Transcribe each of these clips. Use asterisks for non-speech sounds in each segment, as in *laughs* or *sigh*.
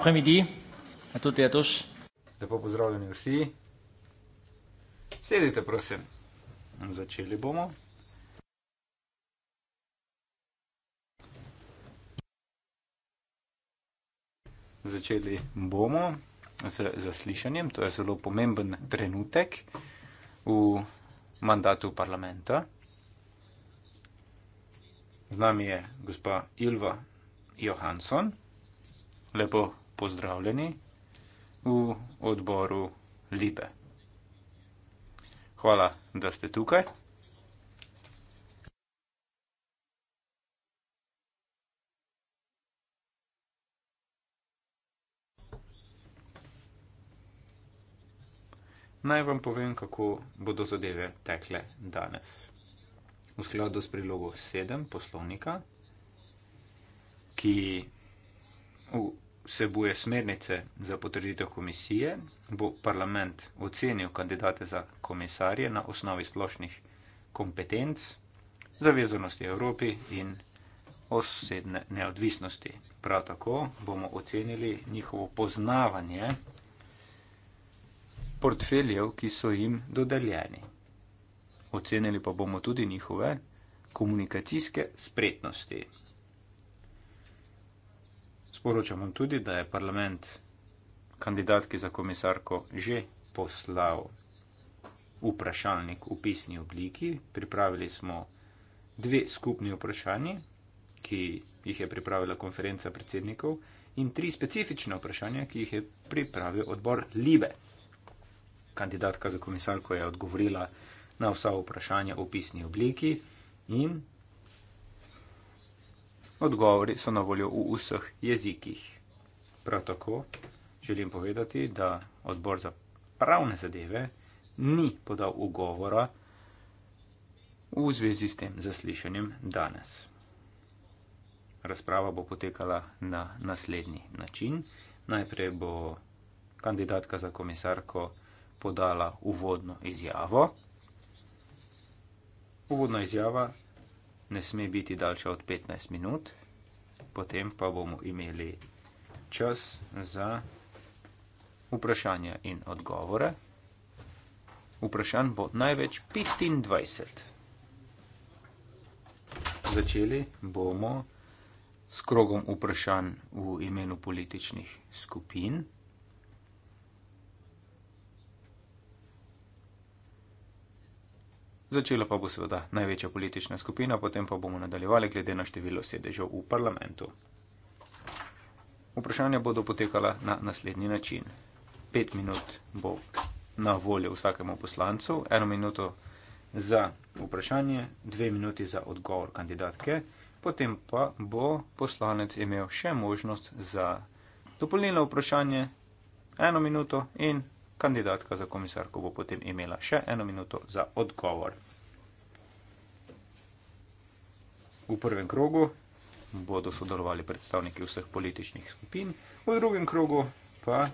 Après-midi à ja, toutes et à tous. Lepo pozdravljeni vsi. Sedite, prosim. Začeli bomo. Začeli bomo z zaslišanjem. To je zelo pomemben trenutek v mandatu parlamenta. Z nami je gospa Ilva Johansson. Lepo pozdravljeni v odboru Libe. Hvala, da ste tukaj. Naj vam povem, kako bodo zadeve tekle danes. V skladu s prilogo 7 poslovnika, ki vsebuje smernice za potrditev komisije, bo parlament ocenil kandidate za komisarje na osnovi splošnih kompetenc, zavezanosti Evropi in osebne neodvisnosti. Prav tako bomo ocenili njihovo poznavanje portfeljev, ki so jim dodeljeni. Ocenili pa bomo tudi njihove komunikacijske spretnosti. Sporočamo tudi, da je parlament kandidatki za komisarko že poslal vprašalnik v pisni obliki. Pripravili smo dve skupni vprašanji, ki jih je pripravila konferenca predsednikov, in tri specifične vprašanja, ki jih je pripravil odbor Libe. Kandidatka za komisarko je odgovorila na vsa vprašanja v pisni obliki in odgovori so na voljo v vseh jezikih. Prav tako želim povedati, da odbor za pravne zadeve ni podal ugovora v zvezi s tem zaslišanjem danes. Razprava bo potekala na naslednji način. Najprej bo kandidatka za komisarko podala uvodno izjavo. Uvodna izjava ne sme biti daljša od 15 minut, potem pa bomo imeli čas za vprašanja in odgovore. Vprašanj bo največ 25. Začeli bomo s krogom vprašanj v imenu političnih skupin. Začela pa bo seveda največja politična skupina, potem pa bomo nadaljevali glede na število sedežev v parlamentu. Vprašanja bodo potekala na naslednji način. Pet minut bo na voljo vsakemu poslancu, eno minuto za vprašanje, dve minuti za odgovor kandidatke, potem pa bo poslanec imel še možnost za dopolnilno vprašanje, eno minuto in kandidatka za komisarko bo potem imela še eno minuto za odgovor. V prvem krogu bodo sodelovali predstavniki vseh političnih skupin, v drugem krogu pa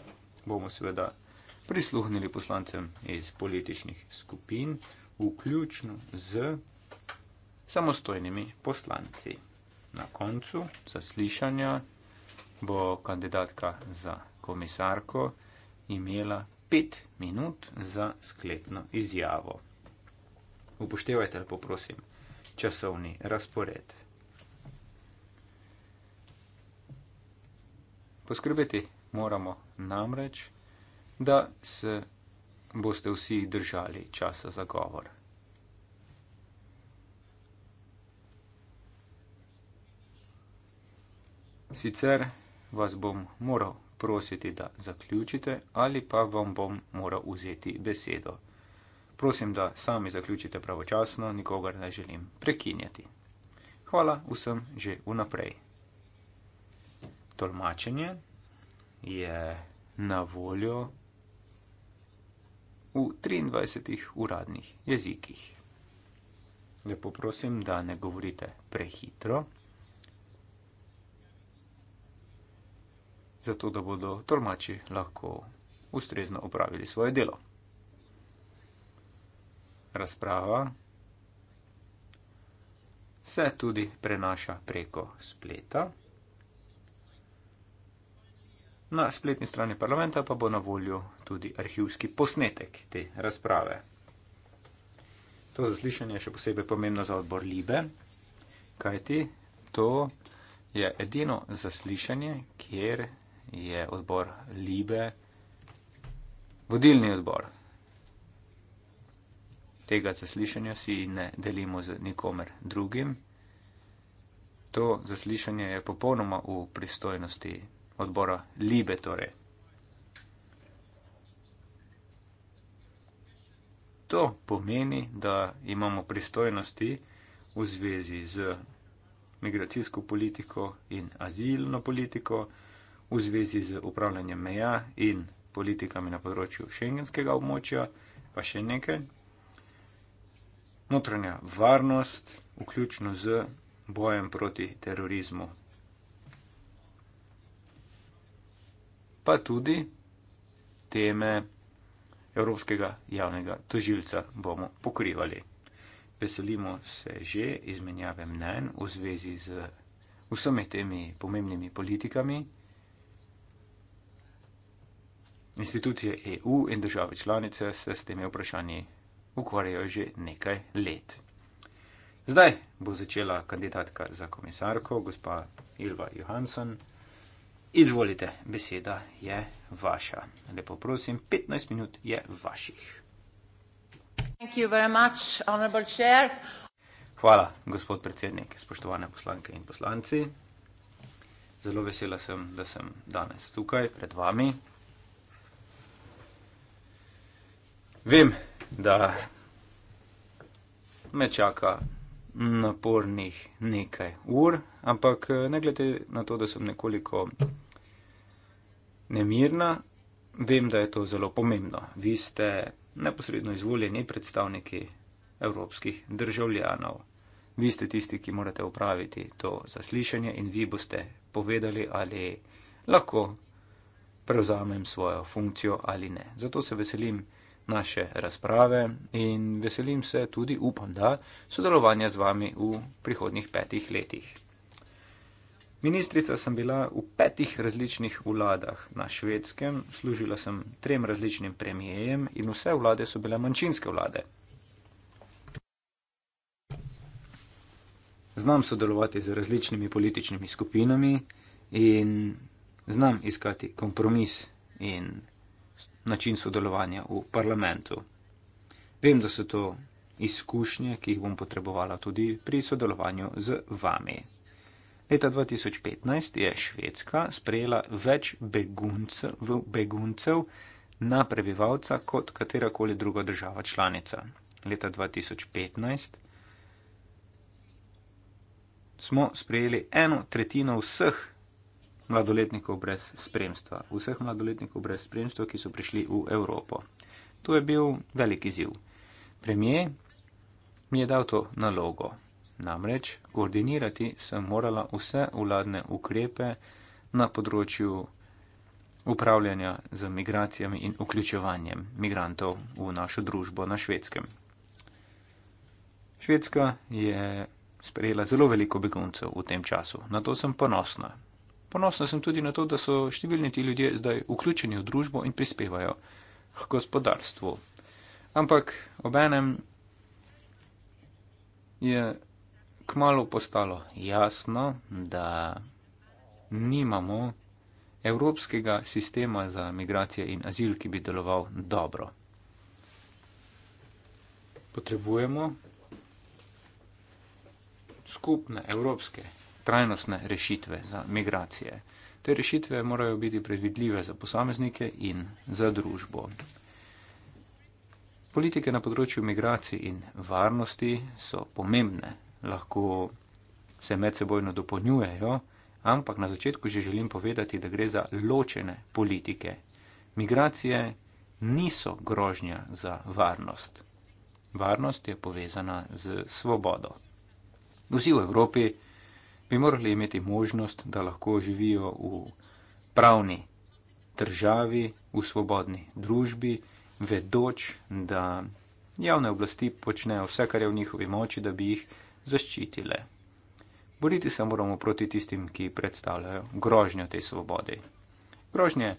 bomo seveda prisluhnili poslancem iz političnih skupin, vključno z samostojnimi poslanci. Na koncu zaslišanja bo kandidatka za komisarko imela 5 minut za sklepno izjavo. Upoštevajte, lepo prosim, časovni razpored. Poskrbeti moramo namreč, da se boste vsi držali časa za govor. Sicer vas bom moral prositi, da zaključite, ali pa vam bom moral vzeti besedo. Prosim, da sami zaključite pravočasno, nikogar ne želim prekinjati. Hvala vsem že vnaprej. Tolmačenje je na voljo v 23 uradnih jezikih. Lepo prosim, da ne govorite prehitro. zato da bodo tolmači lahko ustrezno opravili svoje delo. Razprava se tudi prenaša preko spleta. Na spletni strani parlamenta pa bo na voljo tudi arhivski posnetek te razprave. To zaslišanje je še posebej pomembno za odbor Libe, kajti to je edino zaslišanje, kjer je odbor Libe, vodilni odbor. Tega zaslišanja si ne delimo z nikomer drugim. To zaslišanje je popolnoma v pristojnosti odbora Libe. Torej. To pomeni, da imamo pristojnosti v zvezi z migracijsko politiko in azilno politiko, v zvezi z upravljanjem meja in politikami na področju šengenskega območja, pa še nekaj. Notranja varnost, vključno z bojem proti terorizmu. Pa tudi teme Evropskega javnega tožilca bomo pokrivali. Veselimo se že izmenjave mnen v zvezi z vsemi temi pomembnimi politikami. Institucije EU in države članice se s temi vprašanji ukvarjajo že nekaj let. Zdaj bo začela kandidatka za komisarko, gospa Ilva Johansson. Izvolite, beseda je vaša. Lepo prosim, 15 minut je vaših. Hvala, gospod predsednik, spoštovane poslanke in poslanci. Zelo vesela sem, da sem danes tukaj pred vami. Vem, da me čaka napornih nekaj ur, ampak eh, ne glede na to, da sem nekoliko nemirna, vem, da je to zelo pomembno. Vi ste neposredno izvoljeni predstavniki evropskih državljanov. Vi ste tisti, ki morate upraviti to zaslišanje in vi boste povedali, ali lahko prevzamem svojo funkcijo ali ne. Zato se veselim, naše razprave in veselim se tudi, upam, da sodelovanja z vami v prihodnjih petih letih. Ministrica sem bila v petih različnih vladah na švedskem, služila sem trem različnim premijejem in vse vlade so bile manjšinske vlade. Znam sodelovati z različnimi političnimi skupinami in znam iskati kompromis in način sodelovanja v parlamentu. Vem, da so to izkušnje, ki jih bom potrebovala tudi pri sodelovanju z vami. Leta 2015 je Švedska sprejela več beguncev, beguncev na prebivalca kot katerakoli druga država članica. Leta 2015 smo sprejeli eno tretjino vseh mladoletnikov brez spremstva, vseh mladoletnikov brez spremstva, ki so prišli v Evropo. To je bil veliki ziv. Premijer mi je dal to nalogo. Namreč koordinirati sem morala vse vladne ukrepe na področju upravljanja z migracijami in vključevanjem migrantov v našo družbo na švedskem. Švedska je sprejela zelo veliko beguncev v tem času. Na to sem ponosna. Ponosna sem tudi na to, da so številni ti ljudje zdaj vključeni v družbo in prispevajo k gospodarstvu. Ampak obenem je kmalo postalo jasno, da nimamo evropskega sistema za migracije in azil, ki bi deloval dobro. Potrebujemo skupne evropske trajnostne rešitve za migracije. Te rešitve morajo biti predvidljive za posameznike in za družbo. Politike na področju migracij in varnosti so pomembne, lahko se medsebojno dopolnjujejo, ampak na začetku že želim povedati, da gre za ločene politike. Migracije niso grožnja za varnost. Varnost je povezana z svobodo. Vsi v Evropi bi morali imeti možnost, da lahko živijo v pravni državi, v svobodni družbi, vedoč, da javne oblasti počnejo vse, kar je v njihovi moči, da bi jih zaščitile. Boriti se moramo proti tistim, ki predstavljajo grožnjo tej svobodi. Grožnje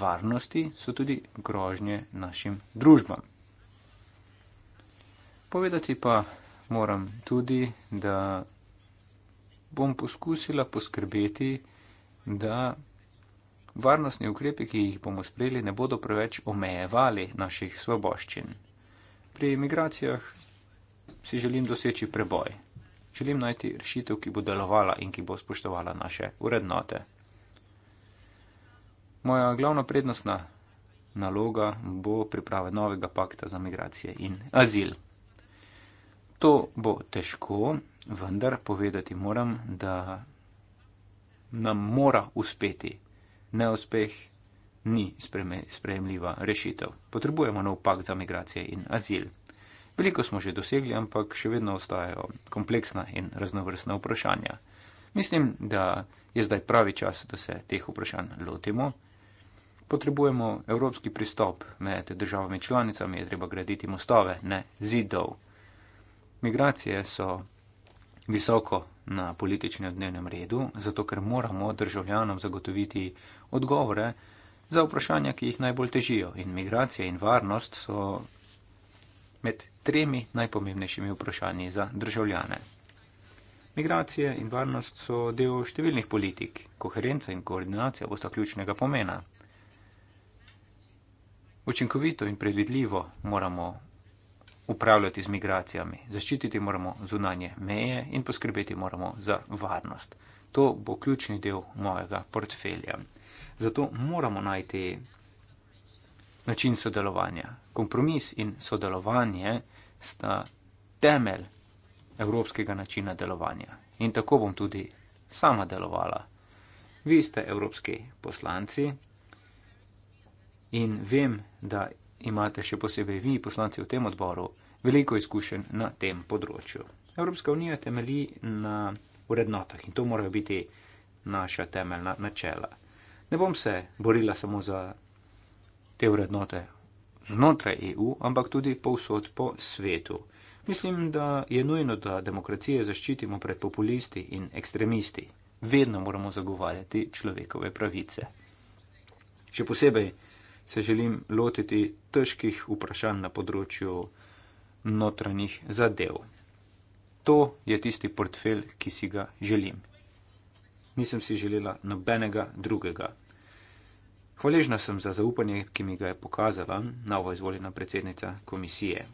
varnosti so tudi grožnje našim družbam. Povedati pa moram tudi, da bom poskusila poskrbeti, da varnostni ukrepi, ki jih bomo sprejeli, ne bodo preveč omejevali naših svoboščin. Pri imigracijah si želim doseči preboj. Želim najti rešitev, ki bo delovala in ki bo spoštovala naše urednote. Moja glavna prednostna naloga bo priprava novega pakta za migracije in azil. To bo težko, vendar povedati moram, da nam mora uspeti. Neuspeh ni sprejemljiva rešitev. Potrebujemo nov pakt za migracije in azil. Veliko smo že dosegli, ampak še vedno ostajajo kompleksna in raznovrstna vprašanja. Mislim, da je zdaj pravi čas, da se teh vprašanj lotimo. Potrebujemo evropski pristop med državami članicami, je treba graditi mostove, ne zidov. Migracije so visoko na političnem dnevnem redu, zato ker moramo državljanom zagotoviti odgovore za vprašanja, ki jih najbolj težijo. In migracije in varnost so med tremi najpomembnejšimi vprašanji za državljane. Migracije in varnost so del številnih politik. Koherenca in koordinacija bosta ključnega pomena. Učinkovito in predvidljivo moramo upravljati z migracijami. Zaščititi moramo zunanje meje in poskrbeti moramo za varnost. To bo ključni del mojega portfelja. Zato moramo najti način sodelovanja. Kompromis in sodelovanje sta temelj evropskega načina delovanja. In tako bom tudi sama delovala. Vi ste evropski poslanci in vem, da imate še posebej vi, poslanci v tem odboru, veliko izkušenj na tem področju. Evropska unija temelji na urednotah in to morajo biti naša temeljna načela. Ne bom se borila samo za te urednote znotraj EU, ampak tudi povsod po svetu. Mislim, da je nujno, da demokracije zaščitimo pred populisti in ekstremisti. Vedno moramo zagovarjati človekove pravice. Še posebej se želim lotiti težkih vprašanj na področju notranjih zadev. To je tisti portfelj, ki si ga želim. Nisem si želela nobenega drugega. Hvaležna sem za zaupanje, ki mi ga je pokazala novo izvoljena predsednica komisije.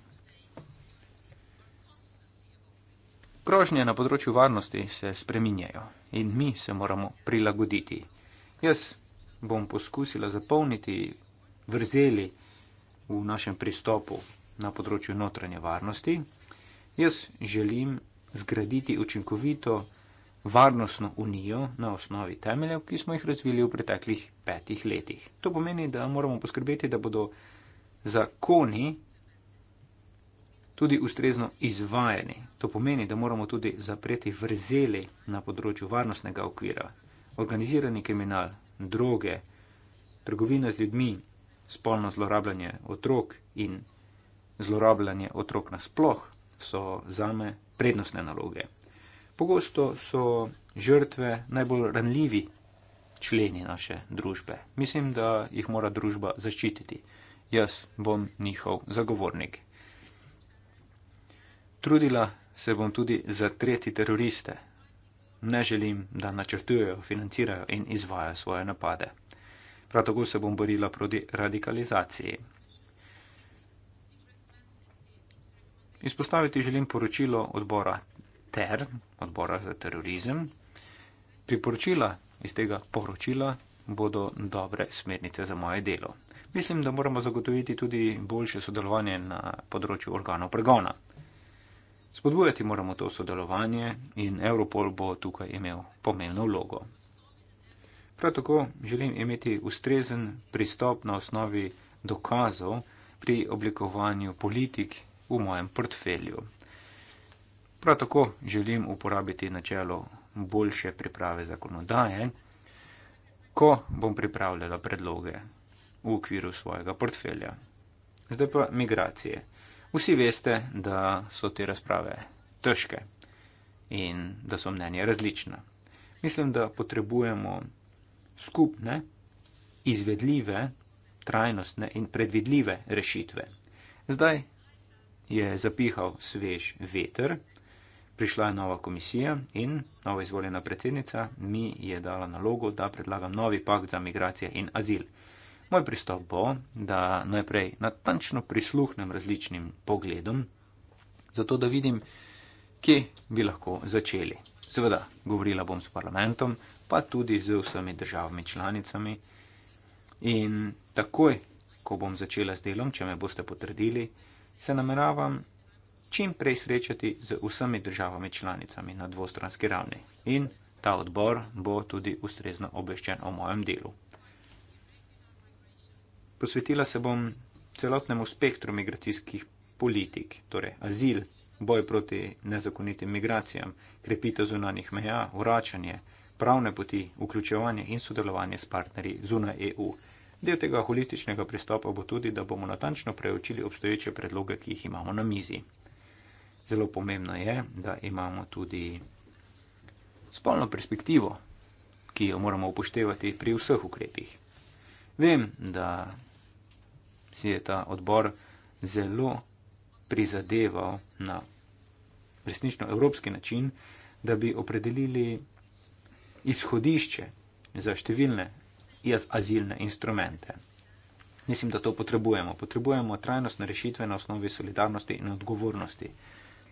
Grožnje na področju varnosti se spreminjajo in mi se moramo prilagoditi. Jaz bom poskusila zapolniti vrzeli v našem pristopu na področju notranje varnosti. Jaz želim zgraditi učinkovito varnostno unijo na osnovi temeljev, ki smo jih razvili v preteklih petih letih. To pomeni, da moramo poskrbeti, da bodo zakoni tudi ustrezno izvajeni. To pomeni, da moramo tudi zapreti vrzeli na področju varnostnega okvira. Organizirani kriminal, droge, trgovina z ljudmi, spolno zlorabljanje otrok in zlorabljanje otrok nasploh so zame prednostne naloge. Pogosto so žrtve najbolj ranljivi členi naše družbe. Mislim, da jih mora družba zaščititi. Jaz bom njihov zagovornik. Trudila se bom tudi za tretji teroriste. Ne želim, da načrtujejo, financirajo in izvajo svoje napade. Prav tako se bom borila proti radikalizaciji. Izpostaviti želim poročilo odbora TER, odbora za terorizem. Priporočila iz tega poročila bodo dobre smernice za moje delo. Mislim, da moramo zagotoviti tudi boljše sodelovanje na področju organov pregona. Spodbujati moramo to sodelovanje in Europol bo tukaj imel pomembno vlogo. Prav tako želim imeti ustrezen pristop na osnovi dokazov pri oblikovanju politik v mojem portfelju. Prav tako želim uporabiti načelo boljše priprave zakonodaje, ko bom pripravljala predloge v okviru svojega portfelja. Zdaj pa migracije. Vsi veste, da so te razprave težke in da so mnenje različna. Mislim, da potrebujemo skupne, izvedljive, trajnostne in predvidljive rešitve. Zdaj je zapihal svež veter, prišla je nova komisija in nova izvoljena predsednica mi je dala nalogo, da predlagam novi pakt za migracije in azil. Moj pristop bo, da najprej natančno prisluhnem različnim pogledom, zato da vidim, kje bi lahko začeli. Seveda, govorila bom s parlamentom, pa tudi z vsemi državami članicami. In takoj, ko bom začela s delom, če me boste potrdili, se nameravam čim prej srečati z vsemi državami članicami na dvostranski ravni in ta odbor bo tudi ustrezno obveščen o mojem delu. Posvetila se bom celotnemu spektru migracijskih politik, torej azil, boj proti nezakonitim migracijam, krepitev zunanih meja, vračanje, pravne poti, vključevanje in sodelovanje s partnerji zunaj EU. Del tega holističnega pristopa bo tudi, da bomo natančno preučili obstoječe predloge, ki jih imamo na mizi. Zelo pomembno je, da imamo tudi spolno perspektivo, ki jo moramo upoštevati pri vseh ukrepih. Vem, da si je ta odbor zelo prizadeval na resnično evropski način, da bi opredelili izhodišče za številne jaz azilne instrumente. Mislim, da to potrebujemo. Potrebujemo trajnostne rešitve na osnovi solidarnosti in odgovornosti.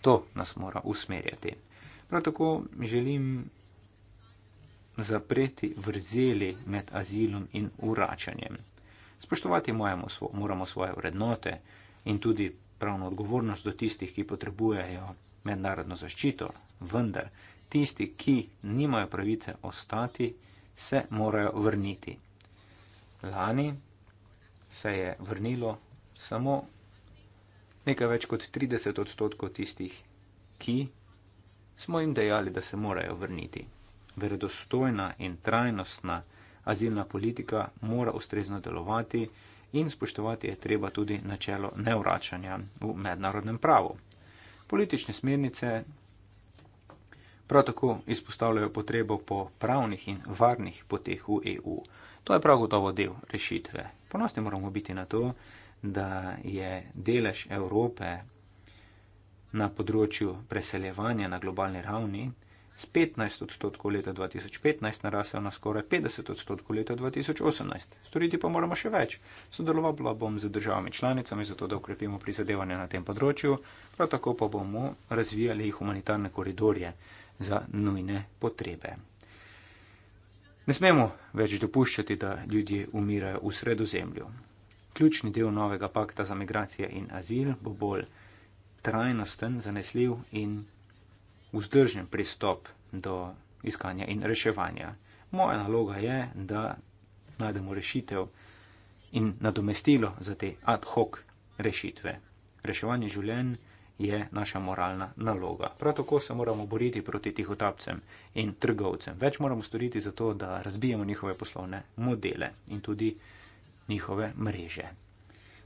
To nas mora usmerjati. Prav tako želim zapreti vrzeli med azilom in uračanjem. Spoštovati svo, moramo svoje vrednote in tudi pravno odgovornost do tistih, ki potrebujejo mednarodno zaščito, vendar tisti, ki nimajo pravice ostati, se morajo vrniti. Lani se je vrnilo samo nekaj več kot 30 odstotkov tistih, ki smo jim dejali, da se morajo vrniti. Verodostojna in trajnostna azilna politika mora ustrezno delovati in spoštovati je treba tudi načelo nevračanja v mednarodnem pravu. Politične smernice Prav tako izpostavljajo potrebo po pravnih in varnih poteh v EU. To je prav gotovo del rešitve. Ponosni moramo biti na to, da je delež Evrope na področju preseljevanja na globalni ravni z 15 odstotkov leta 2015 narasel na skoraj 50 odstotkov leta 2018. Storiti pa moramo še več. Sodelovala bom z državami članicami, zato da ukrepimo prizadevanje na tem področju, prav tako pa bomo razvijali humanitarne koridorje za nujne potrebe. Ne smemo več dopuščati, da ljudje umirajo v sredozemlju. Ključni del novega pakta za migracije in azil bo bolj trajnosten, zanesljiv in vzdržen pristop do iskanja in reševanja. Moja naloga je, da najdemo rešitev in nadomestilo za te ad hoc rešitve. Reševanje življenj je naša moralna naloga. Prav tako se moramo boriti proti tihotapcem in trgovcem. Več moramo storiti za to, da razbijemo njihove poslovne modele in tudi njihove mreže.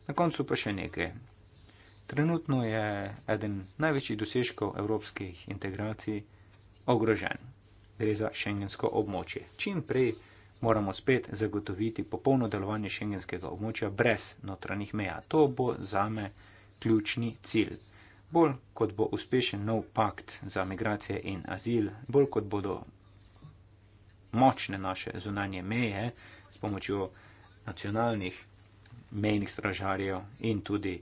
Na koncu pa še nekaj. Trenutno je eden največjih dosežkov evropskih integracij ogrožen. Gre za šengensko območje. Čim prej moramo spet zagotoviti popolno delovanje šengenskega območja brez notranjih meja. To bo zame ključni cilj bolj kot bo uspešen nov pakt za migracije in azil, bolj kot bodo močne naše zunanje meje s pomočjo nacionalnih mejnih stražarjev in tudi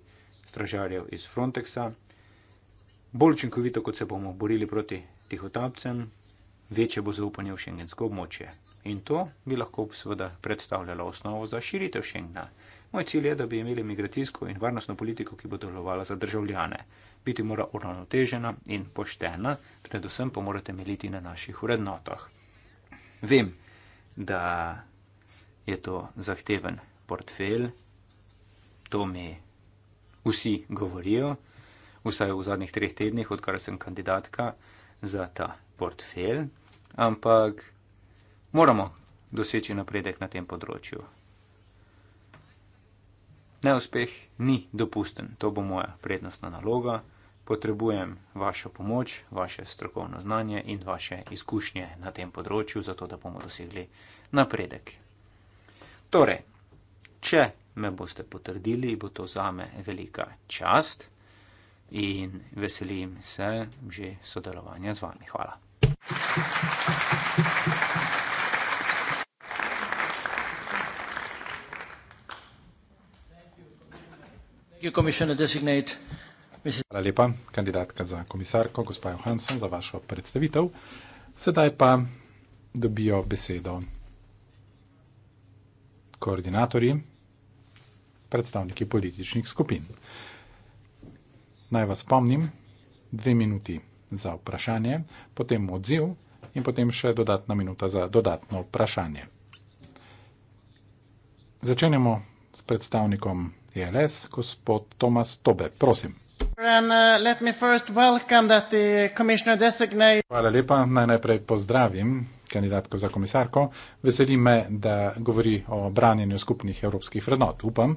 stražarjev iz Frontexa, bolj učinkovito kot se bomo borili proti tihotapcem, večje bo zaupanje v šengensko območje. In to bi lahko seveda predstavljalo osnovo za širitev šengna. Moj cilj je, da bi imeli migracijsko in varnostno politiko, ki bo delovala za državljane. Biti mora uravnotežena in poštena, predvsem pa morate meliti na naših urednotah. Vem, da je to zahteven portfel, to mi vsi govorijo, vsaj v zadnjih treh tednih, odkar sem kandidatka za ta portfel, ampak moramo doseči napredek na tem področju. Neuspeh ni dopusten, to bo moja prednostna naloga. Potrebujem vašo pomoč, vaše strokovno znanje in vaše izkušnje na tem področju, zato da bomo dosegli napredek. Torej, če me boste potrdili, bo to zame velika čast in veselim se že sodelovanja z vami. Hvala. Hvala lepa, kandidatka za komisarko, gospa Johansson, za vašo predstavitev. Sedaj pa dobijo besedo koordinatorji, predstavniki političnih skupin. Naj vas spomnim, dve minuti za vprašanje, potem odziv in potem še dodatna minuta za dodatno vprašanje. Začenjamo s predstavnikom ELS, gospod Tomas Tobe, prosim. Uh, Hvala lepa, naj najprej pozdravim kandidatko za komisarko. Veseli me, da govori o branjenju skupnih evropskih vrednot. Upam,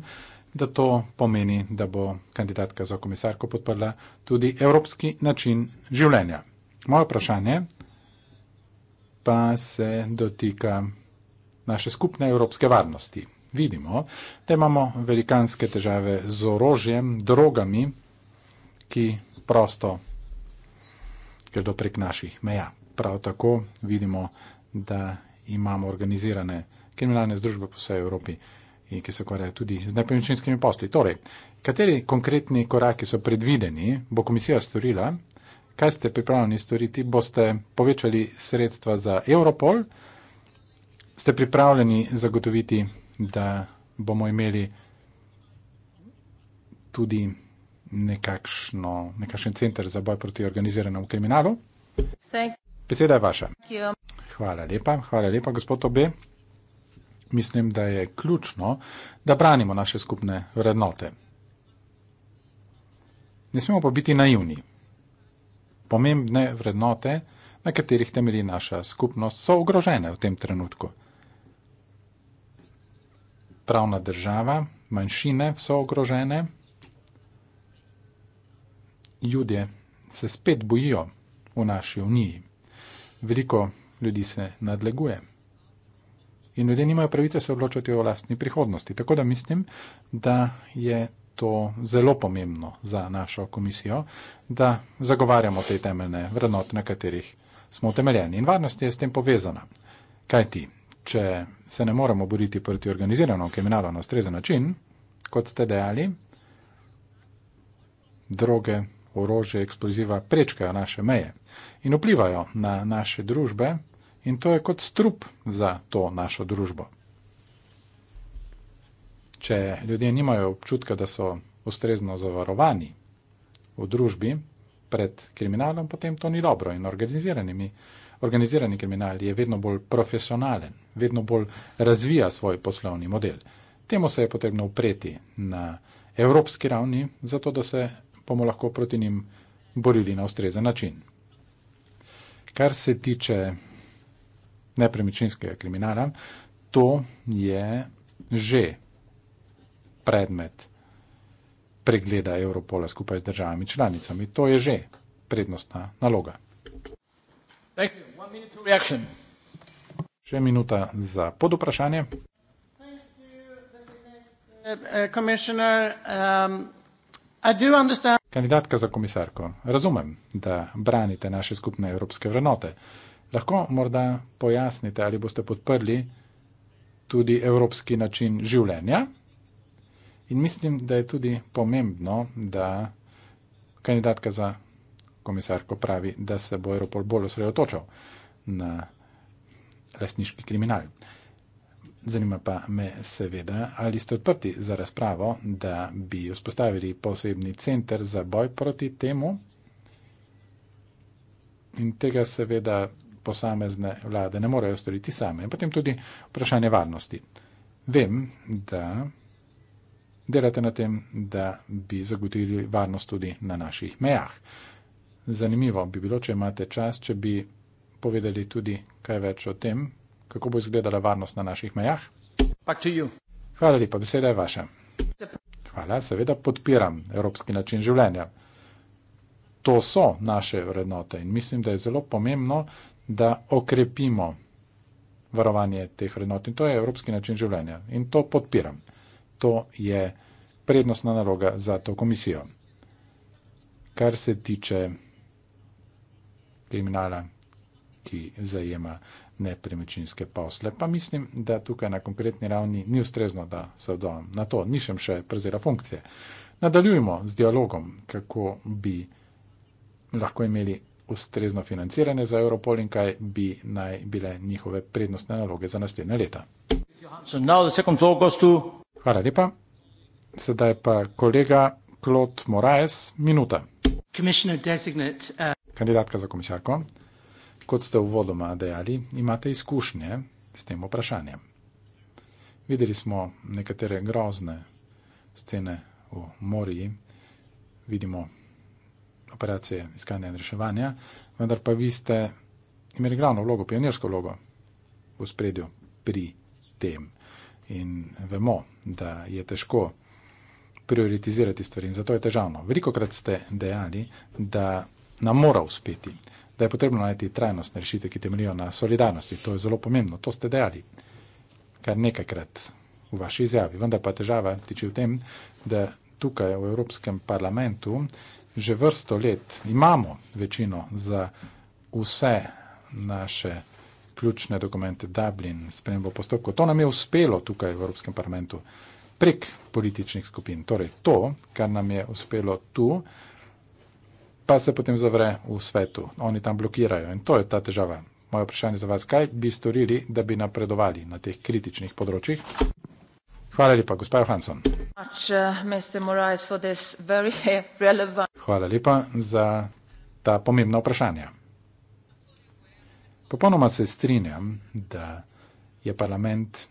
da to pomeni, da bo kandidatka za komisarko podprla tudi evropski način življenja. Moje vprašanje pa se dotika naše skupne evropske varnosti vidimo, da imamo velikanske težave z orožjem, drogami, ki prosto gredo prek naših meja. Prav tako vidimo, da imamo organizirane kriminalne združbe po vsej Evropi in eh, ki se ukvarjajo tudi z nepremičninskimi posli. Torej, kateri konkretni koraki so predvideni, bo komisija storila, kaj ste pripravljeni storiti, boste povečali sredstva za Europol, ste pripravljeni zagotoviti da bomo imeli tudi nekakšno, nekakšen center za boj proti organiziranemu kriminalu. Beseda je vaša. Hvala lepa, hvala lepa, gospod Obe. Mislim, da je ključno, da branimo naše skupne vrednote. Ne smemo pa biti naivni. Pomembne vrednote, na katerih temelji naša skupnost, so ogrožene v tem trenutku pravna država, manjšine so ogrožene, ljudje se spet bojijo v naši uniji. Veliko ljudi se nadleguje. In ljudje nimajo pravice se odločati o lastni prihodnosti. Tako da mislim, da je to zelo pomembno za našo komisijo, da zagovarjamo te temeljne vrednote, na katerih smo utemeljeni. In varnost je s tem povezana. Kaj ti? če se ne moremo boriti proti organiziranemu kriminalu na ustrezen način, kot ste dejali, droge, orože, eksploziva prečkajo naše meje in vplivajo na naše družbe in to je kot strup za to našo družbo. Če ljudje nimajo občutka, da so ustrezno zavarovani v družbi pred kriminalom, potem to ni dobro in organiziranimi. Organizirani kriminal je vedno bolj profesionalen, vedno bolj razvija svoj poslovni model. Temu se je potrebno upreti na evropski ravni, zato da se bomo lahko proti njim borili na ustrezen način. Kar se tiče nepremičninskega kriminala, to je že predmet pregleda Evropola skupaj z državami članicami. To je že prednostna naloga. Thank you. Še minuta za podoprašanje. Uh, um, kandidatka za komisarko, razumem, da branite naše skupne evropske vrednote. Lahko morda pojasnite, ali boste podprli tudi evropski način življenja? In mislim, da je tudi pomembno, da kandidatka za komisarko pravi, da se bo Europol bolj osredotočal na lastniški kriminal. Zanima pa me seveda, ali ste odprti za razpravo, da bi vzpostavili posebni center za boj proti temu in tega seveda posamezne vlade ne morejo storiti same. Potem tudi vprašanje varnosti. Vem, da delate na tem, da bi zagotovili varnost tudi na naših mejah. Zanimivo bi bilo, če imate čas, če bi povedali tudi kaj več o tem, kako bo izgledala varnost na naših mejah. Hvala lepa, beseda je vaša. Hvala, seveda podpiram evropski način življenja. To so naše vrednote in mislim, da je zelo pomembno, da okrepimo varovanje teh vrednot in to je evropski način življenja in to podpiram. To je prednostna naloga za to komisijo. Kar se tiče kriminala, ki zajema nepremičninske posle. Pa mislim, da tukaj na konkretni ravni ni ustrezno, da se odzovem na to, nišem še prezira funkcije. Nadaljujemo z dialogom, kako bi lahko imeli ustrezno financiranje za Europol in kaj bi naj bile njihove prednostne naloge za naslednje leta. Hvala lepa. Sedaj pa kolega Klot Moraes, minuta. Uh... Kandidatka za komisarko. Kot ste uvodoma dejali, imate izkušnje s tem vprašanjem. Videli smo nekatere grozne scene v morji, vidimo operacije iskanja in reševanja, vendar pa vi ste imeli glavno vlogo, pionirsko vlogo v spredju pri tem. In vemo, da je težko prioritizirati stvari in zato je težavno. Veliko krat ste dejali, da nam mora uspeti da je potrebno najti trajnostne rešitve, ki temeljijo na solidarnosti. To je zelo pomembno. To ste dejali kar nekajkrat v vaši izjavi. Vendar pa težava tiče v tem, da tukaj v Evropskem parlamentu že vrsto let imamo večino za vse naše ključne dokumente Dublin, spremembo postopkov. To nam je uspelo tukaj v Evropskem parlamentu prek političnih skupin. Torej to, kar nam je uspelo tu, pa se potem zavre v svetu. Oni tam blokirajo in to je ta težava. Moje vprašanje za vas, kaj bi storili, da bi napredovali na teh kritičnih področjih? Hvala lepa, gospa Johansson. Uh, *laughs* Hvala lepa za ta pomembna vprašanja. Popolnoma se strinjam, da je parlament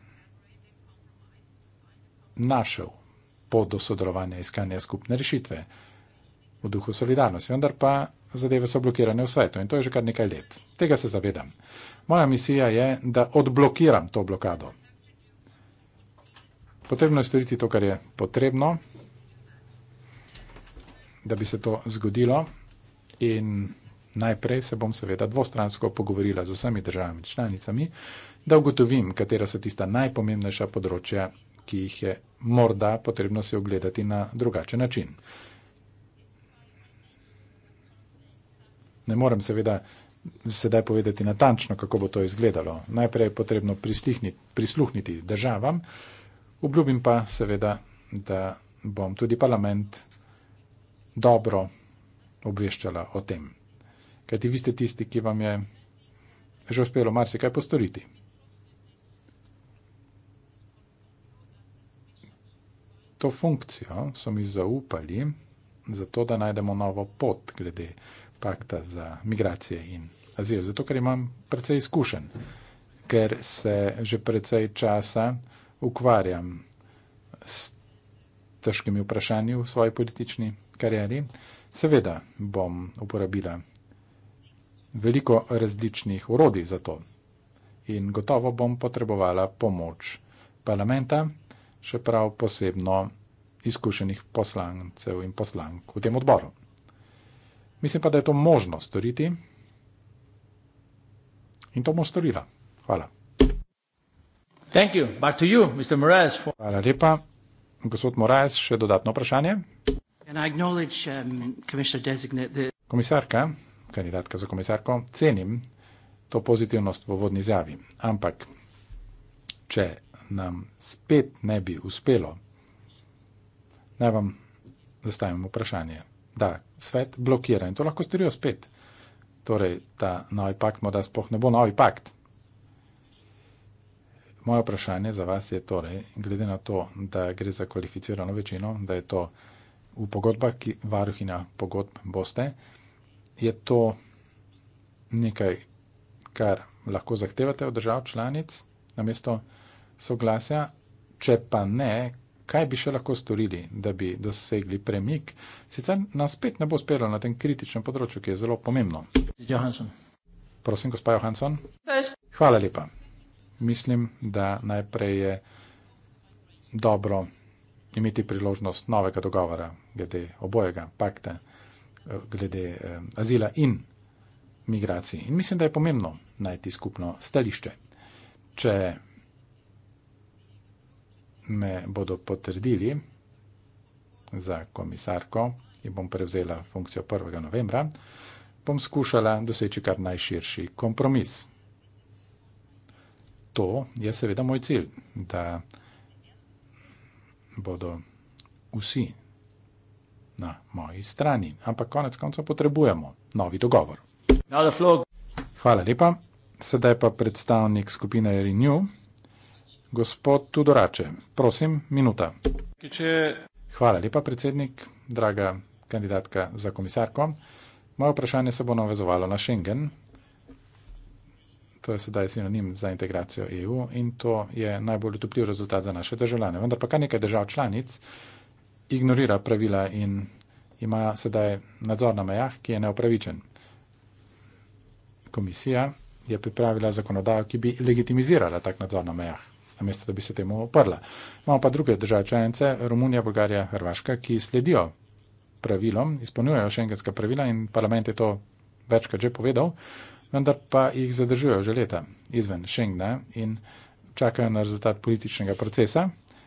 našel pod osodrovanje iskanja skupne rešitve v duhu solidarnosti, vendar pa zadeve so blokirane v svetu in to je že kar nekaj let. Tega se zavedam. Moja misija je, da odblokiram to blokado. Potrebno je storiti to, kar je potrebno, da bi se to zgodilo in najprej se bom seveda dvostransko pogovorila z vsemi državami članicami, da ugotovim, katera so tista najpomembnejša področja, ki jih je morda potrebno se ogledati na drugačen način. Ne morem seveda sedaj povedati natančno, kako bo to izgledalo. Najprej je potrebno prisluhniti državam, obljubim pa seveda, da bom tudi parlament dobro obveščala o tem. Kajti vi ste tisti, ki vam je že uspelo marsikaj postoriti. To funkcijo so mi zaupali, zato da najdemo novo pot glede tega pakta za migracije in azil. Zato, ker imam precej izkušen, ker se že precej časa ukvarjam s težkimi vprašanji v svoji politični karieri, seveda bom uporabila veliko različnih urodij za to. In gotovo bom potrebovala pomoč parlamenta, še prav posebno izkušenih poslancev in poslank v tem odboru. Mislim pa, da je to možno storiti in to bom storila. Hvala. You, Moraes, for... Hvala lepa. Gospod Moraes, še dodatno vprašanje. Um, the... Komisarka, kandidatka za komisarko, cenim to pozitivnost v vodni zavi. Ampak, če nam spet ne bi uspelo, naj vam zastavim vprašanje. Da, svet blokira in to lahko storijo spet. Torej, ta novi pakt morda spohne, ne bo novi pakt. Moje vprašanje za vas je torej, glede na to, da gre za kvalificirano večino, da je to v pogodbah, ki varuhina pogodb boste, je to nekaj, kar lahko zahtevate od držav članic na mesto soglasja, če pa ne, kaj bi še lahko storili, da bi dosegli premik. Sicer nas spet ne bo uspelo na tem kritičnem področju, ki je zelo pomembno. Johansson. Prosim, gospod Johansson. Hvala lepa. Mislim, da najprej je dobro imeti priložnost novega dogovora glede obojega pakta, glede eh, azila in migracij. In mislim, da je pomembno najti skupno stališče. Če me bodo potrdili za komisarko in bom prevzela funkcijo 1. novembra, bom skušala doseči kar najširši kompromis. To je seveda moj cilj, da bodo vsi na moji strani, ampak konec koncev potrebujemo novi dogovor. Hvala lepa. Sedaj pa predstavnik skupine Renew. Gospod Tudorače, prosim, minuta. Hvala lepa, predsednik, draga kandidatka za komisarko. Moje vprašanje se bo navezovalo na Schengen. To je sedaj sinonim za integracijo EU in to je najbolj utopljiv rezultat za naše državljane. Vendar pa kar nekaj držav članic ignorira pravila in ima sedaj nadzor na mejah, ki je neopravičen. Komisija je pripravila zakonodajo, ki bi legitimizirala tak nadzor na mejah namesto da bi se temu oprla. Imamo pa druge države članice, Romunija, Bolgarija, Hrvaška, ki sledijo pravilom, izpolnjujejo šengenska pravila in parlament je to večkrat že povedal, vendar pa jih zadržujejo že leta izven šengna in čakajo na rezultat političnega procesa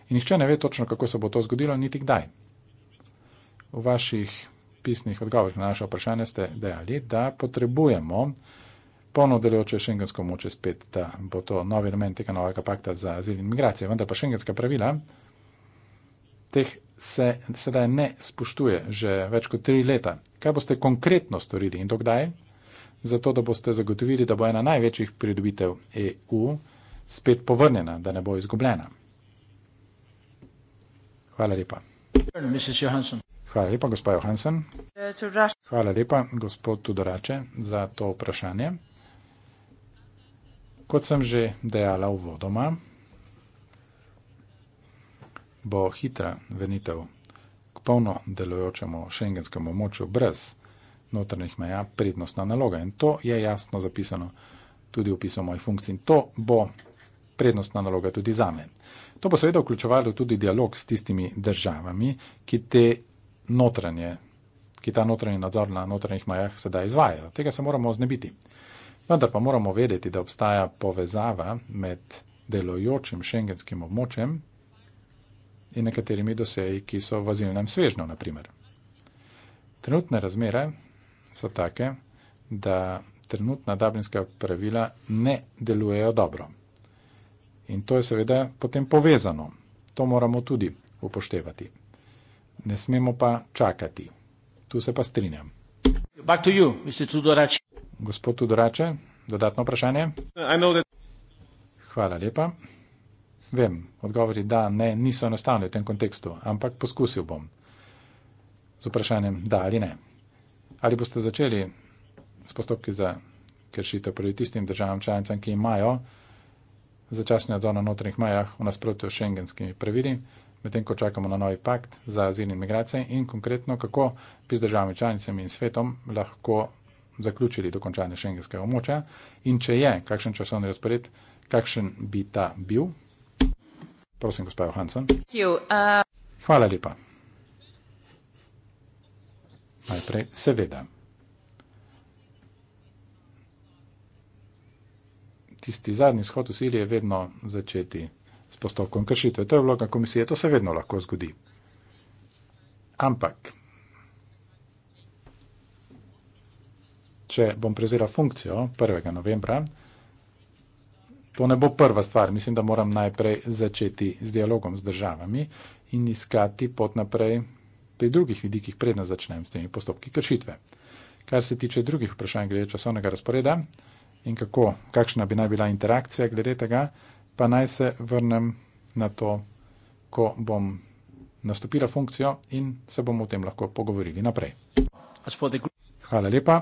in nihče ne ve točno, kako se bo to zgodilo, niti kdaj. V vaših pisnih odgovorih na naše vprašanje ste dejali, da potrebujemo polno delujoče šengensko moče spet, da bo to novi namen tega novega pakta za azil in migracije. Vendar pa šengenska pravila teh se sedaj ne spoštuje že več kot tri leta. Kaj boste konkretno storili in dokdaj? Zato, da boste zagotovili, da bo ena največjih pridobitev EU spet povrnjena, da ne bo izgubljena. Hvala lepa. Hvala lepa, gospod Johansen. Uh, Hvala lepa, gospod Tudorače, za to vprašanje. Kot sem že dejala v vodoma, bo hitra vrnitev k polno delujočemu šengenskemu moču brez notrnih meja prednostna naloga. In to je jasno zapisano tudi v pisu mojih funkcij. In to bo prednostna naloga tudi za me. To bo seveda vključevalo tudi dialog s tistimi državami, ki te notranje, ki ta notranji nadzor na notranjih majah sedaj izvajajo. Tega se moramo znebiti. Vendar pa moramo vedeti, da obstaja povezava med delojočim šengenskim območjem in nekaterimi dosegi, ki so v azilnem svežnju, naprimer. Trenutne razmere so take, da trenutna dablinska pravila ne delujejo dobro. In to je seveda potem povezano. To moramo tudi upoštevati. Ne smemo pa čakati. Tu se pa strinjam. Back to you, Mr. Tudorac. Gospod Udrače, dodatno vprašanje? That... Hvala lepa. Vem, odgovori da, ne, niso enostavni v tem kontekstu, ampak poskusil bom z vprašanjem da ali ne. Ali boste začeli s postopki za kršitev proti tistim državam članicam, ki imajo začasni nadzor na notranjih majah v nasprotju s šengenskimi pravili, medtem ko čakamo na novi pakt za azil in migracije in konkretno, kako bi z državami članicami in svetom lahko zaključili dokončanje šengenskega območja in če je, kakšen časovni razpored, kakšen bi ta bil? Prosim, gospod Johansen. Uh, Hvala lepa. Najprej, seveda. Tisti zadnji shod v Siriji je vedno začeti s postopkom kršitve. To je vloga komisije, to se vedno lahko zgodi. Ampak če bom prevzela funkcijo 1. novembra, to ne bo prva stvar. Mislim, da moram najprej začeti z dialogom z državami in iskati pot naprej pri drugih vidikih, predna začnem s temi postopki kršitve. Kar se tiče drugih vprašanj glede časovnega razporeda in kako, kakšna bi naj bila interakcija glede tega, pa naj se vrnem na to, ko bom nastopila funkcijo in se bomo o tem lahko pogovorili naprej. Hvala lepa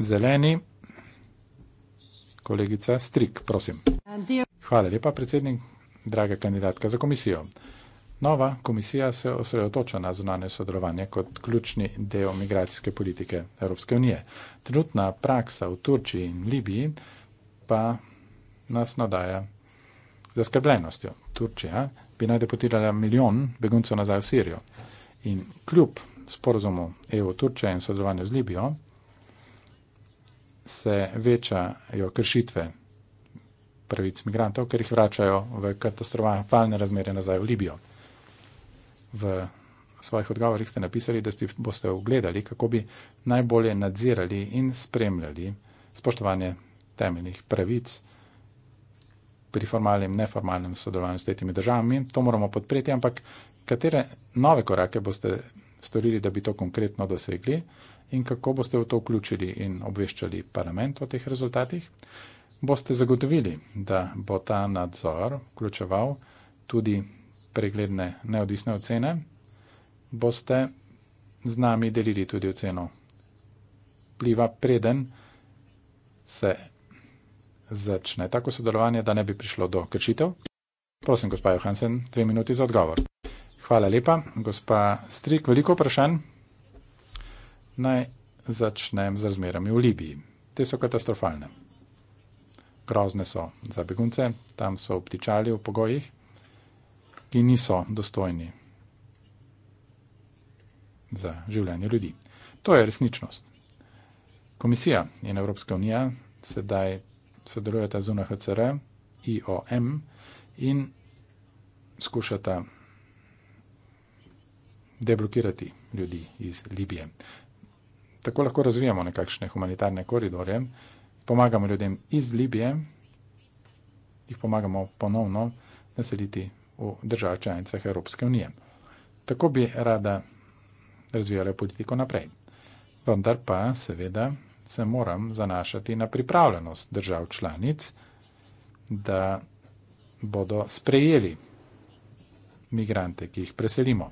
zeleni. Kolegica Strik, prosim. Hvala lepa, predsednik, draga kandidatka za komisijo. Nova komisija se osredotoča na zunanje sodelovanje kot ključni del migracijske politike Evropske unije. Trenutna praksa v Turčiji in Libiji pa nas nadaja zaskrbljenostjo. Turčija bi naj deportirala milijon beguncev nazaj v Sirijo in kljub sporozumu EU-Turčija in sodelovanju z Libijo se večajo kršitve pravic migrantov, ker jih vračajo v katastrofalne razmere nazaj v Libijo. V svojih odgovorih ste napisali, da ste boste ogledali, kako bi najbolje nadzirali in spremljali spoštovanje temeljnih pravic pri formalnem in neformalnem sodelovanju s tretjimi državami. To moramo podpreti, ampak katere nove korake boste storili, da bi to konkretno dosegli? in kako boste v to vključili in obveščali parlament o teh rezultatih? Boste zagotovili, da bo ta nadzor vključeval tudi pregledne neodvisne ocene? Boste z nami delili tudi oceno pliva, preden se začne tako sodelovanje, da ne bi prišlo do kršitev? Prosim, gospod Johansen, dve minuti za odgovor. Hvala lepa, gospa Strik, veliko vprašanj. Naj začnem z razmerami v Libiji. Te so katastrofalne. Grozne so za begunce, tam so obtičali v pogojih, ki niso dostojni za življenje ljudi. To je resničnost. Komisija in Evropska unija sedaj sodelujeta z UNHCR, IOM in skušata deblokirati ljudi iz Libije tako lahko razvijamo nekakšne humanitarne koridorje, pomagamo ljudem iz Libije, jih pomagamo ponovno naseliti v države članicah Evropske unije. Tako bi rada razvijala politiko naprej. Vendar pa seveda se moram zanašati na pripravljenost držav članic, da bodo sprejeli migrante, ki jih preselimo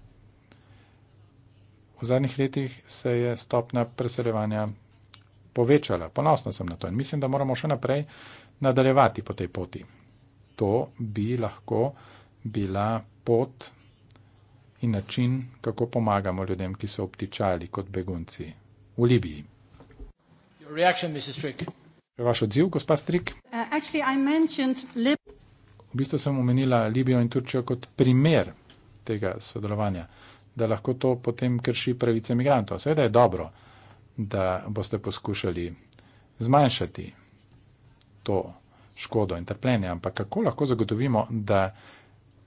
v zadnjih letih se je stopna preseljevanja povečala. Ponosno sem na to in mislim, da moramo še naprej nadaljevati po tej poti. To bi lahko bila pot in način, kako pomagamo ljudem, ki so obtičali kot begunci v Libiji. Reaction, Vaš odziv, gospod Strik? Uh, v bistvu sem omenila Libijo in Turčijo kot primer tega sodelovanja da lahko to potem krši pravice imigrantov. Seveda je dobro, da boste poskušali zmanjšati to škodo in trpljenje, ampak kako lahko zagotovimo, da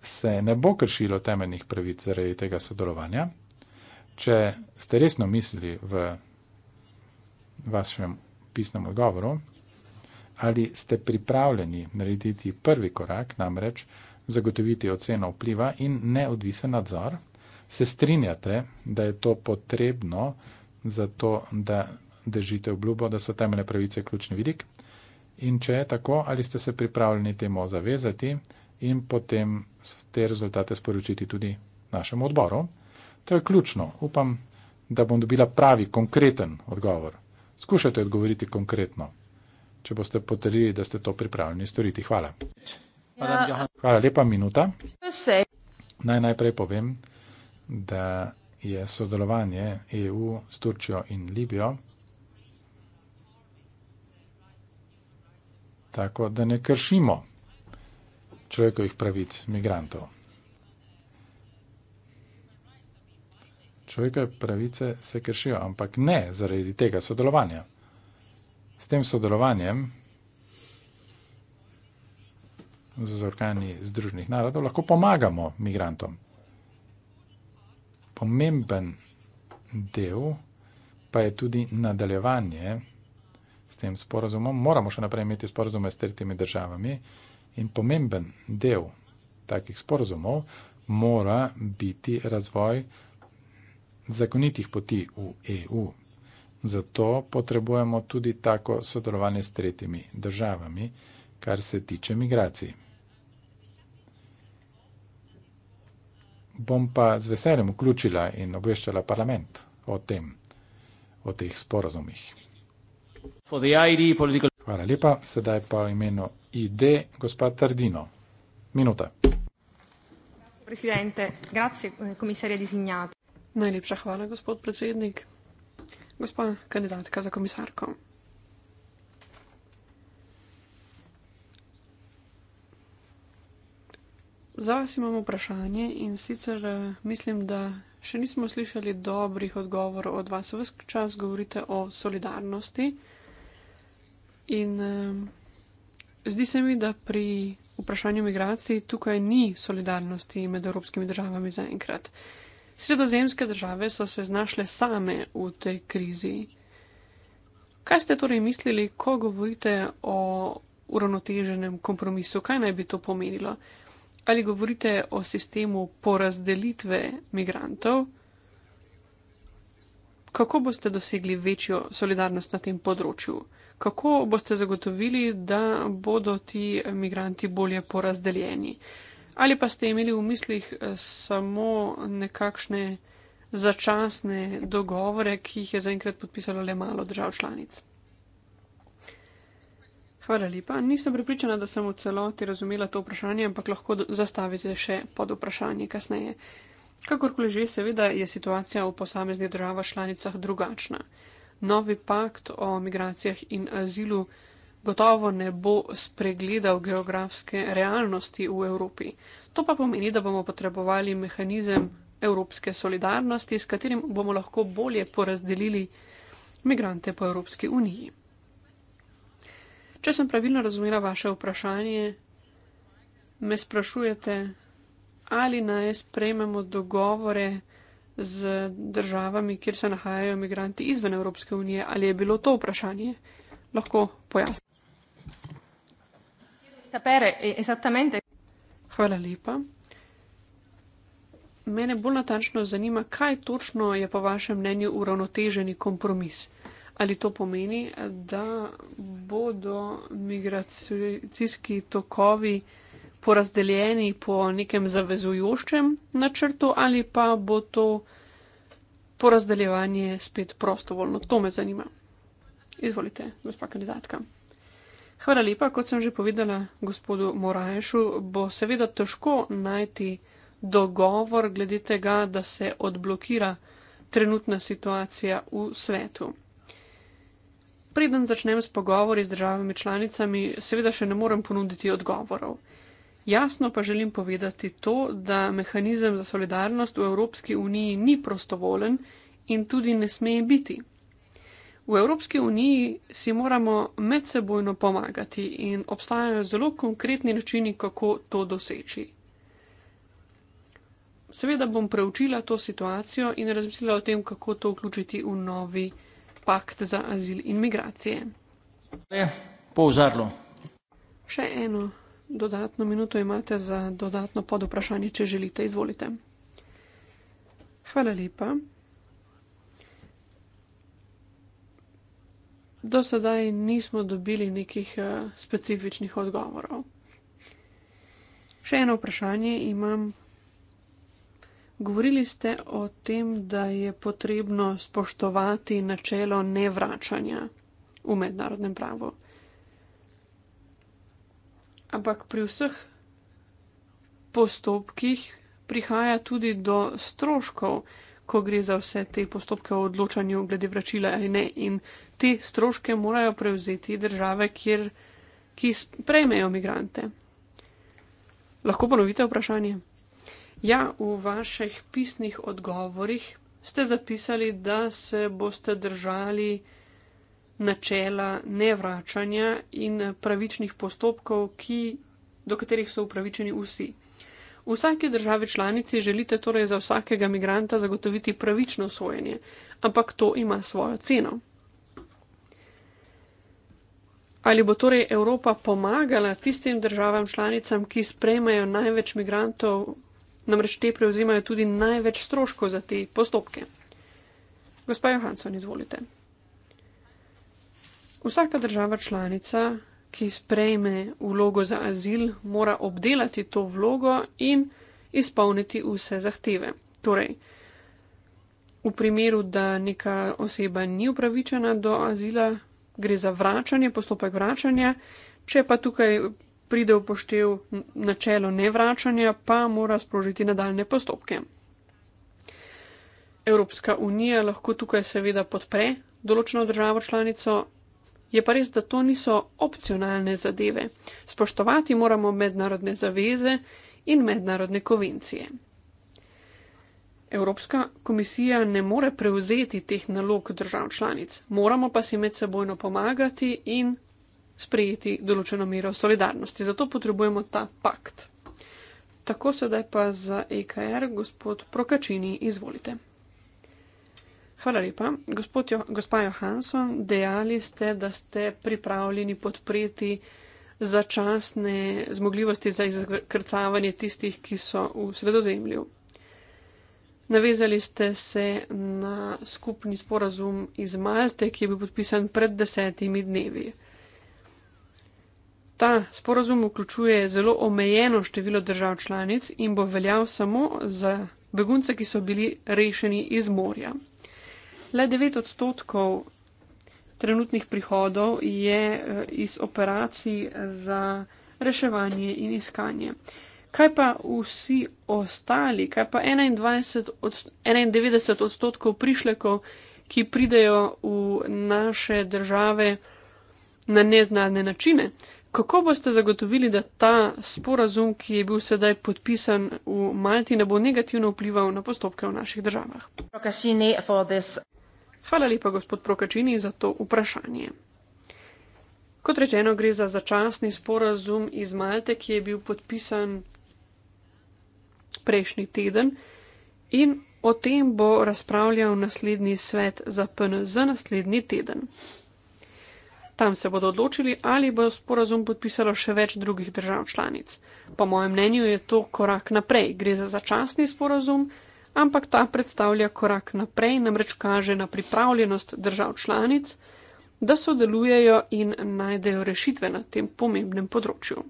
se ne bo kršilo temeljnih pravic zaradi tega sodelovanja, če ste resno mislili v vašem pisnem odgovoru, ali ste pripravljeni narediti prvi korak, namreč zagotoviti oceno vpliva in neodvisen nadzor. Se strinjate, da je to potrebno, zato da držite obljubo, da so temeljne pravice ključni vidik? In če je tako, ali ste se pripravljeni temu zavezati in potem te rezultate sporočiti tudi našemu odboru? To je ključno. Upam, da bom dobila pravi, konkreten odgovor. Skušajte odgovoriti konkretno, če boste potrdili, da ste to pripravljeni storiti. Hvala. Hvala lepa, minuta. Naj najprej povem, da je sodelovanje EU s Turčjo in Libijo tako, da ne kršimo človekovih pravic migrantov. Človekove pravice se kršijo, ampak ne zaradi tega sodelovanja. S tem sodelovanjem z organi Združenih narodov lahko pomagamo migrantom pomemben del pa je tudi nadaljevanje s tem sporazumom. Moramo še naprej imeti sporazume s tretjimi državami in pomemben del takih sporazumov mora biti razvoj zakonitih poti v EU. Zato potrebujemo tudi tako sodelovanje s tretjimi državami, kar se tiče migracij. bom pa z veseljem vključila in obveščala parlament o tem, o teh sporazumih. Political... Hvala lepa, sedaj pa v imenu ID, gospod Tardino. Minuta. Eh, Najlepša hvala, gospod predsednik. Gospa kandidatka za komisarko. Za vas imamo vprašanje in sicer eh, mislim, da še nismo slišali dobrih odgovorov od vas. Ves čas govorite o solidarnosti in eh, zdi se mi, da pri vprašanju migracij tukaj ni solidarnosti med evropskimi državami zaenkrat. Sredozemske države so se znašle same v tej krizi. Kaj ste torej mislili, ko govorite o uravnoteženem kompromisu? Kaj naj bi to pomenilo? ali govorite o sistemu porazdelitve migrantov? Kako boste dosegli večjo solidarnost na tem področju? Kako boste zagotovili, da bodo ti migranti bolje porazdeljeni? Ali pa ste imeli v mislih eh, samo nekakšne začasne dogovore, ki jih je zaenkrat podpisalo le malo držav članic? Hvala lepa. Nisem pripričana, da sem v celoti razumela to vprašanje, ampak lahko zastavite še pod vprašanje kasneje. Kakorkoli že, seveda je situacija v posameznih državah članicah drugačna. Novi pakt o migracijah in azilu gotovo ne bo spregledal geografske realnosti v Evropi. To pa pomeni, da bomo potrebovali mehanizem evropske solidarnosti, s katerim bomo lahko bolje porazdelili migrante po Evropski uniji. Če sem pravilno razumela vaše vprašanje, me sprašujete, ali naj sprejmemo dogovore z državami, kjer se nahajajo imigranti izven Evropske unije, ali je bilo to vprašanje lahko pojasnjeno. Hvala lepa. Mene bolj natančno zanima, kaj točno je po vašem mnenju uravnoteženi kompromis. Ali to pomeni, da bodo migracijski tokovi porazdeljeni po nekem zavezujočem načrtu, ali pa bo to porazdeljevanje spet prostovoljno? To me zanima. Izvolite, gospa kandidatka. Hvala lepa. Kot sem že povedala gospodu Morajšu, bo seveda težko najti dogovor glede tega, da se odblokira trenutna situacija v svetu preden začnem s pogovori z državami članicami, seveda še ne morem ponuditi odgovorov. Jasno pa želim povedati to, da mehanizem za solidarnost v Evropski uniji ni prostovolen in tudi ne sme biti. V Evropski uniji si moramo medsebojno pomagati in obstajajo zelo konkretni načini, kako to doseči. Seveda bom preučila to situacijo in razmislila o tem, kako to vključiti v novi pakt za azil in migracije. Le, Še eno dodatno minuto imate za dodatno podoprašanje, če želite, izvolite. Hvala lepa. Do sedaj nismo dobili nekih eh, specifičnih odgovorov. Še eno vprašanje imam Govorili ste o tem, da je potrebno spoštovati načelo nevračanja v mednarodnem pravu. Ampak pri vseh postopkih prihaja tudi do stroškov, ko gre za vse te postopke o odločanju glede vračila ali ne. In te stroške morajo prevzeti države, kjer, ki sprejmejo migrante. Lahko ponovite vprašanje? Ja, v vaših pisnih odgovorih ste zapisali, da se boste držali načela nevračanja in pravičnih postopkov, ki, do katerih so upravičeni vsi. V vsaki državi članici želite torej za vsakega migranta zagotoviti pravično sojenje, ampak to ima svojo ceno. Ali bo torej Evropa pomagala tistim državam članicam, ki sprejmejo največ migrantov, namreč te prevzimajo tudi največ stroškov za te postopke. Gospa Johansson, izvolite. Vsaka država članica, ki sprejme vlogo za azil, mora obdelati to vlogo in izpolniti vse zahteve. Torej, v primeru, da neka oseba ni upravičena do azila, gre za vračanje, postopek vračanja, če pa tukaj pride v poštev načelo nevračanja, pa mora sprožiti nadaljne postopke. Evropska unija lahko tukaj seveda podpre določeno državo članico, je pa res, da to niso opcionalne zadeve. Spoštovati moramo mednarodne zaveze in mednarodne konvencije. Evropska komisija ne more prevzeti teh nalog držav članic, moramo pa si medsebojno pomagati in sprejeti določeno mero solidarnosti. Zato potrebujemo ta pakt. Tako sedaj pa za EKR, gospod Prokačini, izvolite. Hvala lepa. Gospod jo, gospa Johansson, dejali ste, da ste pripravljeni podpreti začasne zmogljivosti za izkrcavanje tistih, ki so v sredozemlju. Navezali ste se na skupni sporazum iz Malte, ki je bil podpisan pred desetimi dnevi. Ta sporazum vključuje zelo omejeno število držav članic in bo veljal samo za begunce, ki so bili rešeni iz morja. Le 9 odstotkov trenutnih prihodov je eh, iz operacij za reševanje in iskanje. Kaj pa vsi ostali, kaj pa 21 odst 91 odstotkov prišlekov, ki pridejo v naše države na neznane načine? Kako boste zagotovili, da ta sporazum, ki je bil sedaj podpisan v Malti, ne bo negativno vplival na postopke v naših državah? Hvala lepa, gospod Prokačini, za to vprašanje. Kot rečeno, gre za začasni sporazum iz Malte, ki je bil podpisan prejšnji teden in o tem bo razpravljal naslednji svet za PNZ naslednji teden. Tam se bodo odločili, ali bo sporazum podpisalo še več drugih držav članic. Po mojem mnenju je to korak naprej. Gre za začasni sporazum, ampak ta predstavlja korak naprej, namreč kaže na pripravljenost držav članic, da sodelujejo in najdejo rešitve na tem pomembnem področju.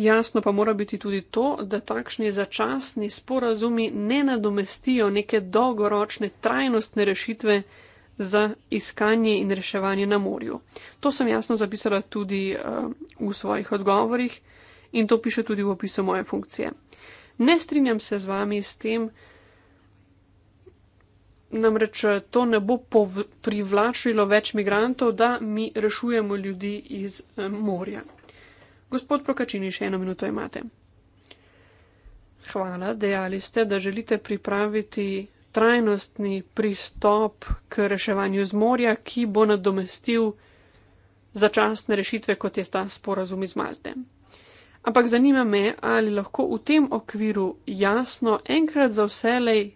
Jasno pa mora biti tudi to, da takšni začasni sporazumi ne nadomestijo neke dolgoročne trajnostne rešitve, za iskanje in reševanje na morju. To sem jasno zapisala tudi uh, v svojih odgovorih in to piše tudi v opisu moje funkcije. Ne strinjam se z vami s tem, namreč eh, to ne bo privlačilo več migrantov, da mi rešujemo ljudi iz uh, morja. Gospod Prokačini, še eno minuto imate. Hvala, dejali ste, da želite pripraviti trajnostni pristop k reševanju z morja, ki bo nadomestil začasne rešitve, kot je ta sporazum iz Malte. Ampak zanima me, ali lahko v tem okviru jasno enkrat za vselej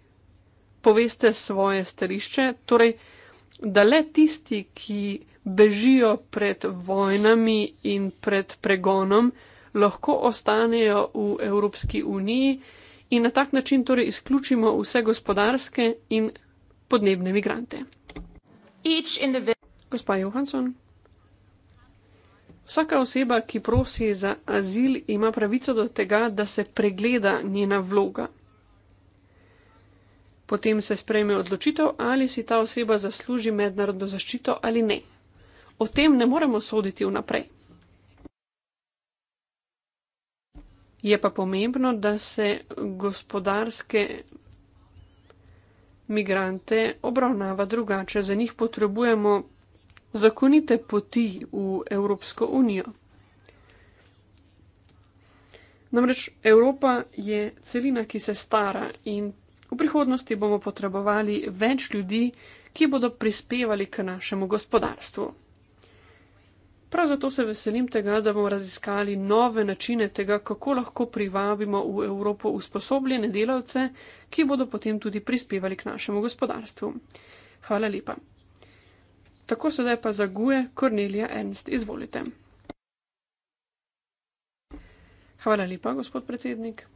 poveste svoje stališče, torej, da le tisti, ki bežijo pred vojnami in pred pregonom, lahko ostanejo v Evropski uniji, in na tak način torej izključimo vse gospodarske in podnebne migrante. Gospa Johansson. Vsaka oseba, ki prosi za azil, ima pravico do tega, da se pregleda njena vloga. Potem se sprejme odločitev, ali si ta oseba zasluži mednarodno zaščito ali ne. O tem ne moremo soditi vnaprej. Je pa pomembno, da se gospodarske migrante obravnava drugače. Za njih potrebujemo zakonite poti v Evropsko unijo. Namreč Evropa je celina, ki se stara in v prihodnosti bomo potrebovali več ljudi, ki bodo prispevali k našemu gospodarstvu. Prav zato se veselim tega, da bomo raziskali nove načine tega, kako lahko privabimo v Evropo usposobljene delavce, ki bodo potem tudi prispevali k našemu gospodarstvu. Hvala lepa. Tako sedaj pa zaguje Kornelija Ernst, izvolite. Hvala lepa, gospod predsednik.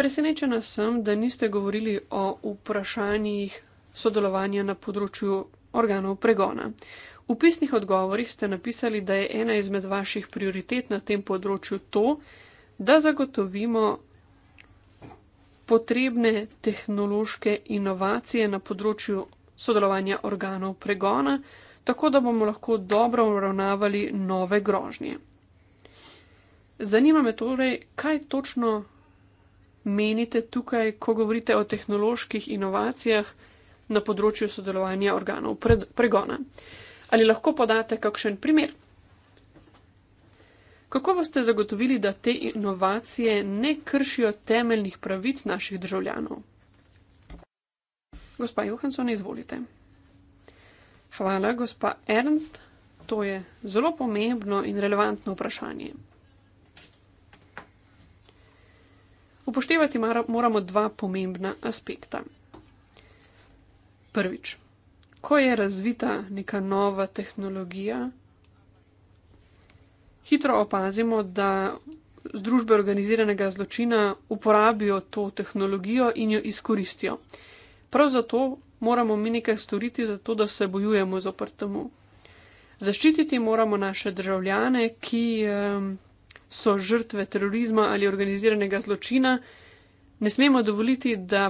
Presenečena sem, da niste govorili o vprašanjih sodelovanja na področju organov pregona. V pisnih odgovorih ste napisali, da je ena izmed vaših prioritet na tem področju to, da zagotovimo potrebne tehnološke inovacije na področju sodelovanja organov pregona, tako da bomo lahko dobro uravnavali nove grožnje. Zanima me torej, kaj točno menite tukaj, ko govorite o tehnoloških inovacijah na področju sodelovanja organov pregona. Ali lahko podate kakšen primer? Kako boste zagotovili, da te inovacije ne kršijo temeljnih pravic naših državljanov? Gospa Johansson, izvolite. Hvala, gospa Ernst. To je zelo pomembno in relevantno vprašanje. Upoštevati moramo dva pomembna aspekta. Prvič, ko je razvita neka nova tehnologija, hitro opazimo, da združbe organiziranega zločina uporabijo to tehnologijo in jo izkoristijo. Prav zato moramo mi nekaj storiti, zato da se bojujemo z oprtemu. Zaščititi moramo naše državljane, ki eh, so žrtve terorizma ali organiziranega zločina ne smemo dovoliti, da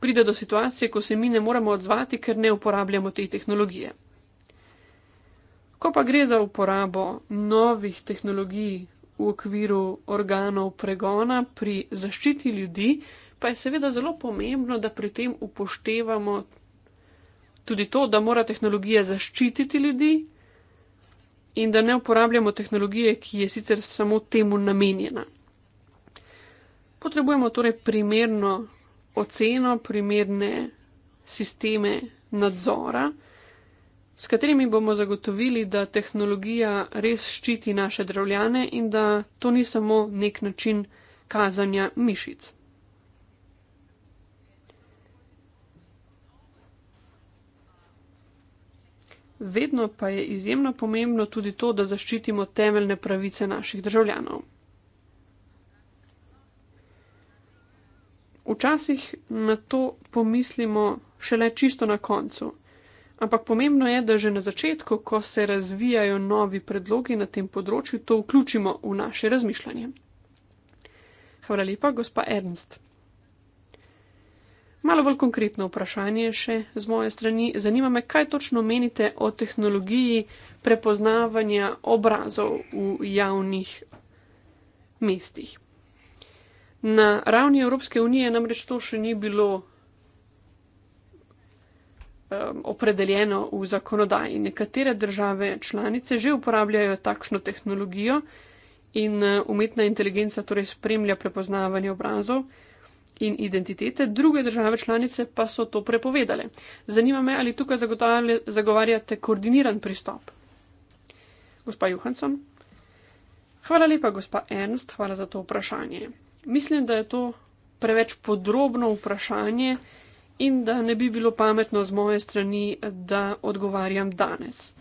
pride do situacije, ko se mi ne moremo odzvati, ker ne uporabljamo te tehnologije. Ko pa gre za uporabo novih tehnologij v okviru organov pregona pri zaščiti ljudi, pa je seveda zelo pomembno, da pri tem upoštevamo tudi to, da mora tehnologija zaščititi ljudi in da ne uporabljamo tehnologije, ki je sicer samo temu namenjena. Potrebujemo torej primerno oceno, primerne sisteme nadzora, s katerimi bomo zagotovili, da tehnologija res ščiti naše državljane in da to ni samo nek način kazanja mišic. Vedno pa je izjemno pomembno tudi to, da zaščitimo temeljne pravice naših državljanov. Včasih na to pomislimo šele čisto na koncu. Ampak pomembno je, da že na začetku, ko se razvijajo novi predlogi na tem področju, to vključimo v naše razmišljanje. Hvala lepa, gospa Ernst. Malo bolj konkretno vprašanje še z moje strani. Zanima me, kaj točno menite o tehnologiji prepoznavanja obrazov v javnih mestih. Na ravni Evropske unije namreč to še ni bilo um, opredeljeno v zakonodaji. Nekatere države članice že uporabljajo takšno tehnologijo in uh, umetna inteligenca torej spremlja prepoznavanje obrazov in identitete, druge države članice pa so to prepovedale. Zanima me, ali tukaj zagovarjate koordiniran pristop. Gospa Johansson. Hvala lepa, gospa Ernst, hvala za to vprašanje. Mislim, da je to preveč podrobno vprašanje in da ne bi bilo pametno z moje strani, da odgovarjam danes.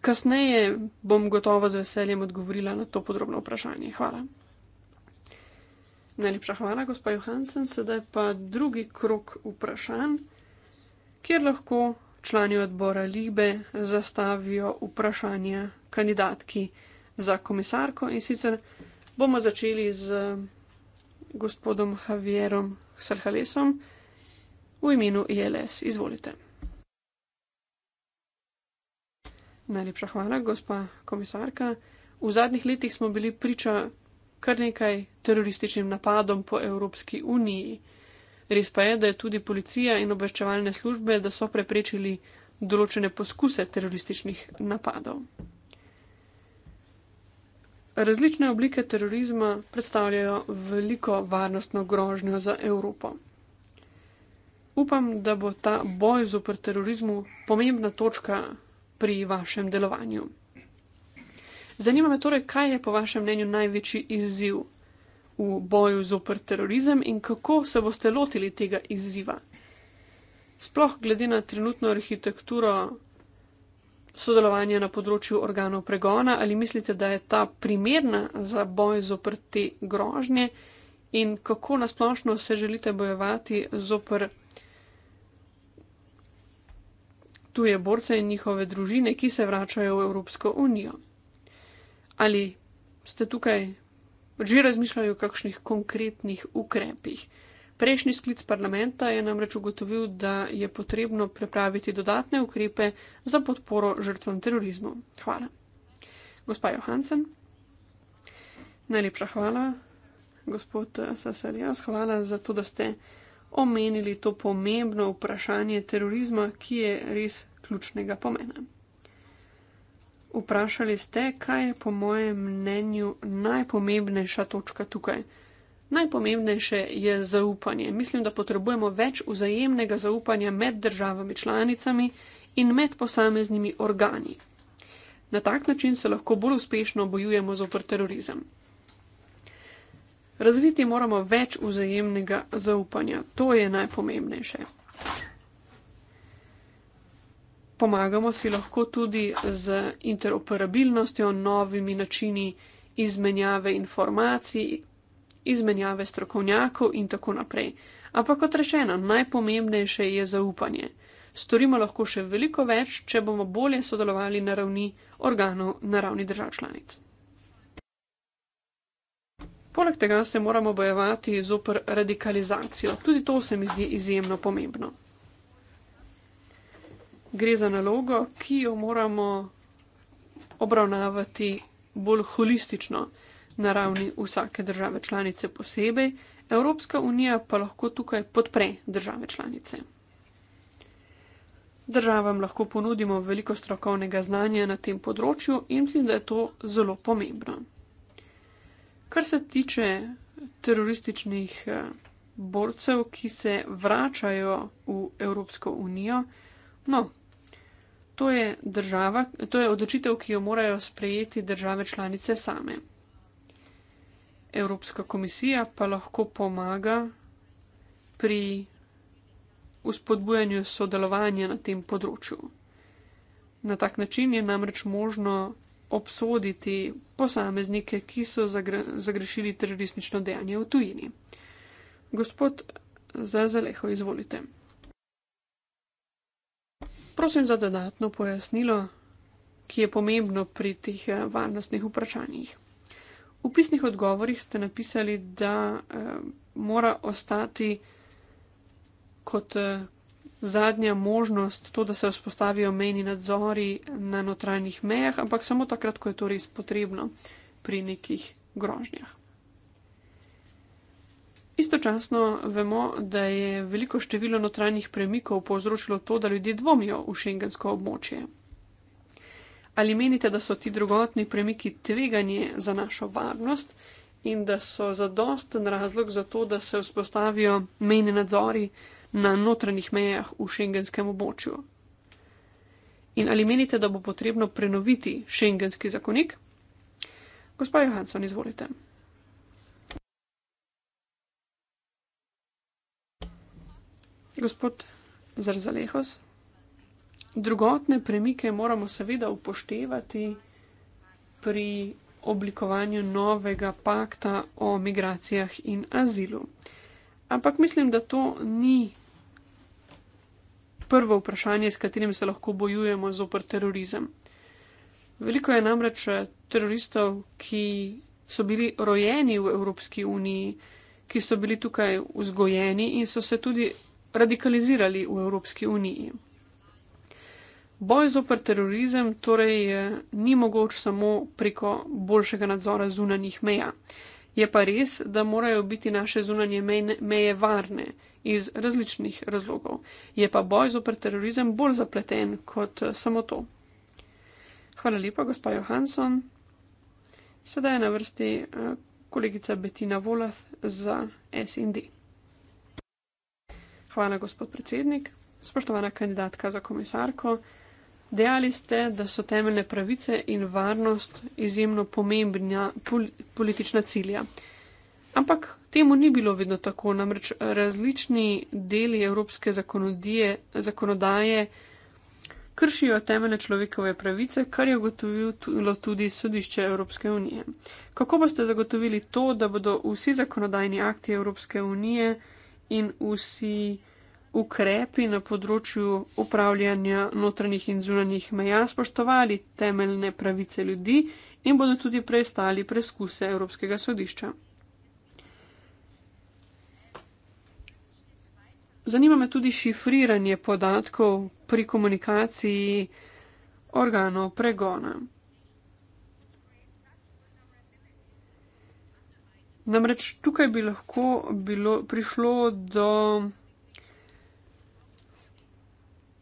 Kasneje bom gotovo z veseljem odgovorila na to podrobno vprašanje. Hvala. Najlepša hvala, gospod Johansen. Sedaj pa drugi krok vprašanj, kjer lahko člani odbora Libe zastavijo vprašanja kandidatki za komisarko in sicer bomo začeli z eh, gospodom Javierom Srhalesom v imenu ILS. Izvolite. Najlepša hvala, gospa komisarka. V zadnjih letih smo bili priča kar nekaj terorističnim napadom po Evropski uniji. Res pa je, da je tudi policija in obveščevalne službe, da so preprečili določene poskuse terorističnih napadov. Različne oblike terorizma predstavljajo veliko varnostno grožnjo za Evropo. Upam, da bo ta boj zoper terorizmu pomembna točka pri vašem delovanju. Zanima me torej, kaj je po vašem mnenju največji izziv v boju zoper terorizem in kako se boste lotili tega izziva. Sploh glede na trenutno arhitekturo sodelovanje na področju organov pregona, ali mislite, da je ta primerna za boj zoper te grožnje in kako nasplošno se želite bojevati zoper tuje borce in njihove družine, ki se vračajo v Evropsko unijo. Ali ste tukaj že razmišljali o kakšnih konkretnih ukrepih? Prejšnji sklic parlamenta je namreč ugotovil, da je potrebno prepraviti dodatne ukrepe za podporo žrtvam terorizmu. Hvala. Gospa Johansen, najlepša hvala. Gospod Sasarjas, hvala za to, da ste omenili to pomembno vprašanje terorizma, ki je res ključnega pomena. Vprašali ste, kaj je po mojem mnenju najpomembnejša točka tukaj. Najpomembnejše je zaupanje. Mislim, da potrebujemo več vzajemnega zaupanja med državami članicami in med posameznimi organi. Na tak način se lahko bolj uspešno bojujemo zopr terorizem. Razviti moramo več vzajemnega zaupanja. To je najpomembnejše. Pomagamo si lahko tudi z interoperabilnostjo, novimi načini izmenjave informacij, izmenjave strokovnjakov in tako naprej. Ampak kot rečeno, najpomembnejše je zaupanje. Storimo lahko še veliko več, če bomo bolje sodelovali na ravni organov, na ravni držav članic. Poleg tega se moramo bojevati zoper radikalizacijo. Tudi to se mi zdi izjemno pomembno. Gre za nalogo, ki jo moramo obravnavati bolj holistično na ravni vsake države članice posebej, Evropska unija pa lahko tukaj podpre države članice. Državam lahko ponudimo veliko strokovnega znanja na tem področju in mislim, da je to zelo pomembno. Kar se tiče terorističnih eh, borcev, ki se vračajo v Evropsko unijo, no, to je, država, to je odločitev, ki jo morajo sprejeti države članice same. Evropska komisija pa lahko pomaga pri vzpodbujanju sodelovanja na tem področju. Na tak način je namreč možno obsoditi posameznike, ki so zagrešili teroristično dejanje v tujini. Gospod Zazaleho, izvolite. Prosim za dodatno pojasnilo, ki je pomembno pri teh eh, varnostnih vprašanjih. V pisnih odgovorih ste napisali, da uh, mora ostati kot uh, zadnja možnost to, da se vzpostavijo mejni nadzori na notranjih mejah, ampak samo takrat, ko je to res potrebno pri nekih grožnjah. Istočasno vemo, da je veliko število notranjih premikov povzročilo to, da ljudje dvomijo v šengensko območje. Ali menite, da so ti drugotni premiki tveganje za našo varnost in da so zadosten razlog za to, da se vzpostavijo mejni nadzori na notranjih mejah v šengenskem območju? In ali menite, da bo potrebno prenoviti šengenski zakonik? Gospod Johansson, izvolite. Gospod Zrzalehos. Drugotne premike moramo seveda upoštevati pri oblikovanju novega pakta o migracijah in azilu. Ampak mislim, da to ni prvo vprašanje, s katerim se lahko bojujemo zopr terorizem. Veliko je namreč eh, teroristov, ki so bili rojeni v Evropski uniji, ki so bili tukaj vzgojeni in so se tudi radikalizirali v Evropski uniji. Boj zoper terorizem torej eh, ni mogoč samo preko boljšega nadzora zunanjih meja. Je pa res, da morajo biti naše zunanje meje varne iz različnih razlogov. Je pa boj zoper terorizem bolj zapleten kot eh, samo to. Hvala lepa, gospa Johansson. Sedaj je na vrsti eh, kolegica Bettina Volath za SND. Hvala, gospod predsednik. Spoštovana kandidatka za komisarko. Dejali ste, da so temeljne pravice in varnost izjemno pomembna pol politična cilja. Ampak temu ni bilo vedno tako, namreč različni deli evropske zakonodaje kršijo temeljne človekove pravice, kar je ugotovilo tudi sodišče Evropske unije. Kako boste zagotovili to, da bodo vsi zakonodajni akti Evropske unije in vsi ukrepi na področju upravljanja notranjih in zunanjih meja spoštovali temeljne pravice ljudi in bodo tudi preostali preskuse Evropskega sodišča. Zanima me tudi šifriranje podatkov pri komunikaciji organov pregona. Namreč tukaj bi lahko bilo prišlo do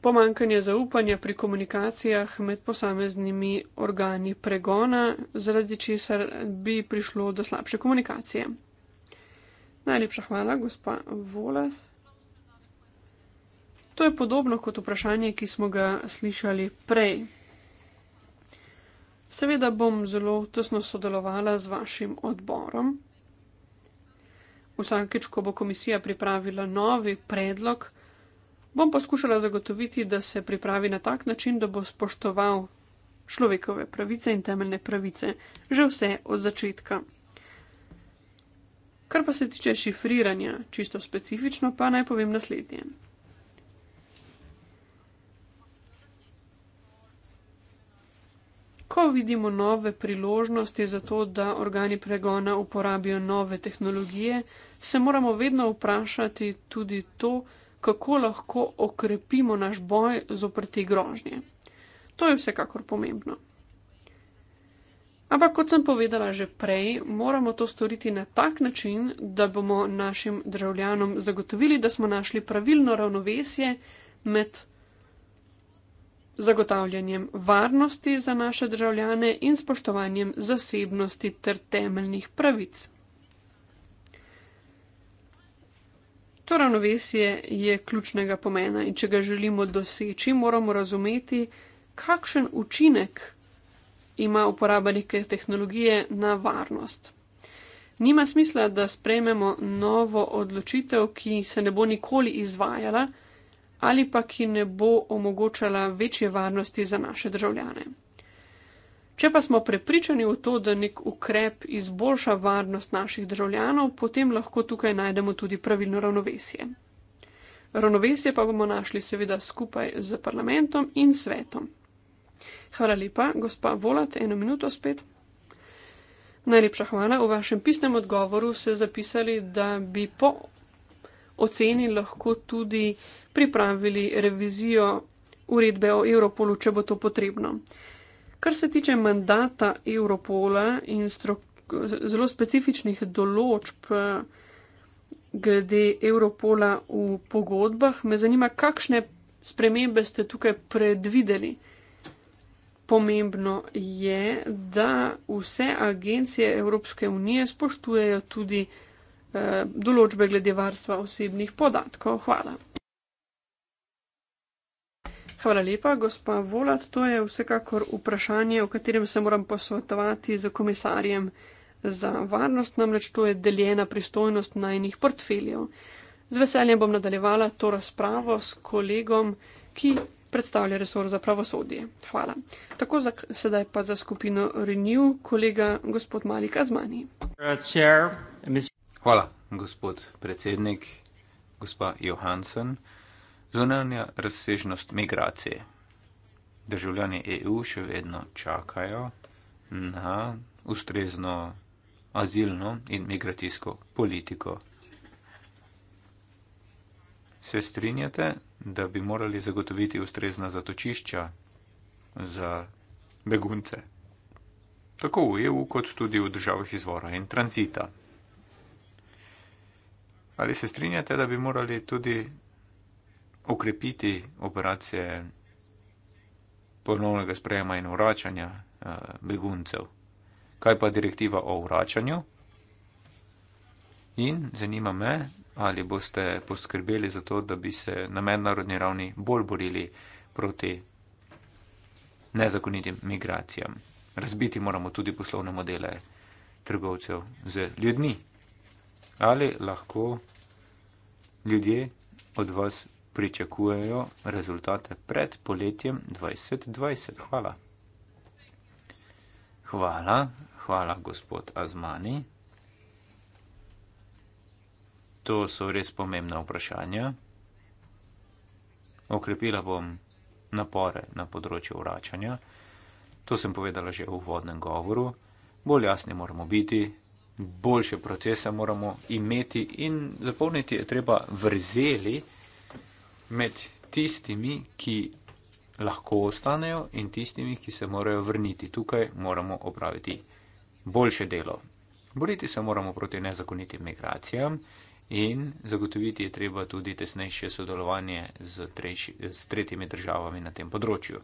pomankanje zaupanja pri komunikacijah med posameznimi organi pregona, zaradi česar bi prišlo do slabše komunikacije. Najlepša hvala, gospa Vola. To je podobno kot vprašanje, ki smo ga slišali prej. Seveda bom zelo tesno sodelovala z vašim odborom. Vsakeč, ko bo komisija pripravila novi predlog, bom poskušala zagotoviti, da se pripravi na tak način, da bo spoštoval človekove pravice in temeljne pravice, že vse od začetka. Kar pa se tiče šifriranja, čisto specifično, pa naj povem naslednje. Ko vidimo nove priložnosti za to, da organi pregona uporabijo nove tehnologije, se moramo vedno vprašati tudi to, kako lahko okrepimo naš boj zoper te grožnje. To je vsekakor pomembno. Ampak, kot sem povedala že prej, moramo to storiti na tak način, da bomo našim državljanom zagotovili, da smo našli pravilno ravnovesje med zagotavljanjem varnosti za naše državljane in spoštovanjem zasebnosti ter temeljnih pravic. To ravnovesje je ključnega pomena in če ga želimo doseči, moramo razumeti, kakšen učinek ima uporaba neke tehnologije na varnost. Nima smisla, da sprejmemo novo odločitev, ki se ne bo nikoli izvajala ali pa ki ne bo omogočala večje varnosti za naše državljane. Če pa smo prepričani v to, da nek ukrep izboljša varnost naših državljanov, potem lahko tukaj najdemo tudi pravilno ravnovesje. Ravnovesje pa bomo našli seveda skupaj z parlamentom in svetom. Hvala lepa, gospa Volat, eno minuto spet. Najlepša hvala. V vašem pisnem odgovoru ste zapisali, da bi po oceni lahko tudi pripravili revizijo uredbe o Europolu, če bo to potrebno. Kar se tiče mandata Europola in zelo specifičnih določb eh, glede Europola v pogodbah, me zanima, kakšne spremembe ste tukaj predvideli. Pomembno je, da vse agencije Evropske unije spoštujejo tudi eh, določbe glede varstva osebnih podatkov. Hvala. Hvala lepa, gospa Volat. To je vsekakor vprašanje, o katerem se moram posvetovati z komisarjem za varnost, namreč to je deljena pristojnost najnih portfeljev. Z veseljem bom nadaljevala to razpravo s kolegom, ki predstavlja resor za pravosodje. Hvala. Tako za, sedaj pa za skupino Renew, kolega gospod Malika z mani. Hvala, gospod predsednik, gospa Johansen zunanja razsežnost migracije. Državljani EU še vedno čakajo na ustrezno azilno in migracijsko politiko. Se strinjate, da bi morali zagotoviti ustrezna zatočišča za begunce, tako v EU, kot tudi v državah izvora in tranzita? Ali se strinjate, da bi morali tudi okrepiti operacije ponovnega sprejema in vračanja eh, beguncev. Kaj pa direktiva o vračanju? In zanima me, ali boste poskrbeli za to, da bi se na mednarodni ravni bolj borili proti nezakonitim migracijam. Razbiti moramo tudi poslovne modele trgovcev z ljudmi. Ali lahko ljudje od vas pričakujejo rezultate pred poletjem 2020. Hvala. Hvala, hvala gospod Azmani. To so res pomembna vprašanja. Okrepila bom napore na področju vračanja. To sem povedala že v uvodnem govoru. Bolj jasni moramo biti, boljše procese moramo imeti in zapolniti je treba vrzeli med tistimi, ki lahko ostanejo in tistimi, ki se morajo vrniti. Tukaj moramo opraviti boljše delo. Boriti se moramo proti nezakonitim migracijam in zagotoviti je treba tudi tesnejše sodelovanje z, treši, z tretjimi državami na tem področju.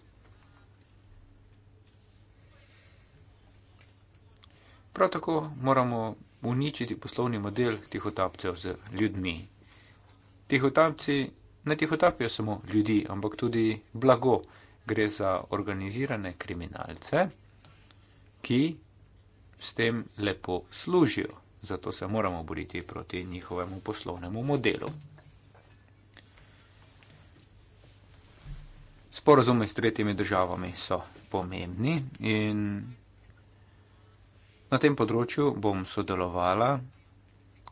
Prav tako moramo uničiti poslovni model tihotapcev z ljudmi. Tihotapci ne tihotapijo samo ljudi, ampak tudi blago. Gre za organizirane kriminalce, ki s tem lepo služijo. Zato se moramo boriti proti njihovemu poslovnemu modelu. Sporazume s tretjimi državami so pomembni in na tem področju bom sodelovala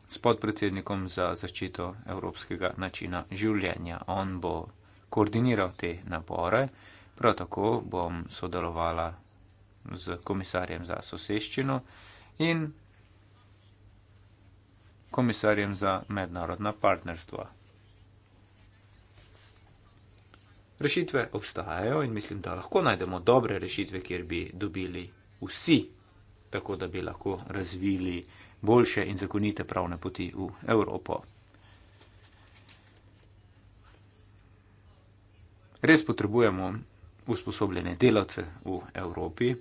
s podpredsednikom za zaščito evropskega načina življenja. On bo koordiniral te napore, prav tako bom sodelovala z komisarjem za soseščino in komisarjem za mednarodna partnerstva. Rešitve obstajajo in mislim, da lahko najdemo dobre rešitve, kjer bi dobili vsi, tako da bi lahko razvili boljše in zakonite pravne poti v Evropo. Res potrebujemo usposobljene delavce v Evropi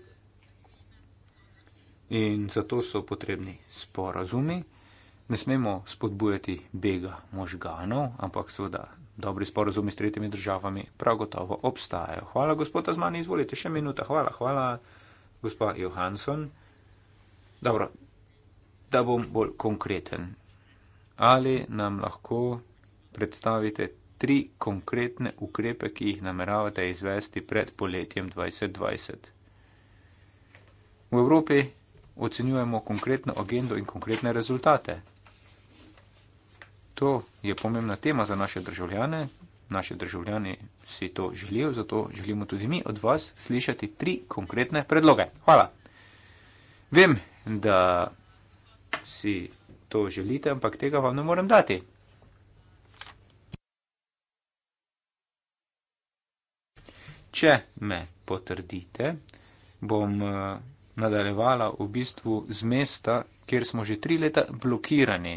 in zato so potrebni sporazumi. Ne smemo spodbujati bega možganov, ampak seveda dobri sporazumi s tretjimi državami prav gotovo obstajajo. Hvala, gospod Azmani, izvolite še minuta. Hvala, hvala, gospa Johansson. Dobro, da bom bolj konkreten. Ali nam lahko predstavite tri konkretne ukrepe, ki jih nameravate izvesti pred poletjem 2020? V Evropi ocenjujemo konkretno agendo in konkretne rezultate. To je pomembna tema za naše državljane. Naši državljani si to želijo, zato želimo tudi mi od vas slišati tri konkretne predloge. Hvala. Vem, da si to želite, ampak tega vam ne morem dati. Če me potrdite, bom eh, nadaljevala v bistvu z mesta, kjer smo že tri leta blokirani.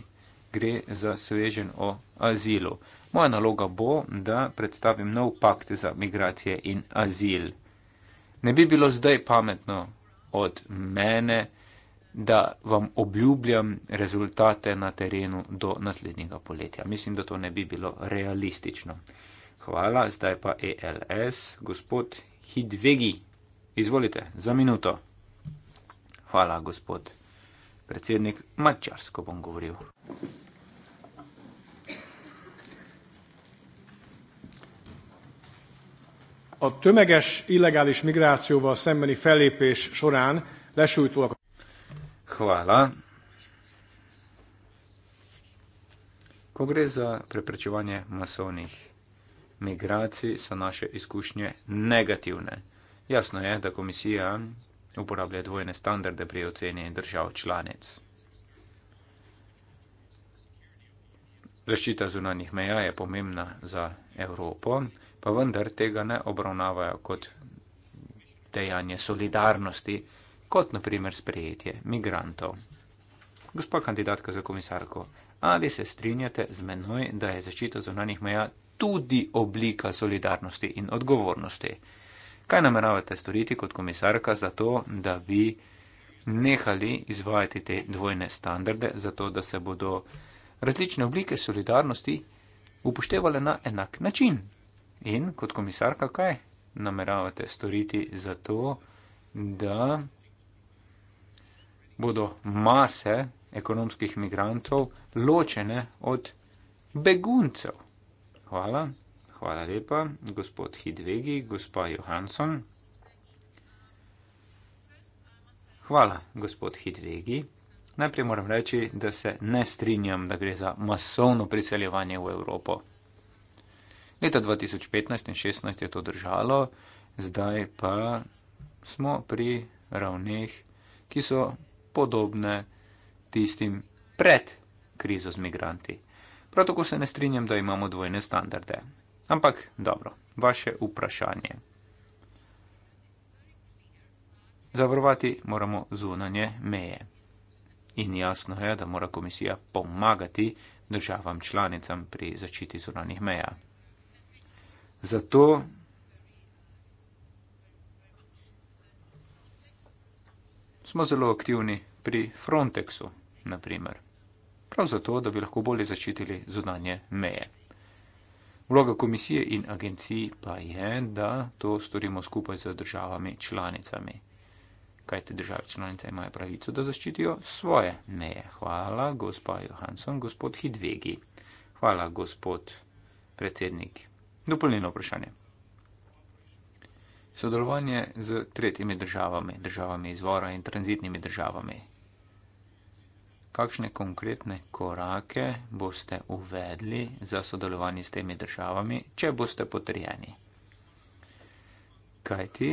Gre za svežen o azilu. Moja naloga bo, da predstavim nov pakt za migracije in azil. Ne bi bilo zdaj pametno od mene, da vam obljubljam rezultate na terenu do naslednjega poletja. Mislim, da to ne bi bilo realistično. Hvala, zdaj pa ELS, gospod Hidvegi. Izvolite, za minuto. Hvala, gospod predsednik Mačarsko bom govoril. A tömeges illegális migrációval szembeni fellépés során lesújtóak. Hvala. Ko gre za preprečevanje masovnih migracij, so naše izkušnje negativne. Jasno je, da komisija uporablja dvojne standarde pri oceni držav članic. Zaščita zunanjih meja je pomembna za Evropo, pa vendar tega ne obravnavajo kot dejanje solidarnosti kot naprimer sprejetje migrantov. Gospa kandidatka za komisarko, ali se strinjate z menoj, da je zaščita zunanih meja tudi oblika solidarnosti in odgovornosti? Kaj nameravate storiti kot komisarka za to, da bi nehali izvajati te dvojne standarde, zato da se bodo različne oblike solidarnosti upoštevale na enak način? In kot komisarka, kaj nameravate storiti za to, da bodo mase ekonomskih migrantov ločene od beguncev. Hvala, hvala lepa, gospod Hidvegi, gospa Johansson. Hvala, gospod Hidvegi. Najprej moram reči, da se ne strinjam, da gre za masovno priseljevanje v Evropo. Leta 2015 in 2016 je to držalo, zdaj pa smo pri ravneh, ki so podobne tistim pred krizo z migranti. Prav tako se ne strinjam, da imamo dvojne standarde. Ampak dobro, vaše vprašanje. Zavrvati moramo zunanje meje. In jasno je, da mora komisija pomagati državam članicam pri zaščiti zunanih meja. Zato smo zelo aktivni pri Frontexu, naprimer. Prav zato, da bi lahko bolje začitili zunanje meje. Vloga komisije in agencij pa je, da to storimo skupaj z državami članicami. Kaj te države članice imajo pravico, da zaščitijo svoje meje? Hvala, gospa Johansson, gospod Hidvegi. Hvala, gospod predsednik. Dopolnilno vprašanje. Sodelovanje z tretjimi državami, državami izvora in tranzitnimi državami kakšne konkretne korake boste uvedli za sodelovanje s temi državami, če boste potrjeni. Kaj ti?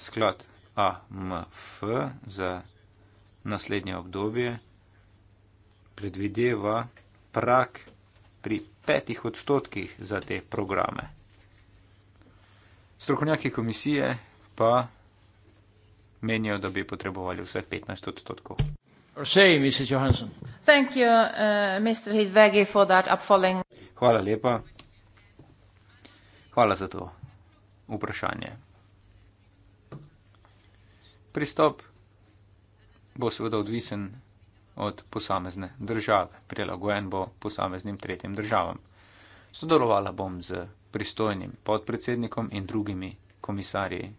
Sklad AMF za naslednje obdobje predvideva prak pri petih odstotkih za te programe. Strokovnjaki komisije pa menijo, da bi potrebovali vse 15 odstotkov. Or say, Mrs. Johansson. Thank you, uh, Mr. Hidvegi, for that upfalling. Hvala lepa. Hvala za to vprašanje. Pristop bo seveda odvisen od posamezne države, prilagojen bo posameznim tretjim državam. Sodelovala bom z pristojnim podpredsednikom in drugimi komisarji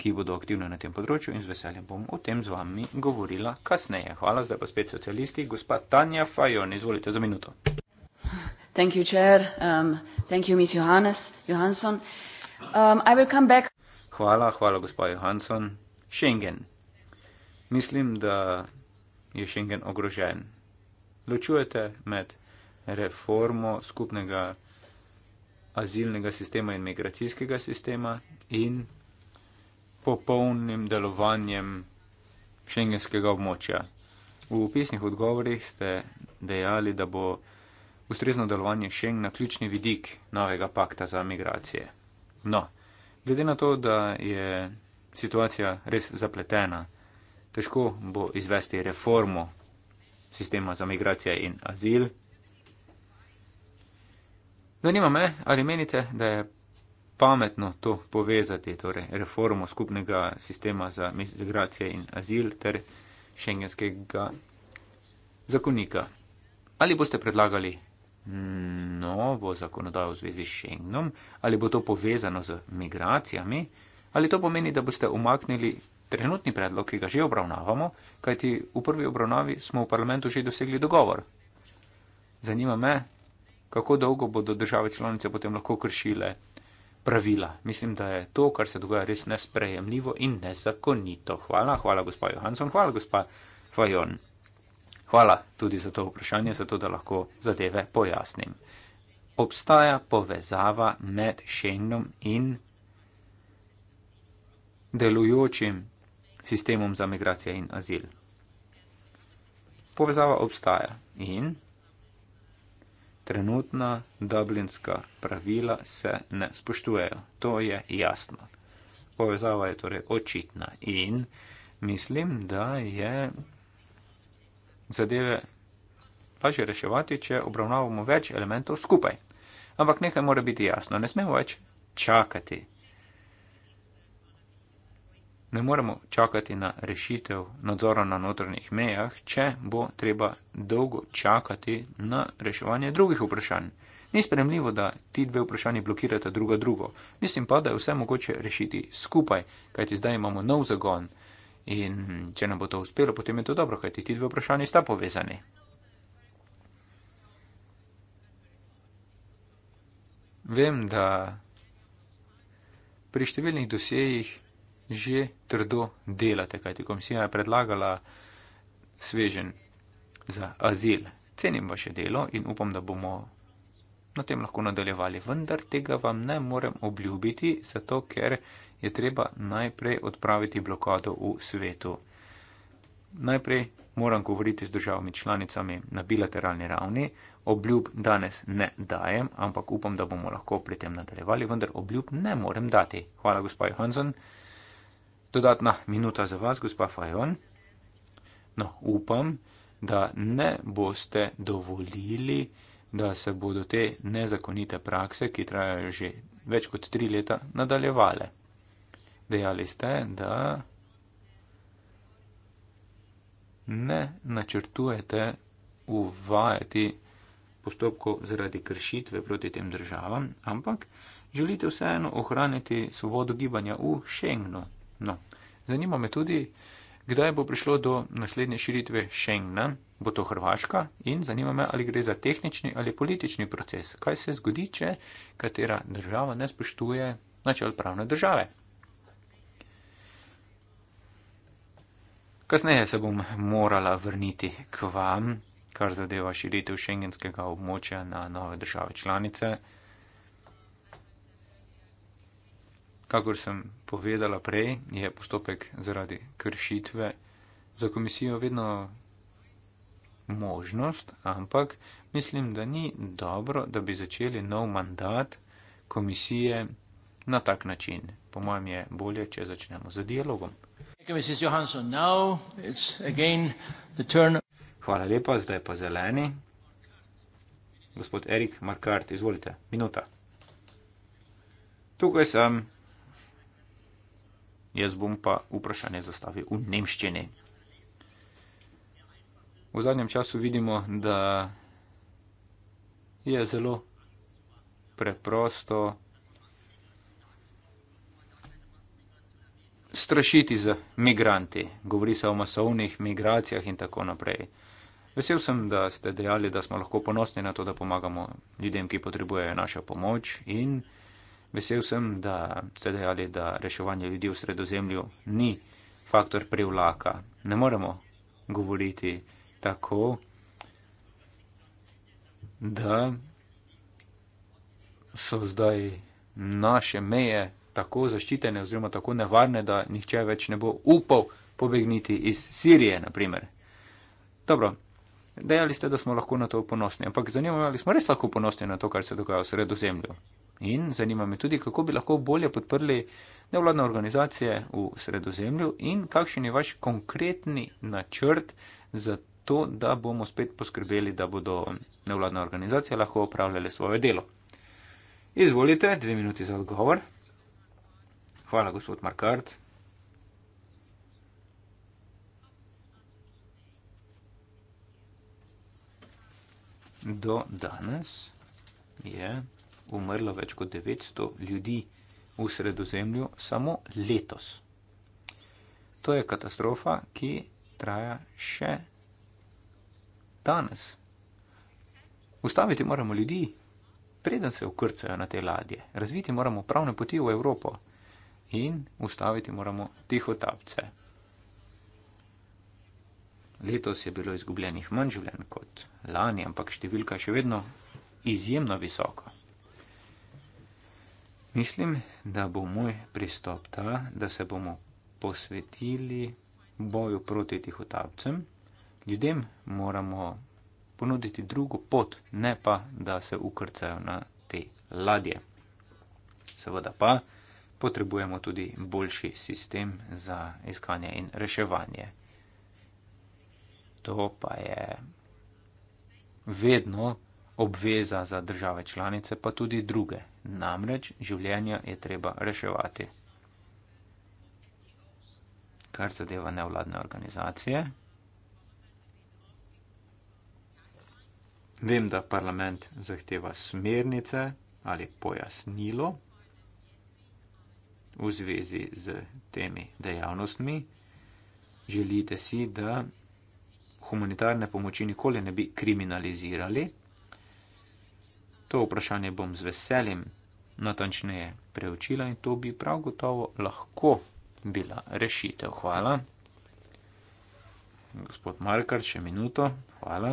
ki bodo aktivne na tem področju in z veseljem bom o tem z vami govorila kasneje. Hvala, zdaj pa spet socialisti. Gospa Tanja Fajon, izvolite za minuto. Thank you, chair. Um, thank you, Miss Johannes, Johansson. Um, I will come back. Hvala, hvala, gospa Johansson. Schengen. Mislim, da je Schengen ogrožen. Ločujete med reformo skupnega azilnega sistema in migracijskega sistema in popolnim delovanjem šengenskega območja. V pisnih odgovorih ste dejali, da bo ustrezno delovanje šengna ključni vidik novega pakta za migracije. No, glede na to, da je situacija res zapletena, težko bo izvesti reformo sistema za migracije in azil. Zanima me, ali menite, da je pametno to povezati, torej reformo skupnega sistema za migracije in azil ter šengenskega zakonika. Ali boste predlagali novo zakonodajo v zvezi s šengnom, ali bo to povezano z migracijami, ali to pomeni, da boste umaknili trenutni predlog, ki ga že obravnavamo, kajti v prvi obravnavi smo v parlamentu že dosegli dogovor. Zanima me, kako dolgo bodo države članice potem lahko kršile pravila. Mislim, da je to, kar se dogaja, res nesprejemljivo in nezakonito. Hvala, hvala, gospa Johansson, hvala, gospa Fajon. Hvala tudi za to vprašanje, zato da lahko zadeve pojasnim. Obstaja povezava med Schengenom in delujočim sistemom za migracije in azil. Povezava obstaja in trenutna dublinska pravila se ne spoštujejo. To je jasno. Povezava je torej očitna in mislim, da je zadeve lažje reševati, če obravnavamo več elementov skupaj. Ampak nekaj mora biti jasno, ne smemo več čakati Ne moremo čakati na rešitev nadzora na notranjih mejah, če bo treba dolgo čakati na reševanje drugih vprašanj. Ni spremljivo, da ti dve vprašanji blokirata druga drugo. Mislim pa, da je vse mogoče rešiti skupaj, kajti zdaj imamo nov zagon. In če nam bo to uspelo, potem je to dobro, kajti ti dve vprašanji sta povezani. Vem, da pri številnih dosejih že trdo delate, kajti komisija je predlagala svežen za azil. Cenim vaše delo in upam, da bomo na tem lahko nadaljevali, vendar tega vam ne morem obljubiti, zato ker je treba najprej odpraviti blokado v svetu. Najprej moram govoriti z državami članicami na bilateralni ravni, obljub danes ne dajem, ampak upam, da bomo lahko pri tem nadaljevali, vendar obljub ne morem dati. Hvala, gospod Hansen dodatna minuta za vas, gospa Fajon. No, upam, da ne boste dovolili, da se bodo te nezakonite prakse, ki trajajo že več kot tri leta, nadaljevale. Dejali ste, da ne načrtujete uvajati postopkov zaradi kršitve proti tem državam, ampak želite vseeno ohraniti svobodo gibanja v Schengnu. No. Zanima me tudi, kdaj bo prišlo do naslednje širitve Schengna, bo to Hrvaška in zanima me, ali gre za tehnični ali politični proces. Kaj se zgodi, če katera država ne spoštuje načel pravne države? Kasneje se bom morala vrniti k vam, kar zadeva širitev šengenskega območja na nove države članice. Kakor sem povedala prej, je postopek zaradi kršitve za komisijo vedno možnost, ampak mislim, da ni dobro, da bi začeli nov mandat komisije na tak način. Po mojem je bolje, če začnemo z dialogom. Hvala lepa, zdaj pa zeleni. Gospod Erik Markart, izvolite, minuta. Tukaj sem. Jaz bom pa vprašanje zastavil v nemščini. V zadnjem času vidimo, da je zelo preprosto strašiti z migranti. Govori se o masovnih migracijah in tako naprej. Vesel sem, da ste dejali, da smo lahko ponosni na to, da pomagamo ljudem, ki potrebujejo našo pomoč in Vesel sem, da ste dejali, da reševanje ljudi v sredozemlju ni faktor privlaka. Ne moremo govoriti tako, da so zdaj naše meje tako zaščitene oziroma tako nevarne, da nihče več ne bo upal pobegniti iz Sirije, naprimer. Dobro, dejali ste, da smo lahko na to ponosni, ampak zanimivo je, ali smo res lahko ponosni na to, kar se dogaja v sredozemlju. In zanima me tudi, kako bi lahko bolje podprli nevladne organizacije v sredozemlju in kakšen je vaš konkretni načrt za to, da bomo spet poskrbeli, da bodo nevladne organizacije lahko opravljale svoje delo. Izvolite, dve minuti za odgovor. Hvala, gospod Markart. Do danes je umrlo več kot 900 ljudi v sredozemlju samo letos. To je katastrofa, ki traja še danes. Ustaviti moramo ljudi, preden se ukrcajo na te ladje, razviti moramo pravne poti v Evropo in ustaviti moramo tiho tapce. Letos je bilo izgubljenih manj življenj kot lani, ampak številka je še vedno izjemno visoka. Mislim, da bo moj pristop ta, da se bomo posvetili boju proti tihotapcem. Ljudem moramo ponuditi drugo pot, ne pa, da se ukrcajo na te ladje. Seveda pa potrebujemo tudi boljši sistem za iskanje in reševanje. To pa je vedno obveza za države članice, pa tudi druge. Namreč življenja je treba reševati. Kar zadeva nevladne organizacije, vem, da parlament zahteva smernice ali pojasnilo v zvezi z temi dejavnostmi. Želite si, da humanitarne pomoči nikoli ne bi kriminalizirali, To vprašanje bom z veseljem natančneje preučila in to bi prav gotovo lahko bila rešitev. Hvala. Gospod Markar, še minuto. Hvala.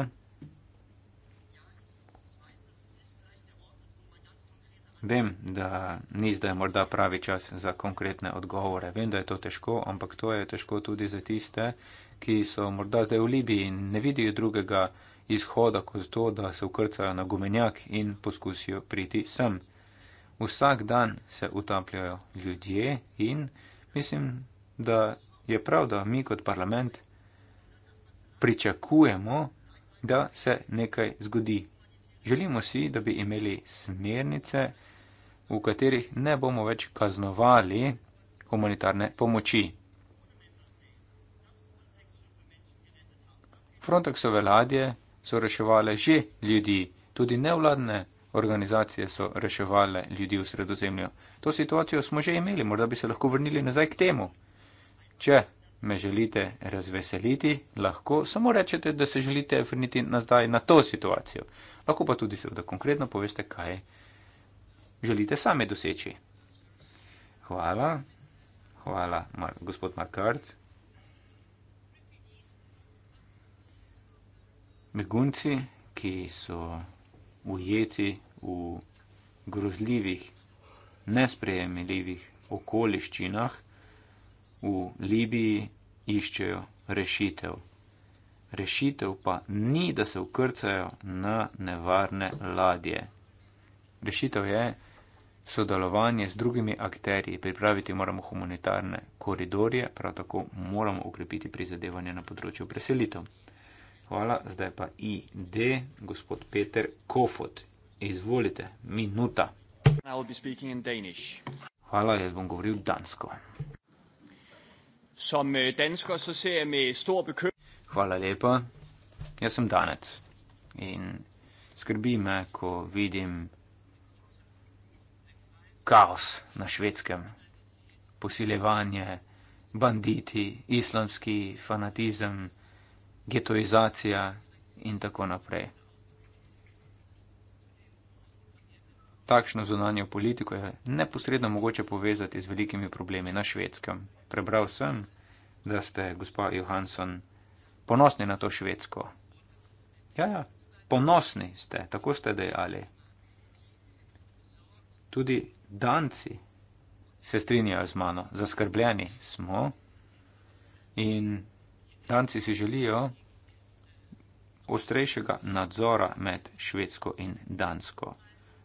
Vem, da ni zdaj morda pravi čas za konkretne odgovore. Vem, da je to težko, ampak to je težko tudi za tiste, ki so morda zdaj v Libiji in ne vidijo drugega izhoda kot to, da se ukrcajo na gumenjak in poskusijo priti sem. Vsak dan se utapljajo ljudje in mislim, da je prav, da mi kot parlament pričakujemo, da se nekaj zgodi. Želimo si, da bi imeli smernice, v katerih ne bomo več kaznovali humanitarne pomoči. Frontexove ladje so reševali že ljudi, tudi nevladne organizacije so reševali ljudi v sredozemlju. To situacijo smo že imeli, morda bi se lahko vrnili nazaj k temu. Če me želite razveseliti, lahko samo rečete, da se želite vrniti nazaj na to situacijo. Lahko pa tudi seveda konkretno poveste, kaj želite sami doseči. Hvala, hvala, mar gospod Markard. begunci, ki so ujeti v grozljivih, nesprejemljivih okoliščinah v Libiji, iščejo rešitev. Rešitev pa ni, da se ukrcajo na nevarne ladje. Rešitev je sodelovanje z drugimi akterji, pripraviti moramo humanitarne koridorje, prav tako moramo ukrepiti prizadevanje na področju preselitev. Hvala, zdaj pa ID, gospod Peter Kofot. Izvolite, minuta. Hvala, jaz bom govoril dansko. Som eh, dansko se ser med stor bekym... Hvala lepa, jaz sem danec in skrbi me, ko vidim kaos na švedskem, posiljevanje, banditi, islamski fanatizem getoizacija in tako naprej. Takšno zunanjo politiko je neposredno mogoče povezati z velikimi problemi na švedskem. Prebral sem, da ste, gospa Johansson, ponosni na to švedsko. Ja, ja, ponosni ste, tako ste dejali. Tudi danci se strinjajo z mano, zaskrbljeni smo in Danci si želijo ostrejšega nadzora med Švedsko in Dansko.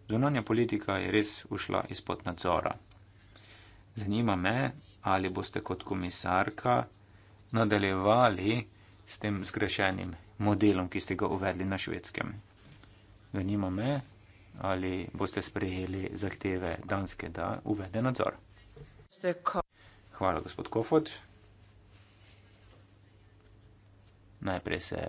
Zunanja politika je res ušla izpod nadzora. Zanima me, ali boste kot komisarka nadaljevali s tem zgrešenim modelom, ki ste ga uvedli na švedskem. Zanima me, ali boste sprejeli zahteve Danske, da uvede nadzor. Hvala, gospod Kofod. najprej se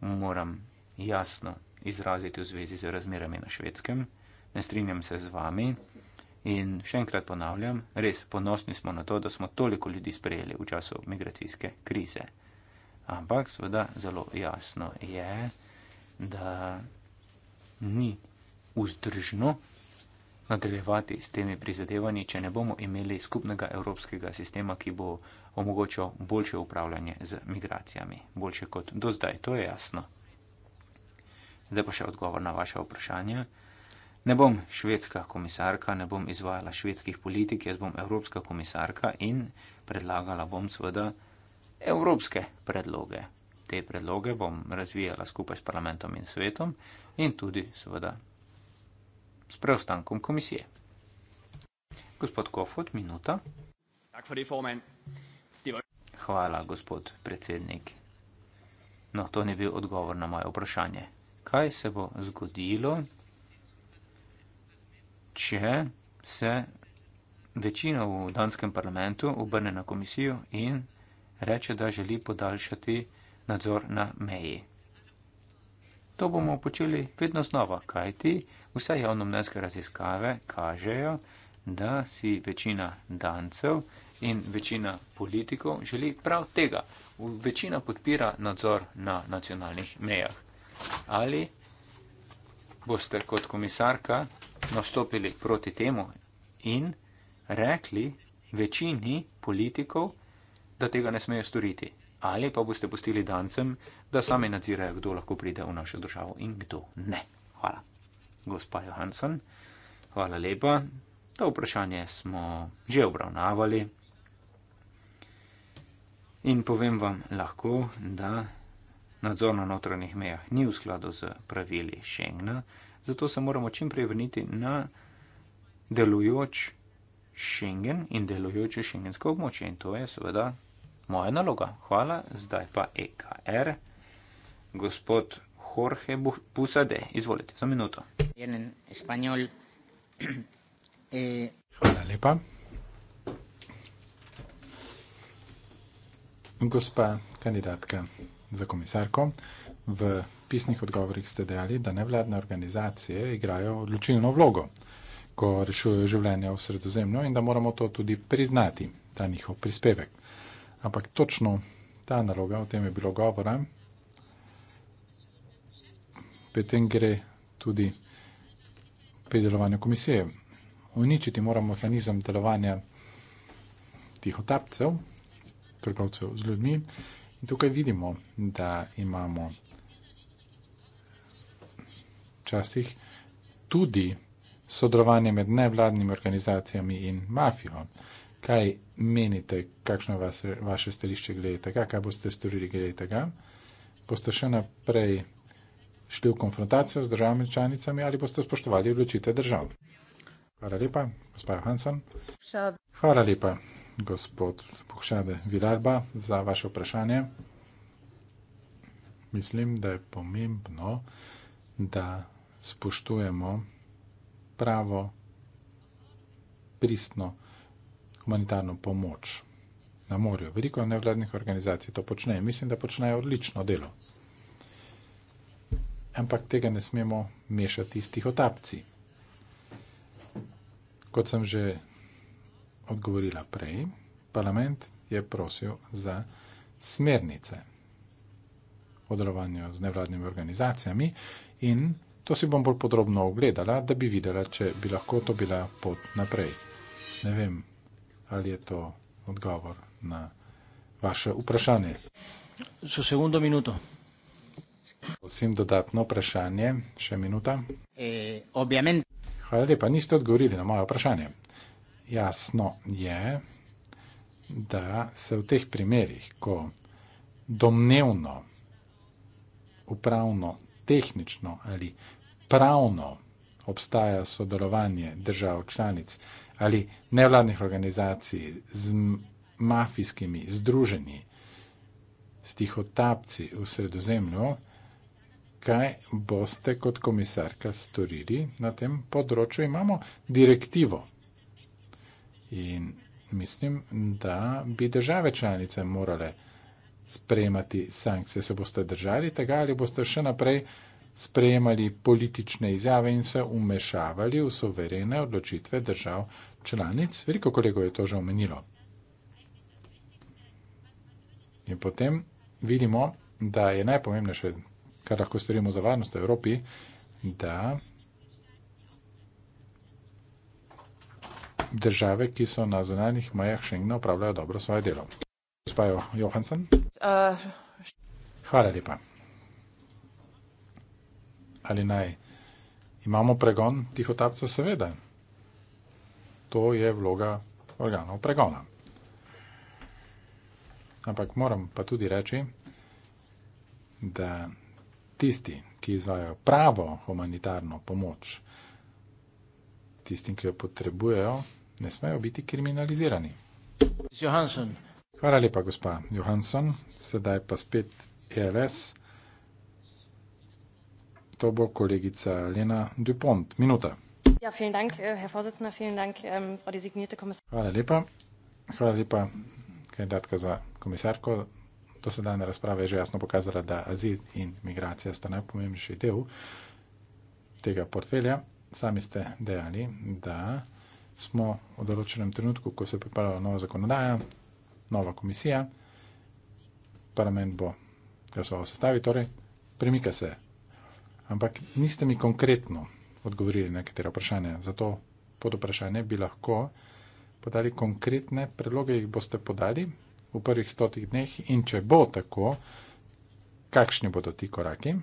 moram jasno izraziti v zvezi z razmerami na švedskem. Ne strinjam se z vami in še enkrat ponavljam, res ponosni smo na to, da smo toliko ljudi sprejeli v času migracijske krize. Ampak seveda zelo jasno je, da ni vzdržno nadaljevati s temi prizadevanji, če ne bomo imeli skupnega evropskega sistema, ki bo omogočal boljše upravljanje z migracijami. Boljše kot do zdaj, to je jasno. Zdaj pa še odgovor na vaše vprašanje. Ne bom švedska komisarka, ne bom izvajala švedskih politik, jaz bom evropska komisarka in predlagala bom seveda evropske predloge. Te predloge bom razvijala skupaj s parlamentom in svetom in tudi seveda s preostankom komisije. Gospod Kofod, minuta. Hvala, gospod predsednik. No, to ni bil odgovor na moje vprašanje. Kaj se bo zgodilo, če se večina v danskem parlamentu obrne na komisijo in reče, da želi podaljšati nadzor na meji? To bomo počeli vedno znova, kajti vse javno mnenjske raziskave kažejo, da si večina dancev in večina politikov želi prav tega. Večina podpira nadzor na nacionalnih mejah. Ali boste kot komisarka nastopili proti temu in rekli večini politikov, da tega ne smejo storiti? ali pa boste pustili dancem, da sami nadzirajo, kdo lahko pride v našo državo in kdo ne. Hvala. Gospa Johansson, hvala lepa. To vprašanje smo že obravnavali. In povem vam lahko, da nadzor na notranjih mejah ni v skladu z pravili Schengna, zato se moramo čim prej vrniti na delujoč Schengen in delujoče Schengensko območje. In to je seveda moja naloga. Hvala, zdaj pa EKR. Gospod Jorge Pusade, izvolite za minuto. *clears throat* Eh, Hvala lepa. Gospa kandidatka za komisarko, v pisnih odgovorih ste dejali, da nevladne organizacije igrajo odločilno vlogo, ko rešujejo življenje v sredozemlju in da moramo to tudi priznati, ta njihov prispevek. Ampak točno ta naloga, o tem je bilo govora, potem gre tudi pri delovanju komisije. Uničiti moramo mehanizem delovanja tihotapcev, trgovcev z ljudmi. In tukaj vidimo, da imamo včasih tudi sodelovanje med nevladnimi organizacijami in mafijo kaj menite, kakšno je vas, vaše stališče glede tega, kaj boste storili glede tega. Boste še naprej šli v konfrontacijo z državami članicami ali boste spoštovali odločitev držav. Hvala lepa, gospod Hansen. Hvala lepa, gospod Pohšade Vidarba, za vaše vprašanje. Mislim, da je pomembno, da spoštujemo pravo, pristno, humanitarno pomoč na morju. Veliko nevladnih organizacij to počne in mislim, da počnejo odlično delo. Ampak tega ne smemo mešati s tihotapci. Kot sem že odgovorila prej, parlament je prosil za smernice o delovanju z nevladnimi organizacijami in to si bom bolj podrobno ogledala, da bi videla, če bi lahko to bila pot naprej. Ne vem, ali je to odgovor na vaše vprašanje? Za sekundo minuto. Prosim, dodatno vprašanje, še minuta. E, Hvala lepa, niste odgovorili na moje vprašanje. Jasno je, da se v teh primerih, ko domnevno, upravno, tehnično ali pravno obstaja sodelovanje držav članic, ali nevladnih organizacij z mafijskimi združeni, s tihotapci v sredozemlju, kaj boste kot komisarka storili na tem področju? Imamo direktivo in mislim, da bi države članice morale sprejemati sankcije. Se boste držali tega ali boste še naprej sprejemali politične izjave in se umešavali v soverene odločitve držav članice? članic, veliko kolegov je to že omenilo. In potem vidimo, da je najpomembnejše, kar lahko storimo za varnost v Evropi, da države, ki so na zunanjih mejah Schengena, opravljajo dobro svoje delo. Gospa Johansen. Uh, Hvala lepa. Ali naj imamo pregon tihotapcev? Seveda to je vloga organov pregona. Ampak moram pa tudi reči, da tisti, ki izvajo pravo humanitarno pomoč, tistim, ki jo potrebujejo, ne smejo biti kriminalizirani. Johansson. Hvala lepa, gospa Johansson. Sedaj pa spet ELS. To bo kolegica Lena Dupont. Minuta. Ja, vielen Dank, äh, Herr Vorsitzender, vielen Dank, ähm, Frau designierte Kommissarin. Hvala lepa. Hvala lepa, kandidatka za komisarko. To se dan razprave je že jasno pokazala, da azil in migracija sta najpomembnejši del tega portfelja. Sami ste dejali, da smo v določenem trenutku, ko se je pripravila nova zakonodaja, nova komisija, parlament bo glasoval v sestavi, torej premika se. Ampak niste mi konkretno povedali, odgovorili na nekatera vprašanja. Zato pod vprašanje bi lahko podali konkretne predloge, jih boste podali v prvih stotih dneh in če bo tako, kakšni bodo ti koraki.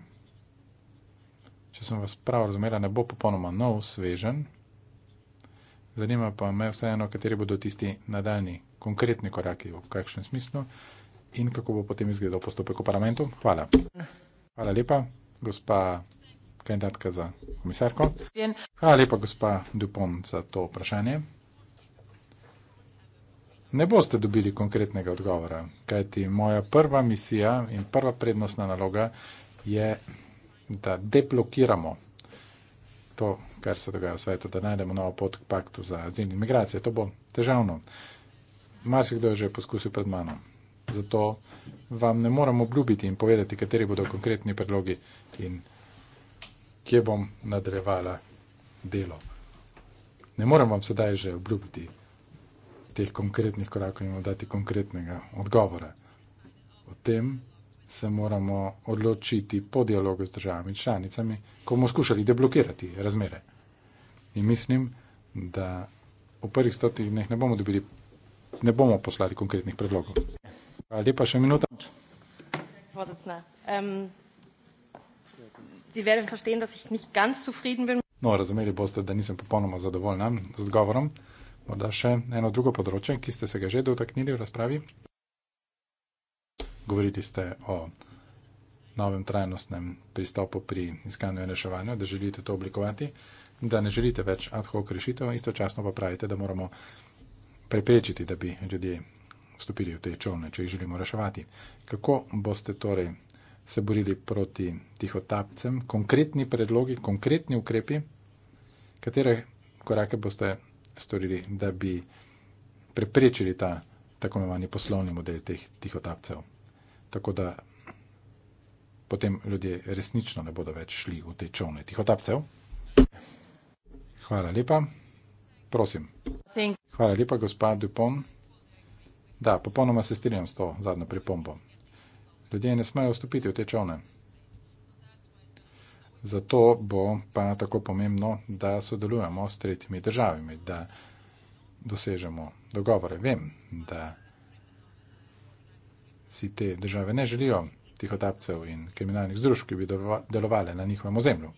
Če sem vas prav razumela, ne bo popolnoma nov, svežen. Zanima pa me vseeno, kateri bodo tisti nadaljni konkretni koraki, v kakšnem smislu in kako bo potem izgledal postopek v parlamentu. Hvala. Hvala lepa, gospa kandidatka za komisarko. Hvala lepa, gospa Dupont, za to vprašanje. Ne boste dobili konkretnega odgovora, kajti moja prva misija in prva prednostna naloga je, da deblokiramo to, kar se dogaja v svetu, da najdemo novo pot k paktu za azil in migracije. To bo težavno. Marsikdo je že poskusil pred mano. Zato vam ne moram obljubiti in povedati, kateri bodo konkretni predlogi in kje bom nadrevala delo. Ne morem vam sedaj že obljubiti teh konkretnih korakov in dati konkretnega odgovora. O tem se moramo odločiti po dialogu z državami članicami, ko bomo skušali deblokirati razmere. In mislim, da v prvih stotih dneh ne bomo dobili, ne bomo poslali konkretnih predlogov. Hvala lepa, še minuta. Hvala, da ste. Sie werden verstehen, dass ich nicht ganz zufrieden bin. No, razumeli boste, da nisem popolnoma zadovoljna z odgovorom. Morda še eno drugo področje, ki ste se ga že dotaknili v razpravi. Govorili ste o novem trajnostnem pristopu pri iskanju in reševanju, da želite to oblikovati, da ne želite več ad hoc rešitev, istočasno pa pravite, da moramo preprečiti, da bi ljudje vstopili v te čovne, če jih želimo reševati. Kako boste torej se borili proti tihotapcem, konkretni predlogi, konkretni ukrepi, katere korake boste storili, da bi preprečili ta tako imenovani poslovni model teh tihotapcev. Tako da potem ljudje resnično ne bodo več šli v te čovne tihotapcev. Hvala lepa. Prosim. Hvala lepa, gospod Dupont. Da, popolnoma se strinjam s to zadnjo pripombo. Ljudje ne smejo vstopiti v te čovne. Zato bo pa tako pomembno, da sodelujemo s tretjimi državami, da dosežemo dogovore. Vem, da si te države ne želijo tihotapcev in kriminalnih združb, ki bi delovali na njihovem ozemlju.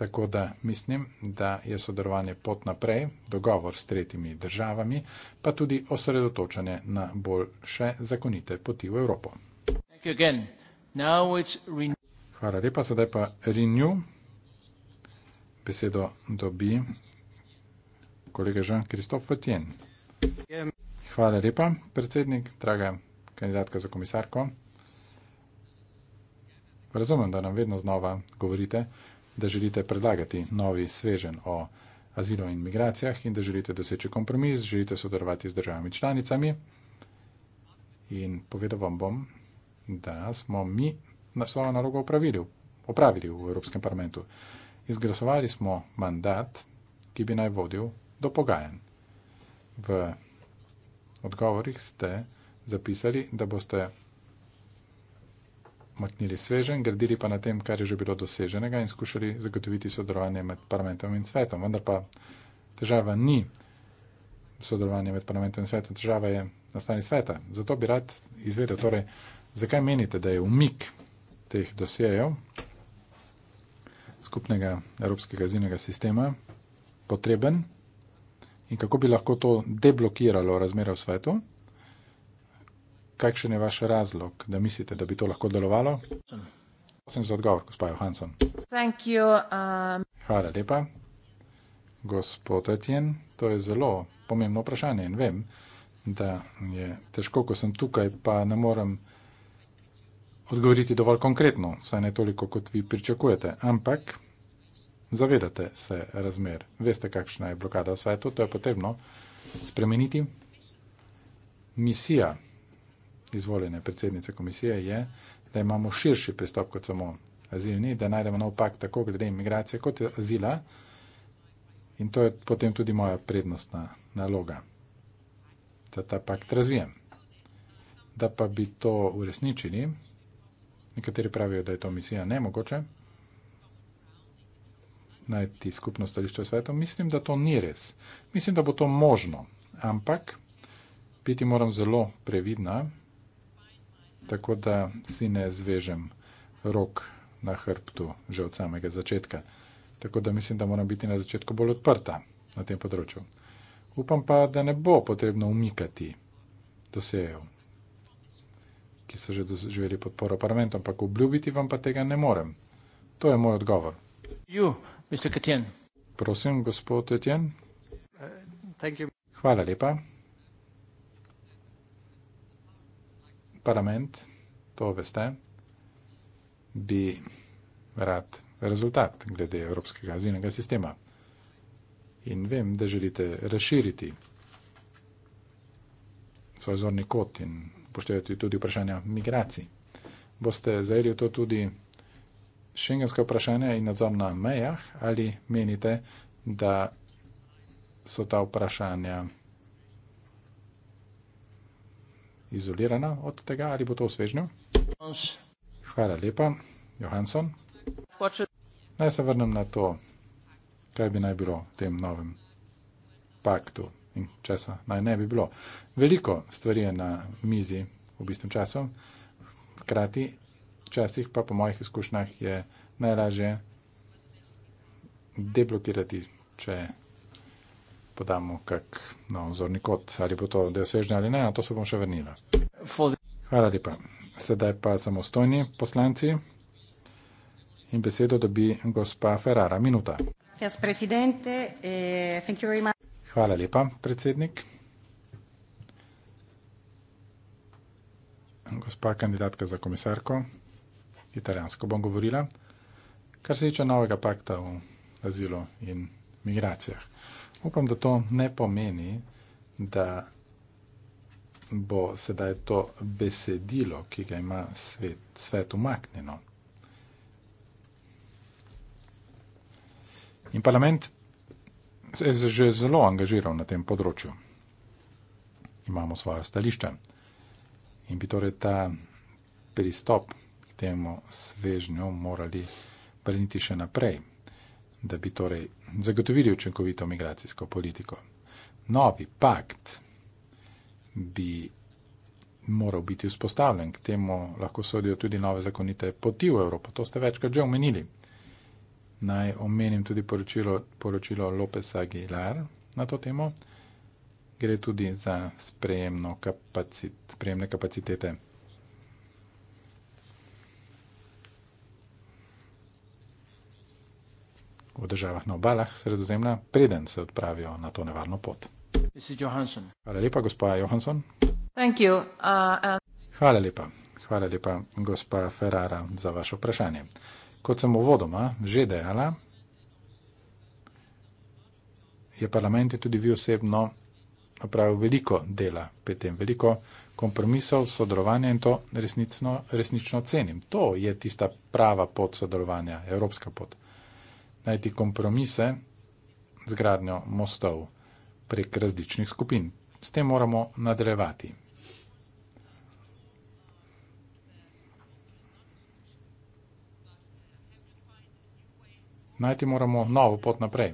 Tako da mislim, da je sodelovanje pot naprej, dogovor s tretjimi državami, pa tudi osredotočanje na boljše zakonite poti v Evropo. Hvala lepa, sedaj pa Renew. Besedo dobi kolega Jean-Christophe Fetien. Hvala lepa, predsednik, draga kandidatka za komisarko. Razumem, da nam vedno znova govorite, da želite predlagati novi svežen o azilu in migracijah in da želite doseči kompromis, želite sodelovati z državami članicami. In povedal vam bom, da smo mi svojo nalogo opravili, opravili v Evropskem parlamentu. Izglasovali smo mandat, ki bi naj vodil do pogajanj. V odgovorih ste zapisali, da boste motnili svežen, gradili pa na tem, kar je že bilo doseženega in skušali zagotoviti sodelovanje med parlamentom in svetom. Vendar pa težava ni sodelovanje med parlamentom in svetom, težava je na strani sveta. Zato bi rad izvedel, torej, Zakaj menite, da je umik teh dosjejev skupnega evropskega zinega sistema potreben in kako bi lahko to deblokiralo razmere v svetu? Kakšen je vaš razlog, da mislite, da bi to lahko delovalo? Prosim za odgovor, gospod Johansson. Um... Hvala lepa. Gospod Etjen, to je zelo pomembno vprašanje in vem, da je težko, ko sem tukaj, pa ne morem odgovoriti dovolj konkretno, saj ne toliko, kot vi pričakujete, ampak zavedate se razmer, veste, kakšna je blokada v svetu, to je potrebno spremeniti. Misija izvoljene predsednice komisije je, da imamo širši pristop kot samo azilni, da najdemo nov pak tako glede imigracije kot azila in to je potem tudi moja prednostna naloga, da ta pakt razvijem. Da pa bi to uresničili, Nekateri pravijo, da je to misija nemogoče najti skupno stališče v svetu. Mislim, da to ni res. Mislim, da bo to možno. Ampak biti moram zelo previdna, tako da si ne zvežem rok na hrbtu že od samega začetka. Tako da mislim, da moram biti na začetku bolj odprta na tem področju. Upam pa, da ne bo potrebno umikati dosejev ki so že doživeli podporo parlamentu, ampak obljubiti vam pa tega ne morem. To je moj odgovor. You, Prosim, gospod Etjen. Uh, Hvala lepa. Parlament, to veste, bi rad rezultat glede Evropskega azilnega sistema. In vem, da želite razširiti svoj zorni kot in upoštevati tudi vprašanja migracij. Boste zajeli to tudi šengenske vprašanja in nadzor na mejah ali menite, da so ta vprašanja izolirana od tega ali bo to v svežnju? Hvala lepa, Johansson. Naj se vrnem na to, kaj bi naj bilo v tem novem paktu in česa naj ne bi bilo. Veliko stvari je na mizi v bistvu času, hkrati, včasih pa po mojih izkušnjah je najlažje deblokirati, če podamo kak no, vzorni kot, ali bo to del svežnja ali ne, na to se bom še vrnila. Hvala lepa. Sedaj pa samostojni poslanci in besedo dobi gospa Ferrara. Minuta. Yes, Hvala lepa, predsednik. Gospa kandidatka za komisarko, italijansko bom govorila, kar se tiče novega pakta o azilu in migracijah. Upam, da to ne pomeni, da bo sedaj to besedilo, ki ga ima svet, svet umaknjeno. In parlament se je že zelo angažiral na tem področju. Imamo svoje stališče. In bi torej ta pristop k temu svežnju morali preniti še naprej, da bi torej zagotovili učinkovito migracijsko politiko. Novi pakt bi moral biti vzpostavljen, k temu lahko sodijo tudi nove zakonite poti v Evropo. To ste večkrat že omenili. Naj omenim tudi poročilo, poročilo Lopesa Aguilar na to temo. Gre tudi za kapacit, sprejemne kapacitete. V državah na obalah sredozemlja, preden se odpravijo na to nevarno pot. Hvala lepa, gospod Johansson. Uh, uh, hvala lepa, hvala lepa, gospa Ferrara, za vaše vprašanje kot sem uvodoma že dejala, je parlament in tudi vi osebno opravil veliko dela pri tem, veliko kompromisov, sodelovanja in to resnično, resnično cenim. To je tista prava pot sodelovanja, evropska pot. Najti kompromise z gradnjo mostov prek različnih skupin. S tem moramo nadaljevati. Najti moramo novo pot naprej.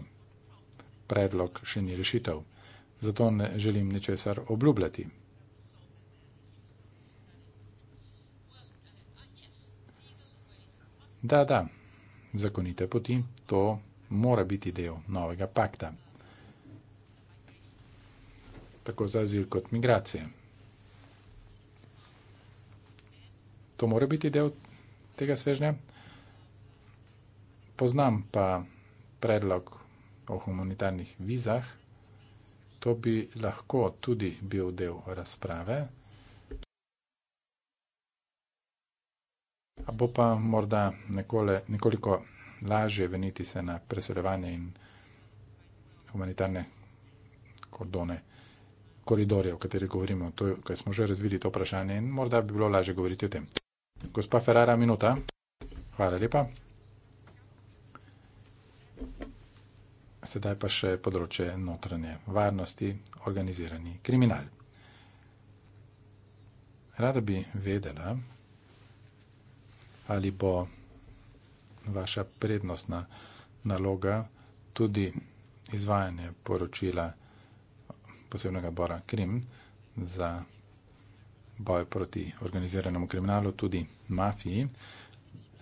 Predlog še ni rešitev, zato ne želim ničesar obljubljati. Da, da, zakonite poti, to mora biti del novega pakta. Tako za azil kot migracije. To mora biti del tega svežnja poznam pa predlog o humanitarnih vizah, to bi lahko tudi bil del razprave. A bo pa morda nekole, nekoliko lažje veniti se na preseljevanje in humanitarne kordone, koridorje, o katerih govorimo, to, kaj smo že razvili to vprašanje in morda bi bilo lažje govoriti o tem. Gospa Ferrara, minuta. Hvala lepa. sedaj pa še področje notranje varnosti, organizirani kriminal. Rada bi vedela, ali bo vaša prednostna naloga tudi izvajanje poročila posebnega bora Krim za boj proti organiziranemu kriminalu, tudi mafiji.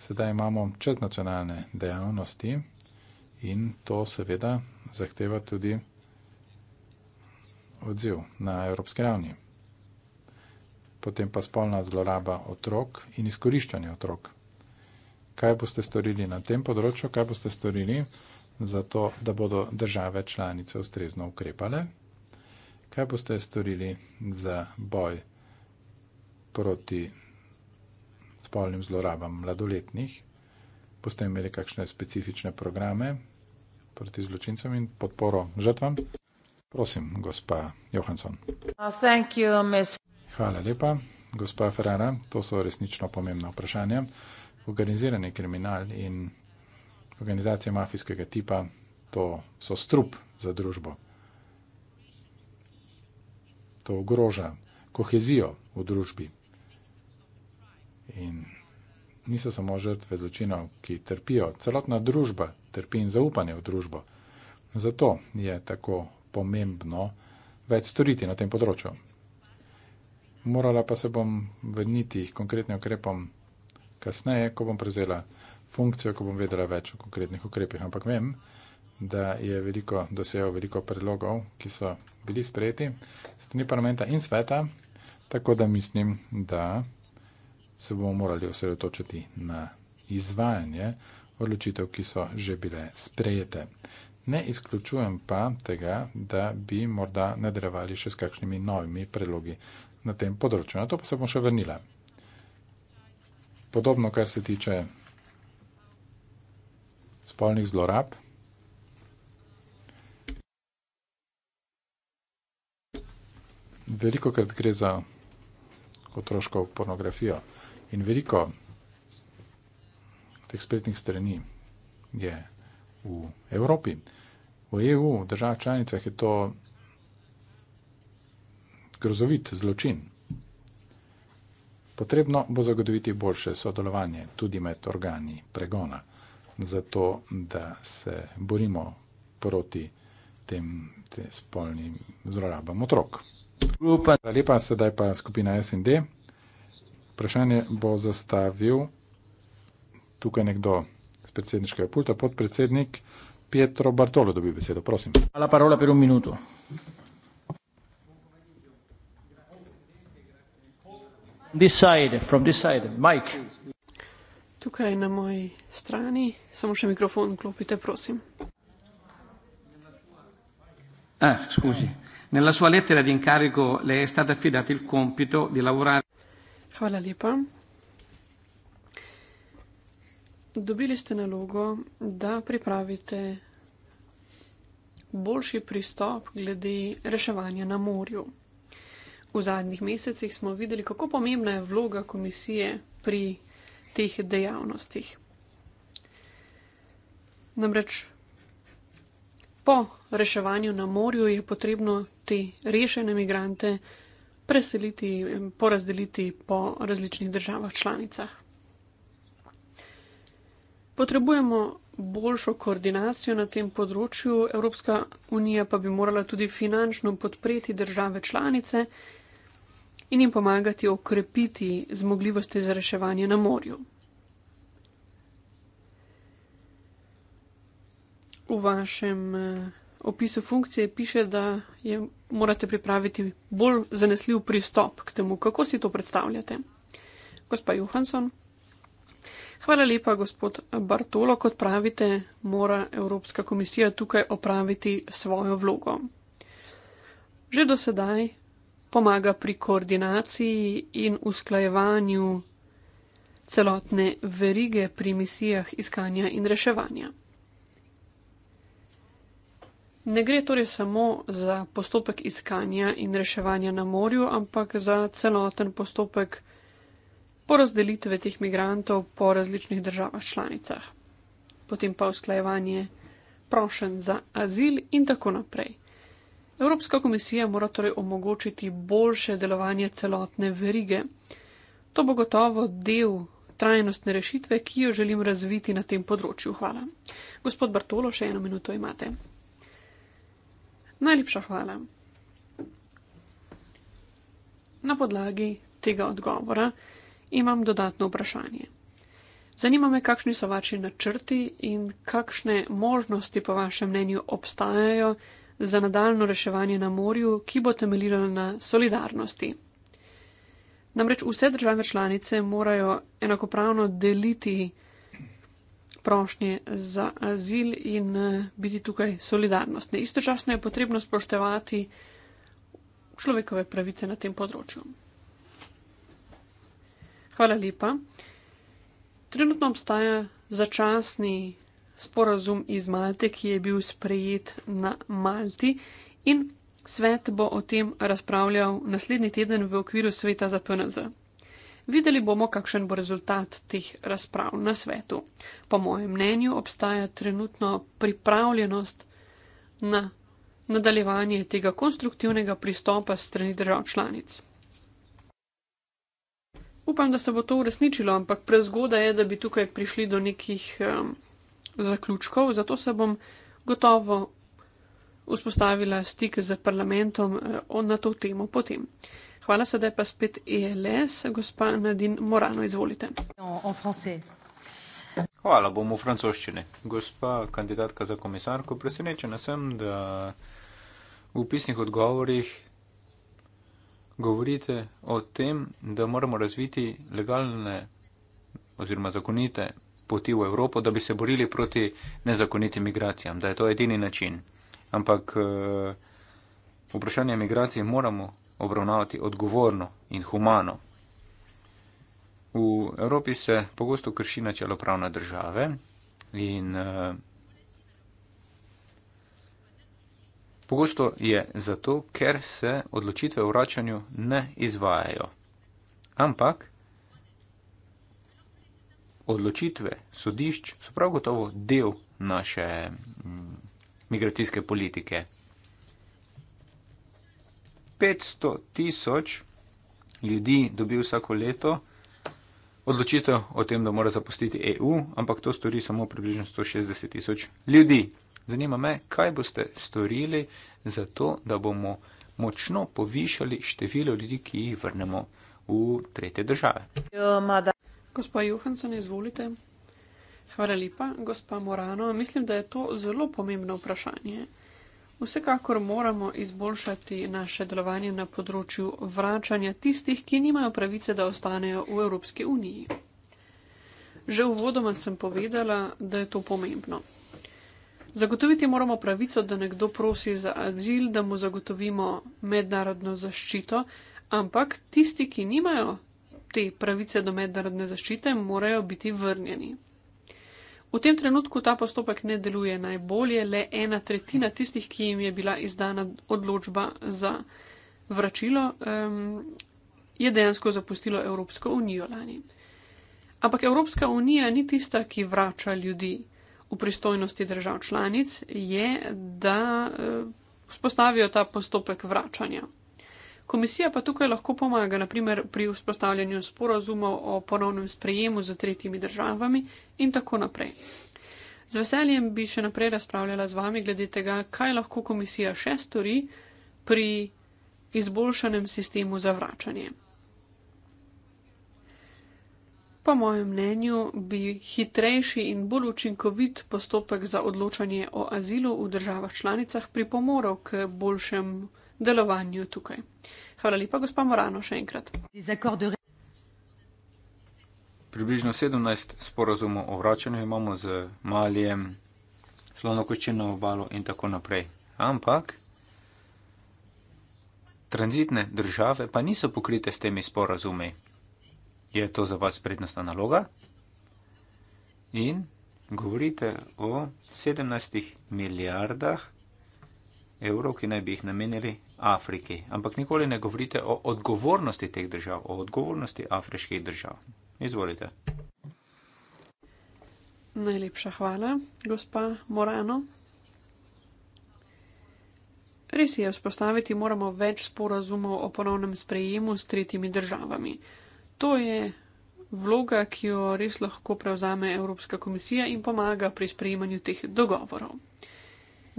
Sedaj imamo čeznacionalne dejavnosti. In to seveda zahteva tudi odziv na evropski ravni. Potem pa spolna zloraba otrok in izkoriščanje otrok. Kaj boste storili na tem področju, kaj boste storili za to, da bodo države članice ustrezno ukrepale? Kaj boste storili za boj proti spolnim zlorabam mladoletnih boste imeli kakšne specifične programe proti zločincem in podporo žrtvam. Prosim, gospa Johansson. Uh, Hvala lepa, gospa Ferrara. To so resnično pomembna vprašanja. Organizirani kriminal in organizacije mafijskega tipa to so strup za družbo. To ogroža kohezijo v družbi. In niso samo žrtve zločinov, ki trpijo, celotna družba trpi in zaupanje v družbo. Zato je tako pomembno več storiti na tem področju. Morala pa se bom vrniti k konkretnim ukrepom kasneje, ko bom prevzela funkcijo, ko bom vedela več o konkretnih ukrepih. Ampak vem, da je veliko dosejo, veliko predlogov, ki so bili sprejeti strani parlamenta in sveta, tako da mislim, da se bomo morali osredotočiti na izvajanje odločitev, ki so že bile sprejete. Ne izključujem pa tega, da bi morda nadrevali še s kakšnimi novimi predlogi na tem področju. Na to pa se bom še vrnila. Podobno, kar se tiče spolnih zlorab. Veliko krat gre za otroško pornografijo. In veliko teh spletnih strani je v Evropi. V EU, v državah članicah, je to grozovit zločin. Potrebno bo zagotoviti boljše sodelovanje tudi med organi pregona, zato da se borimo proti tem te spolnim zlorabam otrok. Lepa, sedaj pa skupina SND. Vprašanje bo zastavil tukaj nekdo z predsedniškega pulta, podpredsednik Pietro Bartolo, dobi besedo, prosim. Hvala, parola per un minuto. This side, from this side, Mike. Tukaj na moji strani, samo še mikrofon klopite, prosim. Ah, scusi. Nella sua lettera di incarico le è stato affidato il compito di lavorare. Hvala lepa. Dobili ste nalogo, da pripravite boljši pristop glede reševanja na morju. V zadnjih mesecih smo videli, kako pomembna je vloga komisije pri teh dejavnostih. Namreč po reševanju na morju je potrebno te rešene migrante preseliti in porazdeliti po različnih državah članicah. Potrebujemo boljšo koordinacijo na tem področju, Evropska unija pa bi morala tudi finančno podpreti države članice in jim pomagati okrepiti zmogljivosti za reševanje na morju. V vašem eh, opisu funkcije piše, da je, morate pripraviti bolj zanesljiv pristop k temu, kako si to predstavljate. Gospa Johansson. Hvala lepa, gospod Bartolo. Kot pravite, mora Evropska komisija tukaj opraviti svojo vlogo. Že do sedaj pomaga pri koordinaciji in usklajevanju celotne verige pri misijah iskanja in reševanja. Ne gre torej samo za postopek iskanja in reševanja na morju, ampak za celoten postopek porazdelitve teh migrantov po različnih državah članicah. Potem pa usklajevanje prošen za azil in tako naprej. Evropska komisija mora torej omogočiti boljše delovanje celotne verige. To bo gotovo del trajnostne rešitve, ki jo želim razviti na tem področju. Hvala. Gospod Bartolo, še eno minuto imate. Najlepša hvala. Na podlagi tega odgovora imam dodatno vprašanje. Zanima me, kakšni so vaši načrti in kakšne možnosti, po vašem mnenju, obstajajo za nadaljno reševanje na morju, ki bo temeljilo na solidarnosti. Namreč vse države članice morajo enakopravno deliti prošnje za azil in eh, biti tukaj solidarnostne. Istočasno je potrebno spoštevati človekove pravice na tem področju. Hvala lepa. Trenutno obstaja začasni sporazum iz Malte, ki je bil sprejet na Malti in svet bo o tem razpravljal naslednji teden v okviru sveta za PNZ. Videli bomo, kakšen bo rezultat teh razprav na svetu. Po mojem mnenju obstaja trenutno pripravljenost na nadaljevanje tega konstruktivnega pristopa strani držav članic. Upam, da se bo to uresničilo, ampak prezgoda je, da bi tukaj prišli do nekih um, zaključkov, zato se bom gotovo vzpostavila stik z parlamentom eh, na to temo potem. Hvala, sedaj pa spet ELS, gospa Nadin Morano, izvolite. Hvala, bom v francoščini. Gospa kandidatka za komisarko, presenečena sem, da v pisnih odgovorih govorite o tem, da moramo razviti legalne oziroma zakonite poti v Evropo, da bi se borili proti nezakonitim migracijam, da je to edini način. Ampak eh, vprašanje migracije moramo obravnavati odgovorno in humano. V Evropi se pogosto krši načelo pravna države in eh, Pogosto je zato, ker se odločitve o vračanju ne izvajajo. Ampak odločitve sodišč so prav gotovo del naše mm, migracijske politike. 500 tisoč ljudi dobi vsako leto odločitev o tem, da mora zapustiti EU, ampak to stori samo približno 160 tisoč ljudi. Zanima me, kaj boste storili za to, da bomo močno povišali število ljudi, ki jih vrnemo v tretje države. Gospa Johansson, izvolite. Hvala lepa, gospa Morano. Mislim, da je to zelo pomembno vprašanje. Vsekakor moramo izboljšati naše delovanje na področju vračanja tistih, ki nimajo pravice, da ostanejo v Evropski uniji. Že v vodoma sem povedala, da je to pomembno. Zagotoviti moramo pravico, da nekdo prosi za azil, da mu zagotovimo mednarodno zaščito, ampak tisti, ki nimajo te pravice do mednarodne zaščite, morajo biti vrnjeni. V tem trenutku ta postopek ne deluje najbolje, le ena tretjina tistih, ki jim je bila izdana odločba za vračilo, um, je dejansko zapustilo Evropsko unijo lani. Ampak Evropska unija ni tista, ki vrača ljudi v pristojnosti držav članic, je, da uh, eh, spostavijo ta postopek vračanja. Komisija pa tukaj lahko pomaga, naprimer pri vzpostavljanju sporazumov o ponovnem sprejemu z tretjimi državami in tako naprej. Z veseljem bi še naprej razpravljala z vami glede tega, kaj lahko komisija še stori pri izboljšanem sistemu za vračanje. Po mojem mnenju bi hitrejši in bolj učinkovit postopek za odločanje o azilu v državah članicah pripomoral k boljšemu delovanju tukaj. Hvala lepa, gospa Morano, še enkrat. Približno 17 sporozumov o vračanju imamo z Malijem, slonokoščino obalo in tako naprej. Ampak tranzitne države pa niso pokrite s temi sporozumi. Je to za vas prednostna naloga? In govorite o 17 milijardah evrov, ki naj bi jih namenili Afriki. Ampak nikoli ne govorite o odgovornosti teh držav, o odgovornosti afriških držav. Izvolite. Najlepša hvala, gospa Morano. Res je, vzpostaviti moramo več sporazumov o ponovnem sprejemu s tretjimi državami. To je vloga, ki jo res lahko prevzame Evropska komisija in pomaga pri sprejemanju teh dogovorov.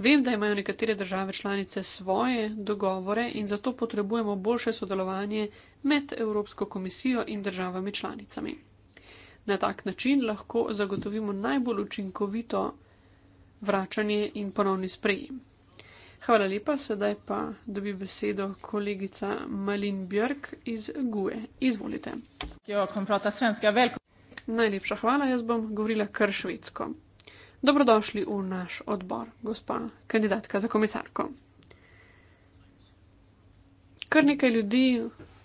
Vem, da imajo nekatere države članice svoje dogovore in zato potrebujemo boljše sodelovanje med Evropsko komisijo in državami članicami. Na tak način lahko zagotovimo najbolj učinkovito vračanje in ponovni sprejem. Hvala lepa, sedaj pa dobi besedo kolegica Malin Björk iz GUE. Izvolite. Najlepša hvala, jaz bom govorila kar švedsko dobrodošli v naš odbor, gospa kandidatka za komisarko. Kar nekaj ljudi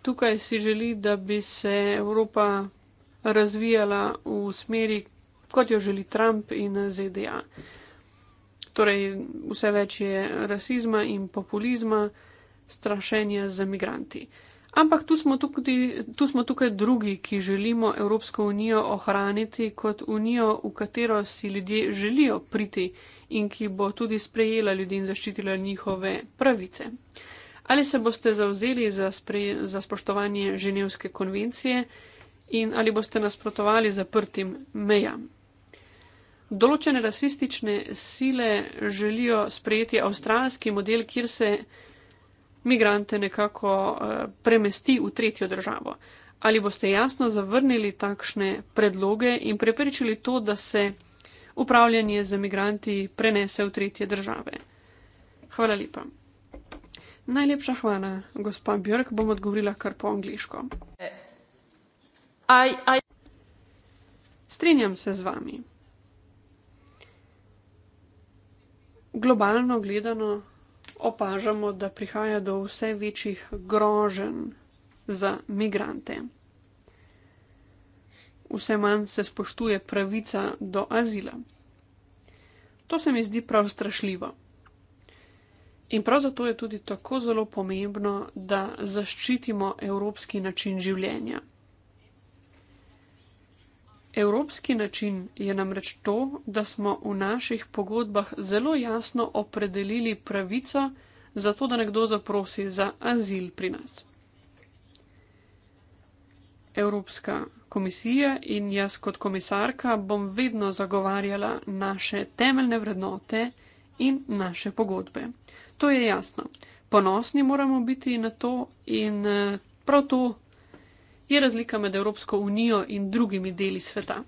tukaj si želi, da bi se Evropa razvijala v smeri, kot jo želi Trump in ZDA. Torej, vse več je rasizma in populizma, strašenja za migranti. Ampak tu smo, tukaj, tu smo tukaj drugi, ki želimo Evropsko unijo ohraniti kot unijo, v katero si ljudje želijo priti in ki bo tudi sprejela ljudi in zaščitila njihove pravice. Ali se boste zauzeli za, sprej, za spoštovanje Ženevske konvencije in ali boste nasprotovali zaprtim mejam? Določene rasistične sile želijo sprejeti avstralski model, kjer se migrante nekako eh, premesti v tretjo državo. Ali boste jasno zavrnili takšne predloge in preprečili to, da se upravljanje z emigranti prenese v tretje države? Hvala lepa. Najlepša hvala, gospa Björk, bom odgovorila kar po angliško. I, I... Strinjam se z vami. Globalno gledano, opažamo, da prihaja do vse večjih groženj za migrante. Vse manj se spoštuje pravica do azila. To se mi zdi prav strašljivo. In prav zato je tudi tako zelo pomembno, da zaščitimo evropski način življenja. Evropski način je namreč to, da smo v naših pogodbah zelo jasno opredelili pravico, zato da nekdo zaprosi za azil pri nas. Evropska komisija in jaz kot komisarka bom vedno zagovarjala naše temeljne vrednote in naše pogodbe. To je jasno. Ponosni moramo biti na to in eh, prav to je razlika med Evropsko unijo in drugimi deli sveta.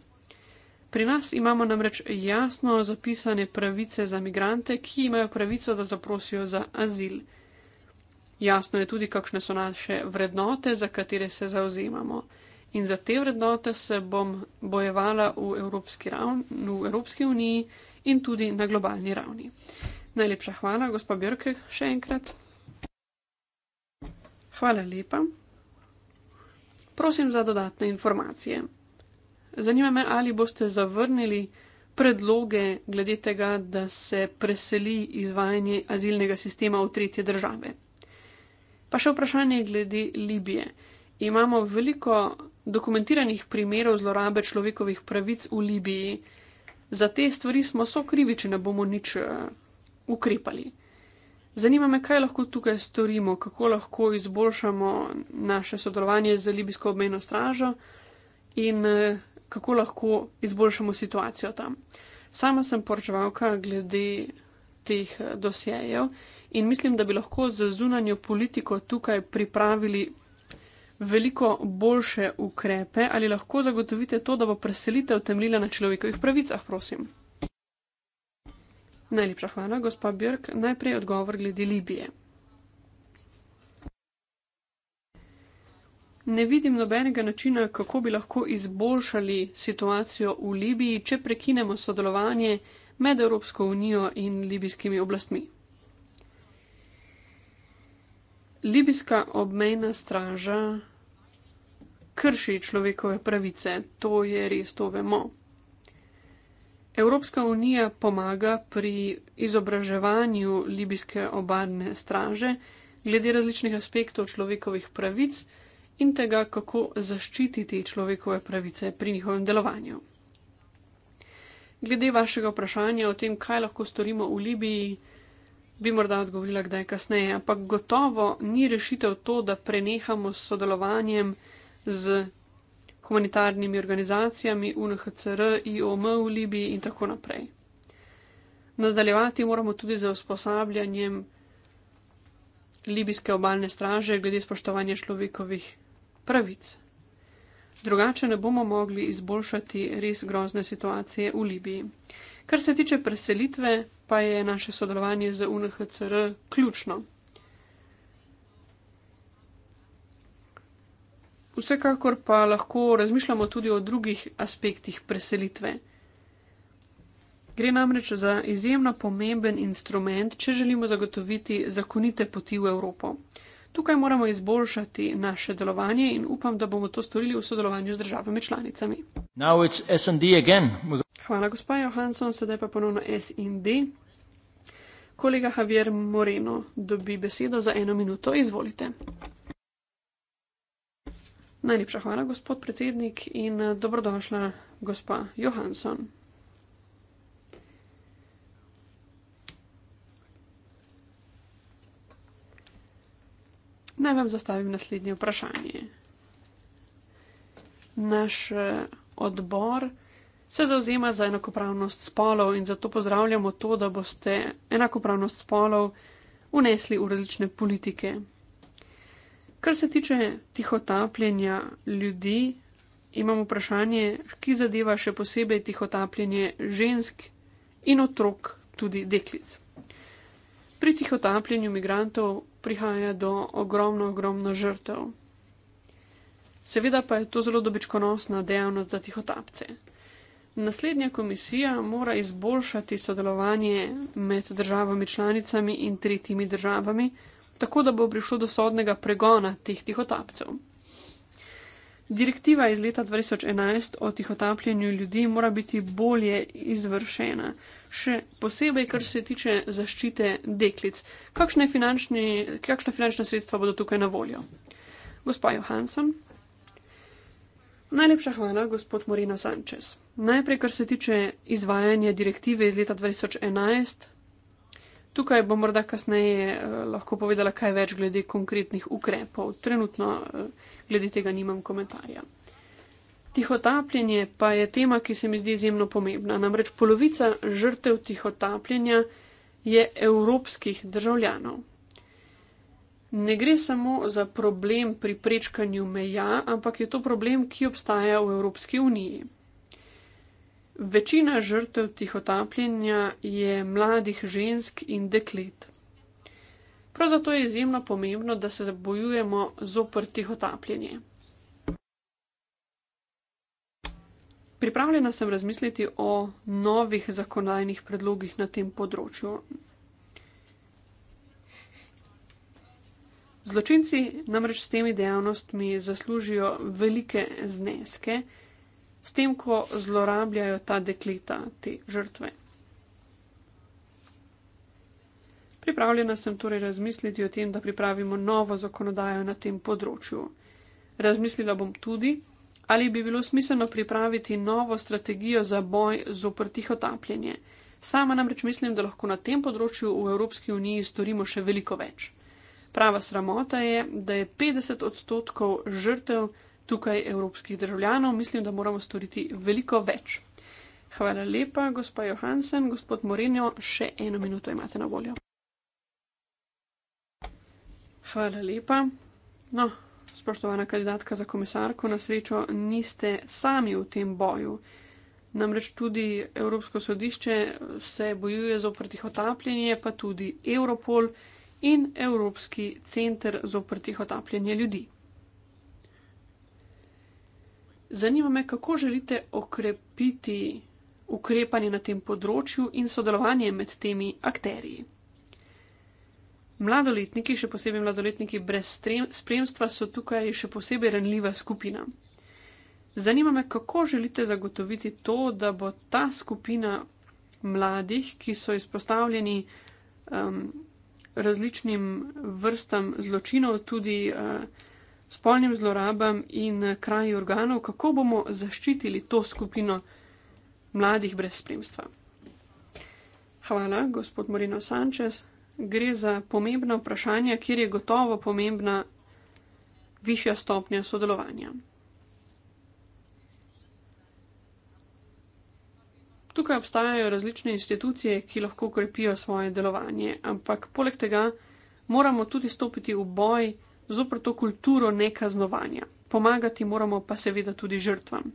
Pri nas imamo namreč jasno zapisane pravice za migrante, ki imajo pravico, da zaprosijo za azil. Jasno je tudi, kakšne so naše vrednote, za katere se zauzemamo. In za te vrednote se bom bojevala v Evropski, ravni, v Evropski uniji in tudi na globalni ravni. Najlepša hvala, gospod Birke, še enkrat. Hvala lepa prosim za dodatne informacije. Zanima me, ali boste zavrnili predloge glede tega, da se preseli izvajanje azilnega sistema v tretje države. Pa še vprašanje glede Libije. Imamo veliko dokumentiranih primerov zlorabe človekovih pravic v Libiji. Za te stvari smo so krivi, če ne bomo nič eh, ukrepali. Zanima me, kaj lahko tukaj storimo, kako lahko izboljšamo naše sodelovanje z libijsko obmejno stražo in eh, kako lahko izboljšamo situacijo tam. Sama sem poročevalka glede teh eh, dosjejev in mislim, da bi lahko za zunanjo politiko tukaj pripravili veliko boljše ukrepe ali lahko zagotovite to, da bo preselitev temeljila na človekovih pravicah, prosim. Najlepša hvala, gospa Björk. Najprej odgovor glede Libije. Ne vidim nobenega načina, kako bi lahko izboljšali situacijo v Libiji, če prekinemo sodelovanje med Evropsko unijo in libijskimi oblastmi. Libijska obmejna straža krši človekove pravice, to je res, to vemo. Evropska unija pomaga pri izobraževanju libijske obalne straže glede različnih aspektov človekovih pravic in tega, kako zaščititi človekove pravice pri njihovem delovanju. Glede vašega vprašanja o tem, kaj lahko storimo v Libiji, bi morda odgovorila kdaj kasneje, ampak gotovo ni rešitev to, da prenehamo s sodelovanjem z humanitarnimi organizacijami, UNHCR, IOM v Libiji in tako naprej. Nadaljevati moramo tudi za usposabljanjem libijske obalne straže glede spoštovanja človekovih pravic. Drugače ne bomo mogli izboljšati res grozne situacije v Libiji. Kar se tiče preselitve, pa je naše sodelovanje z UNHCR ključno. Vsekakor pa lahko razmišljamo tudi o drugih aspektih preselitve. Gre namreč za izjemno pomemben instrument, če želimo zagotoviti zakonite poti v Evropo. Tukaj moramo izboljšati naše delovanje in upam, da bomo to storili v sodelovanju z državami članicami. Hvala, gospod Johansson, sedaj pa ponovno SND. Kolega Javier Moreno dobi besedo za eno minuto, izvolite. Najlepša hvala, gospod predsednik, in eh, dobrodošla, gospa Johansson. Naj vam zastavim naslednje vprašanje. Naš eh, odbor se zauzema za enakopravnost spolov in zato pozdravljamo to, da boste enakopravnost spolov unesli v različne politike Kar se tiče tihotapljenja ljudi, imam vprašanje, ki zadeva še posebej tihotapljenje žensk in otrok, tudi deklic. Pri tihotapljenju migrantov prihaja do ogromno, ogromno žrtev. Seveda pa je to zelo dobičkonosna dejavnost za tihotapce. Naslednja komisija mora izboljšati sodelovanje med državami članicami in tretjimi državami, tako da bo prišlo do sodnega pregona teh tihotapcev. Direktiva iz leta 2011 o tihotapljenju ljudi mora biti bolje izvršena, še posebej, kar se tiče zaščite deklic. Kakšna finančna sredstva bodo tukaj na voljo? Gospa Johansson. Najlepša hvala, gospod Moreno Sančez. Najprej, kar se tiče izvajanja direktive iz leta 2011 Tukaj bom morda kasneje eh, lahko povedala kaj več glede konkretnih ukrepov. Trenutno eh, glede tega nimam komentarja. Tihotapljenje pa je tema, ki se mi zdi izjemno pomembna. Namreč polovica žrtev tihotapljenja je evropskih državljanov. Ne gre samo za problem pri prečkanju meja, ampak je to problem, ki obstaja v Evropski uniji. Večina žrtev tihotapljenja je mladih žensk in deklet. Prav zato je izjemno pomembno, da se bojujemo zopr tihotapljenje. Pripravljena sem razmisliti o novih zakonodajnih predlogih na tem področju. Zločinci namreč s temi dejavnostmi zaslužijo velike zneske s tem, ko zlorabljajo ta dekleta, te žrtve. Pripravljena sem torej razmisliti o tem, da pripravimo novo zakonodajo na tem področju. Razmislila bom tudi, ali bi bilo smiselno pripraviti novo strategijo za boj z oprtiho tapljenje. Sama namreč mislim, da lahko na tem področju v Evropski uniji storimo še veliko več. Prava sramota je, da je 50 odstotkov žrtev tukaj evropskih državljanov, mislim, da moramo storiti veliko več. Hvala lepa, gospa Johansen, gospod Morenjo, še eno minuto imate na voljo. Hvala lepa. No, spoštovana kandidatka za komisarko, na srečo niste sami v tem boju. Namreč tudi Evropsko sodišče se bojuje z oprtih otapljenje, pa tudi Europol in Evropski center z oprtih otapljenje ljudi. Zanima me, kako želite okrepiti ukrepanje na tem področju in sodelovanje med temi akterji. Mladoletniki, še posebej mladoletniki brez spremstva, so tukaj še posebej renljiva skupina. Zanima me, kako želite zagotoviti to, da bo ta skupina mladih, ki so izpostavljeni um, različnim vrstam zločinov, tudi uh, spolnim zlorabam in kraji organov, kako bomo zaščitili to skupino mladih brez spremstva. Hvala, gospod Morino Sančes. Gre za pomembna vprašanja, kjer je gotovo pomembna višja stopnja sodelovanja. Tukaj obstajajo različne institucije, ki lahko krepijo svoje delovanje, ampak poleg tega moramo tudi stopiti v boj zoprto to kulturo nekaznovanja. Pomagati moramo pa seveda tudi žrtvam.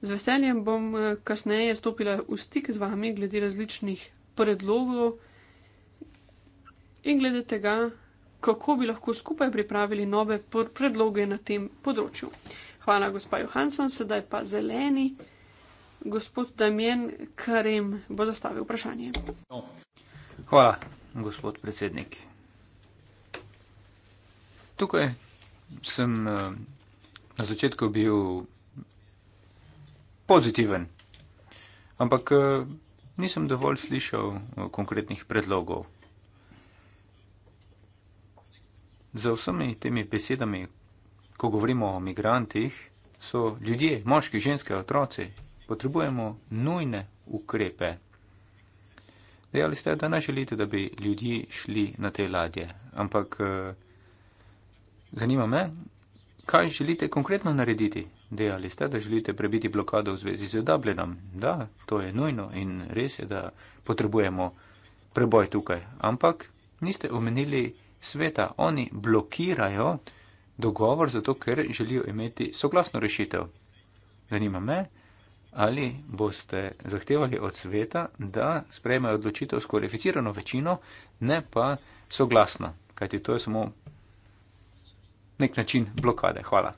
Z veseljem bom eh, kasneje stopila v stik z vami glede različnih predlogov in glede tega, kako bi lahko skupaj pripravili nove predloge na tem področju. Hvala, gospa Johansson, sedaj pa zeleni. Gospod Damien Karim bo zastavil vprašanje. Hvala, gospod predsednik. Tukaj sem eh, na začetku bil pozitiven, ampak eh, nisem dovolj slišal eh, konkretnih predlogov. Za vsemi temi besedami, ko govorimo o migrantih, so ljudje, moški, ženske, otroci, potrebujemo nujne ukrepe. Dejali ste, da ne želite, da bi ljudje šli na te ladje, ampak Zanima me, kaj želite konkretno narediti? Dejali ste, da želite prebiti blokado v zvezi z Dublinom. Da, to je nujno in res je, da potrebujemo preboj tukaj. Ampak niste omenili sveta. Oni blokirajo dogovor zato, ker želijo imeti soglasno rešitev. Zanima me, ali boste zahtevali od sveta, da sprejmejo odločitev s kvalificirano večino, ne pa soglasno. Kajti to je samo nek način blokade. Hvala.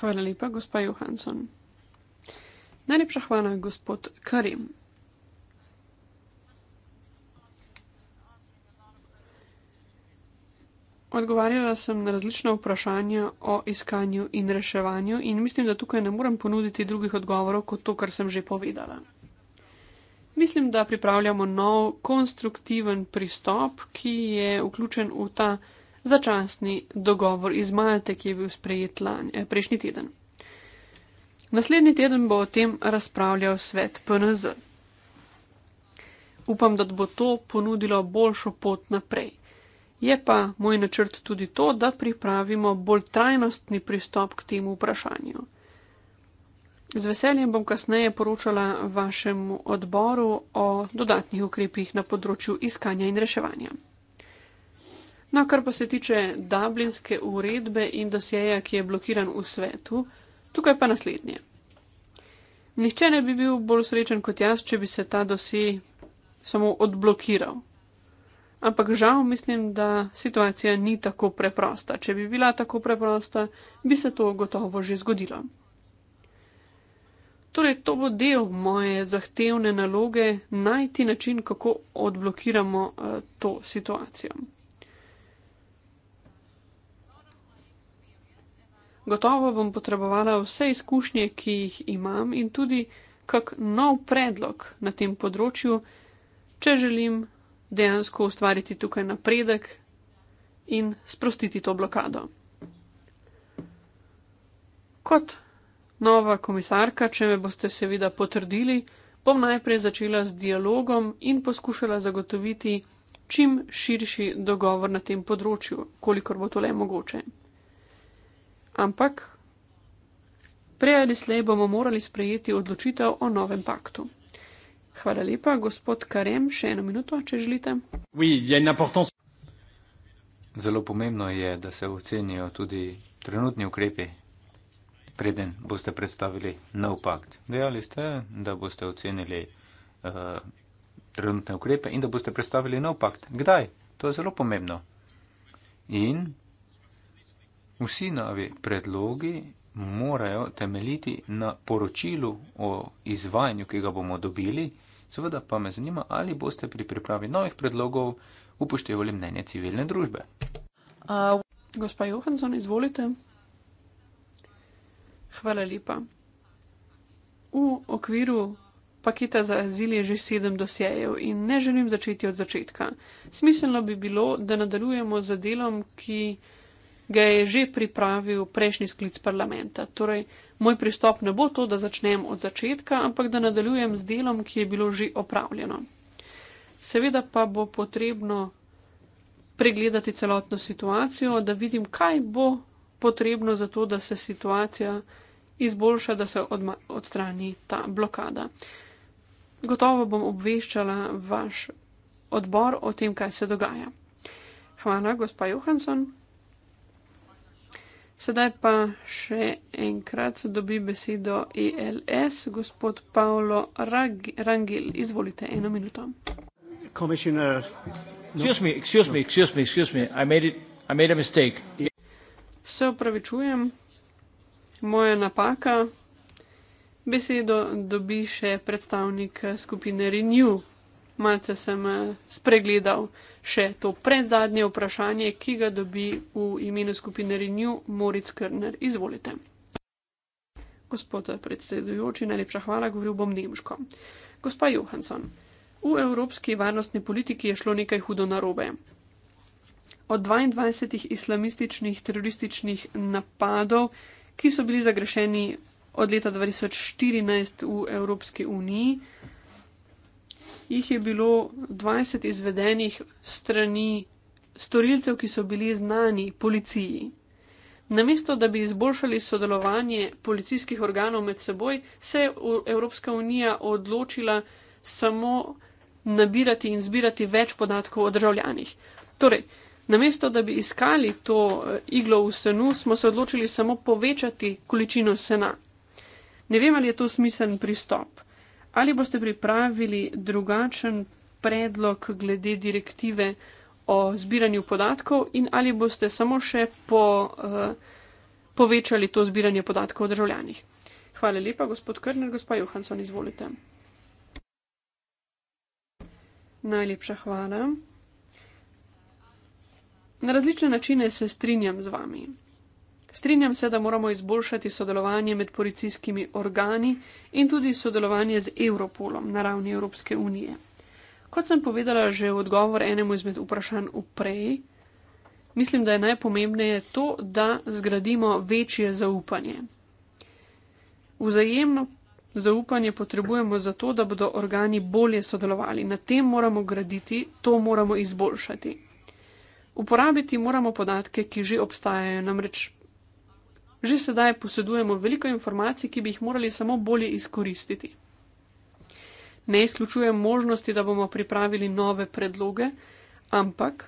Hvala lepa, gospod Johansson. Najlepša hvala, gospod Karim. Odgovarjala sem na različna vprašanja o iskanju in reševanju in mislim, da tukaj ne morem ponuditi drugih odgovorov kot to, kar sem že povedala. Mislim, da pripravljamo nov konstruktiven pristop, ki je vključen v ta začasni dogovor iz Malte, ki je bil sprejet lani, eh, prejšnji teden. Naslednji teden bo o tem razpravljal svet PNZ. Upam, da bo to ponudilo boljšo pot naprej. Je pa moj načrt tudi to, da pripravimo bolj trajnostni pristop k temu vprašanju. Z veseljem bom kasneje poročala vašemu odboru o dodatnih ukrepih na področju iskanja in reševanja. No, kar pa se tiče dublinske uredbe in dosjeja, ki je blokiran v svetu, tukaj pa naslednje. Nihče ne bi bil bolj srečen kot jaz, če bi se ta dosje samo odblokiral. Ampak žal mislim, da situacija ni tako preprosta. Če bi bila tako preprosta, bi se to gotovo že zgodilo. Torej, to bo del moje zahtevne naloge najti način, kako odblokiramo uh, to situacijo. Gotovo bom potrebovala vse izkušnje, ki jih imam, in tudi kak nov predlog na tem področju, če želim dejansko ustvariti tukaj napredek in sprostiti to blokado. Kot nova komisarka, če me boste seveda potrdili, bom najprej začela z dialogom in poskušala zagotoviti čim širši dogovor na tem področju, kolikor bo to le mogoče ampak prej ali slej bomo morali sprejeti odločitev o novem paktu. Hvala lepa, gospod Karem, še eno minuto, če želite. Zelo pomembno je, da se ocenijo tudi trenutni ukrepi, preden boste predstavili nov pakt. Dejali ste, da boste ocenili uh, trenutne ukrepe in da boste predstavili nov pakt. Kdaj? To je zelo pomembno. In Vsi navi predlogi morajo temeljiti na poročilu o izvajanju, ki ga bomo dobili, seveda pa me zanima, ali boste pri pripravi novih predlogov upoštevali mnenje civilne družbe. Uh, gospa Johansson, izvolite. Hvala lepa. V okviru paketa za azil je že sedem dosjejev in ne želim začeti od začetka. Smiselno bi bilo, da nadaljujemo z delom, ki ga je že pripravil prejšnji sklic parlamenta. Torej, moj pristop ne bo to, da začnem od začetka, ampak da nadaljujem z delom, ki je bilo že opravljeno. Seveda pa bo potrebno pregledati celotno situacijo, da vidim, kaj bo potrebno za to, da se situacija izboljša, da se odstrani ta blokada. Gotovo bom obveščala vaš odbor o tem, kaj se dogaja. Hvala, gospa Johansson. Sedaj pa še enkrat dobi besedo ELS, gospod Paolo Rangel. Izvolite eno minuto. Se opravičujem, moja napaka. Besedo dobi še predstavnik skupine Renew malce sem eh, spregledal še to predzadnje vprašanje, ki ga dobi v imenu skupine Renew Moritz Krner. Izvolite. Gospod eh, predsedujoči, najlepša hvala, govoril bom nemško. Gospa Johansson, v evropski varnostni politiki je šlo nekaj hudo narobe. Od 22 islamističnih terorističnih napadov, ki so bili zagrešeni od leta 2014 v Evropski uniji, jih je bilo 20 izvedenih strani storilcev, ki so bili znani policiji. Namesto, da bi izboljšali sodelovanje policijskih organov med seboj, se je Evropska unija odločila samo nabirati in zbirati več podatkov o državljanih. Torej, namesto, da bi iskali to eh, iglo v senu, smo se odločili samo povečati količino sena. Ne vem, ali je to smisen pristop. Ali boste pripravili drugačen predlog glede direktive o zbiranju podatkov in ali boste samo še po, eh, povečali to zbiranje podatkov o državljanih? Hvala lepa, gospod Krner, gospa Johansson, izvolite. Najlepša hvala. Na različne načine se strinjam z vami. Strinjam se, da moramo izboljšati sodelovanje med policijskimi organi in tudi sodelovanje z Europolom na ravni Evropske unije. Kot sem povedala že v odgovor enemu izmed vprašanj uprej, mislim, da je najpomembnejše to, da zgradimo večje zaupanje. Vzajemno zaupanje potrebujemo zato, da bodo organi bolje sodelovali. Na tem moramo graditi, to moramo izboljšati. Uporabiti moramo podatke, ki že obstajajo, namreč Že sedaj posedujemo veliko informacij, ki bi jih morali samo bolje izkoristiti. Ne izključujem možnosti, da bomo pripravili nove predloge, ampak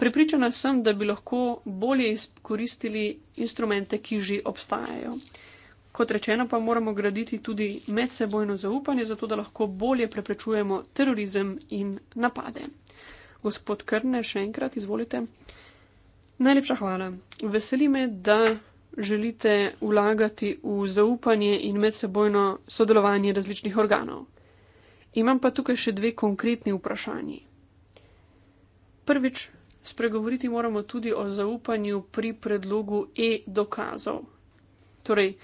prepričana sem, da bi lahko bolje izkoristili instrumente, ki že obstajajo. Kot rečeno, pa moramo graditi tudi medsebojno zaupanje, zato da lahko bolje preprečujemo terorizem in napade. Gospod Krne, še enkrat izvolite. Najlepša hvala. Veseli me, da želite vlagati v zaupanje in medsebojno sodelovanje različnih organov. Imam pa tukaj še dve konkretni vprašanji. Prvič, spregovoriti moramo tudi o zaupanju pri predlogu e-dokazov. Torej,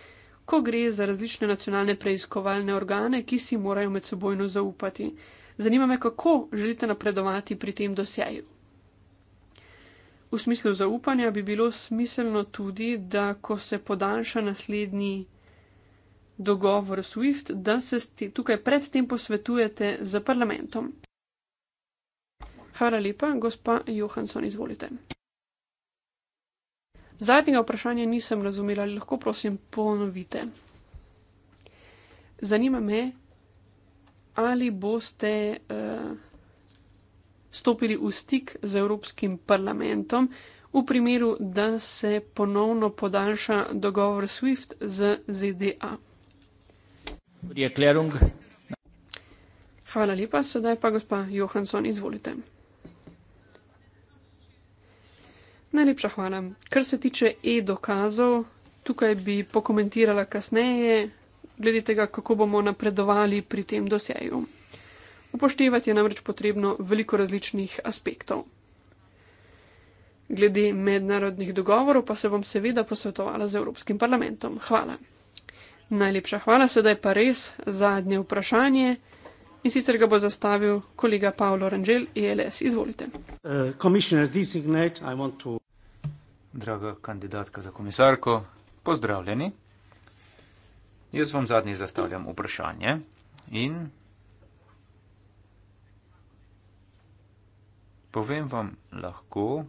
ko gre za različne nacionalne preiskovalne organe, ki si morajo medsebojno zaupati, zanima me, kako želite napredovati pri tem dosjeju. V smislu zaupanja bi bilo smiselno tudi, da ko se podaljša naslednji dogovor SWIFT, da se tukaj predtem posvetujete z parlamentom. Hvala lepa, gospa Johansson, izvolite. Zadnjega vprašanja nisem razumela, ali lahko prosim ponovite. Zanima me, ali boste. Uh, stopili v stik z Evropskim parlamentom v primeru, da se ponovno podaljša dogovor SWIFT z ZDA. Hvala lepa, sedaj pa gospa Johansson, izvolite. Najlepša hvala. Kar se tiče e-dokazov, tukaj bi pokomentirala kasneje, glede tega, kako bomo napredovali pri tem dosjeju. Upoštevati je namreč potrebno veliko različnih aspektov. Glede mednarodnih dogovorov pa se bom seveda posvetovala z Evropskim parlamentom. Hvala. Najlepša hvala, sedaj pa res zadnje vprašanje in sicer ga bo zastavil kolega Paolo Rangel, ELS. Izvolite. Uh, Draga kandidatka za komisarko, pozdravljeni. Jaz vam zadnji zastavljam vprašanje in Povem vam lahko,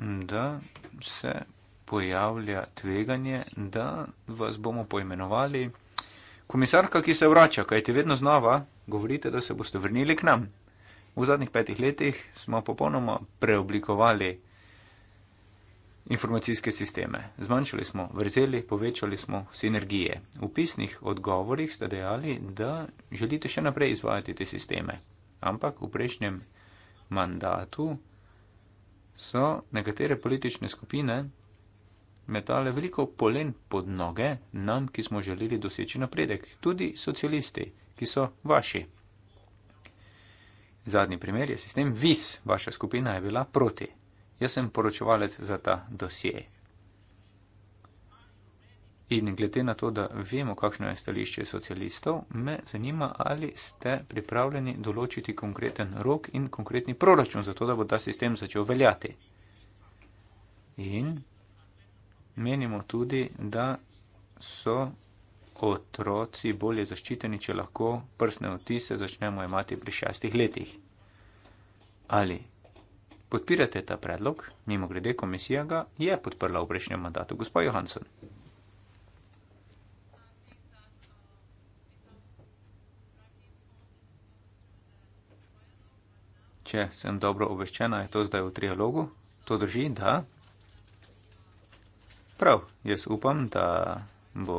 da se pojavlja tveganje, da vas bomo poimenovali komisarka, ki se vrača, kajti vedno znova govorite, da se boste vrnili k nam. V zadnjih petih letih smo popolnoma preoblikovali informacijske sisteme. Zmanjšali smo vrzeli, povečali smo sinergije. V pisnih odgovorih ste dejali, da želite še naprej izvajati te sisteme. Ampak v prejšnjem mandatu, so nekatere politične skupine metale veliko polen pod noge nam, ki smo želeli doseči napredek, tudi socialisti, ki so vaši. Zadnji primer je sistem VIS, vaša skupina je bila proti. Jaz sem poročevalec za ta dosje. In glede na to, da vemo, kakšno je stališče socialistov, me zanima, ali ste pripravljeni določiti konkreten rok in konkretni proračun za to, da bo ta sistem začel veljati. In menimo tudi, da so otroci bolje zaščiteni, če lahko prsne otise začnemo imati pri šestih letih. Ali podpirate ta predlog? Mimo grede, komisija ga je podprla v prejšnjem mandatu, gospod Johansson. Če sem dobro obveščena, je to zdaj v trialogu. To drži, da. Prav, jaz upam, da bo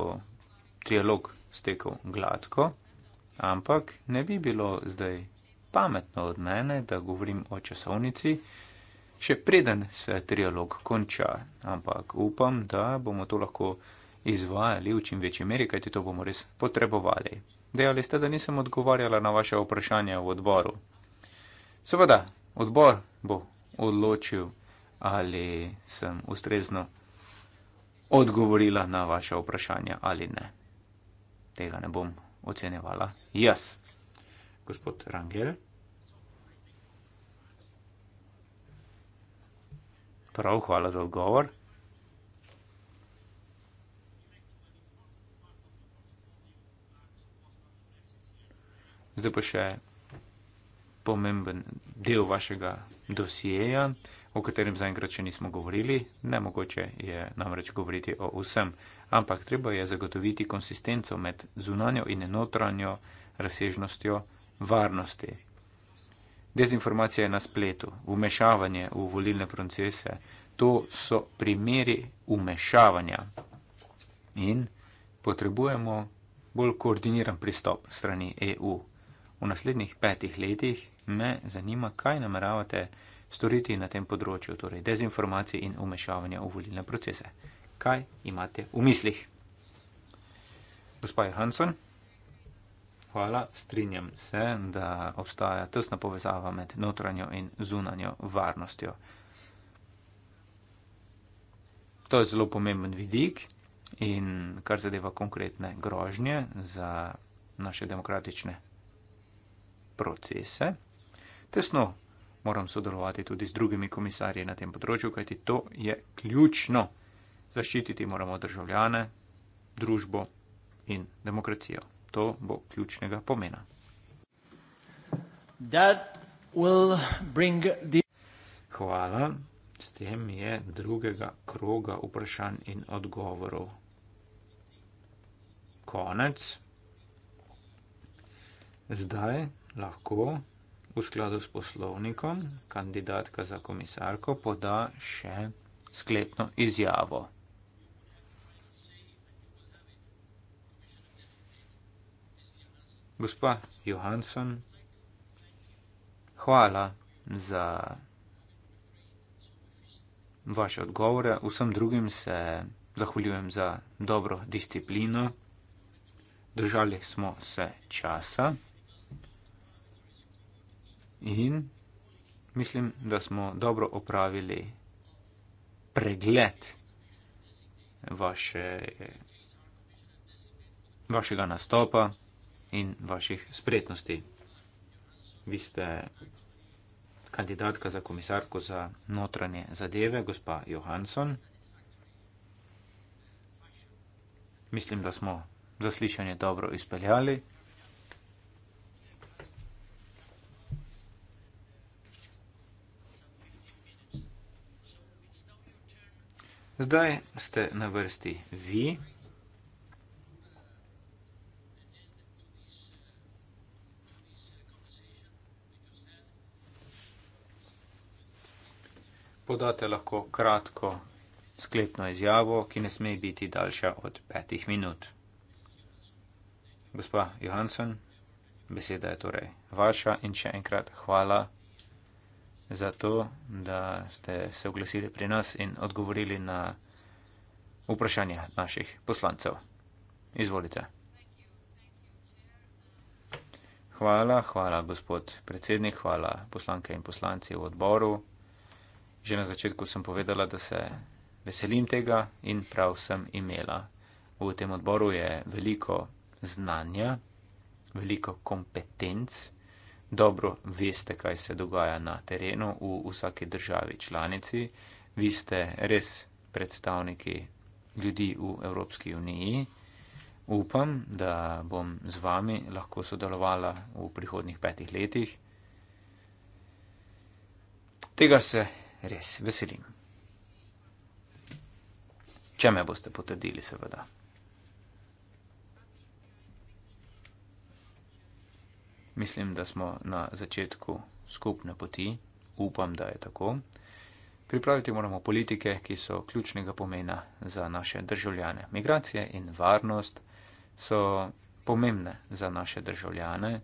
trialog stekel gladko, ampak ne bi bilo zdaj pametno od mene, da govorim o časovnici, še preden se trialog konča. Ampak upam, da bomo to lahko izvajali v čim večji meri, kajti to bomo res potrebovali. Dejali ste, da nisem odgovarjala na vaše vprašanje v odboru. Seveda, odbor bo odločil, ali sem ustrezno odgovorila na vaše vprašanje ali ne. Tega ne bom ocenevala jaz. Gospod Rangel. Prav, hvala za odgovor. Zdaj pa še pomemben del vašega dosijeja, o katerem zaenkrat še nismo govorili. Nemogoče je namreč govoriti o vsem, ampak treba je zagotoviti konsistenco med zunanjo in notranjo razsežnostjo varnosti. Dezinformacija je na spletu, umešavanje v volilne procese, to so primeri umešavanja. In potrebujemo bolj koordiniran pristop strani EU v naslednjih petih letih, me zanima, kaj nameravate storiti na tem področju, torej dezinformacij in umešavanja v volilne procese. Kaj imate v mislih? Gospod Hanson, hvala. Strinjam se, da obstaja tesna povezava med notranjo in zunanjo varnostjo. To je zelo pomemben vidik in kar zadeva konkretne grožnje za naše demokratične procese. Tesno moram sodelovati tudi z drugimi komisarji na tem področju, kajti to je ključno. Zaščititi moramo državljane, družbo in demokracijo. To bo ključnega pomena. The... Hvala. S tem je drugega kroga vprašanj in odgovorov. Konec. Zdaj lahko v skladu s poslovnikom kandidatka za komisarko poda še sklepno izjavo. Gospa Johansson, hvala za vaše odgovore. Vsem drugim se zahvaljujem za dobro disciplino. Držali smo se časa. In mislim, da smo dobro opravili pregled vaše, vašega nastopa in vaših spretnosti. Vi ste kandidatka za komisarko za notranje zadeve, gospa Johansson. Mislim, da smo zaslišanje dobro izpeljali. Zdaj ste na vrsti vi. Podate lahko kratko sklepno izjavo, ki ne sme biti daljša od petih minut. Gospa Johansson, beseda je torej vaša in še enkrat hvala za to, da ste se oglasili pri nas in odgovorili na vprašanje naših poslancev. Izvolite. Hvala, hvala gospod predsednik, hvala poslanke in poslanci v odboru. Že na začetku sem povedala, da se veselim tega in prav sem imela. V tem odboru je veliko znanja, veliko kompetenc dobro veste, kaj se dogaja na terenu v vsaki državi članici. Vi ste res predstavniki ljudi v Evropski uniji. Upam, da bom z vami lahko sodelovala v prihodnih petih letih. Tega se res veselim. Če me boste potrdili, seveda. Mislim, da smo na začetku skupne poti, upam, da je tako. Pripraviti moramo politike, ki so ključnega pomena za naše državljane. Migracije in varnost so pomembne za naše državljane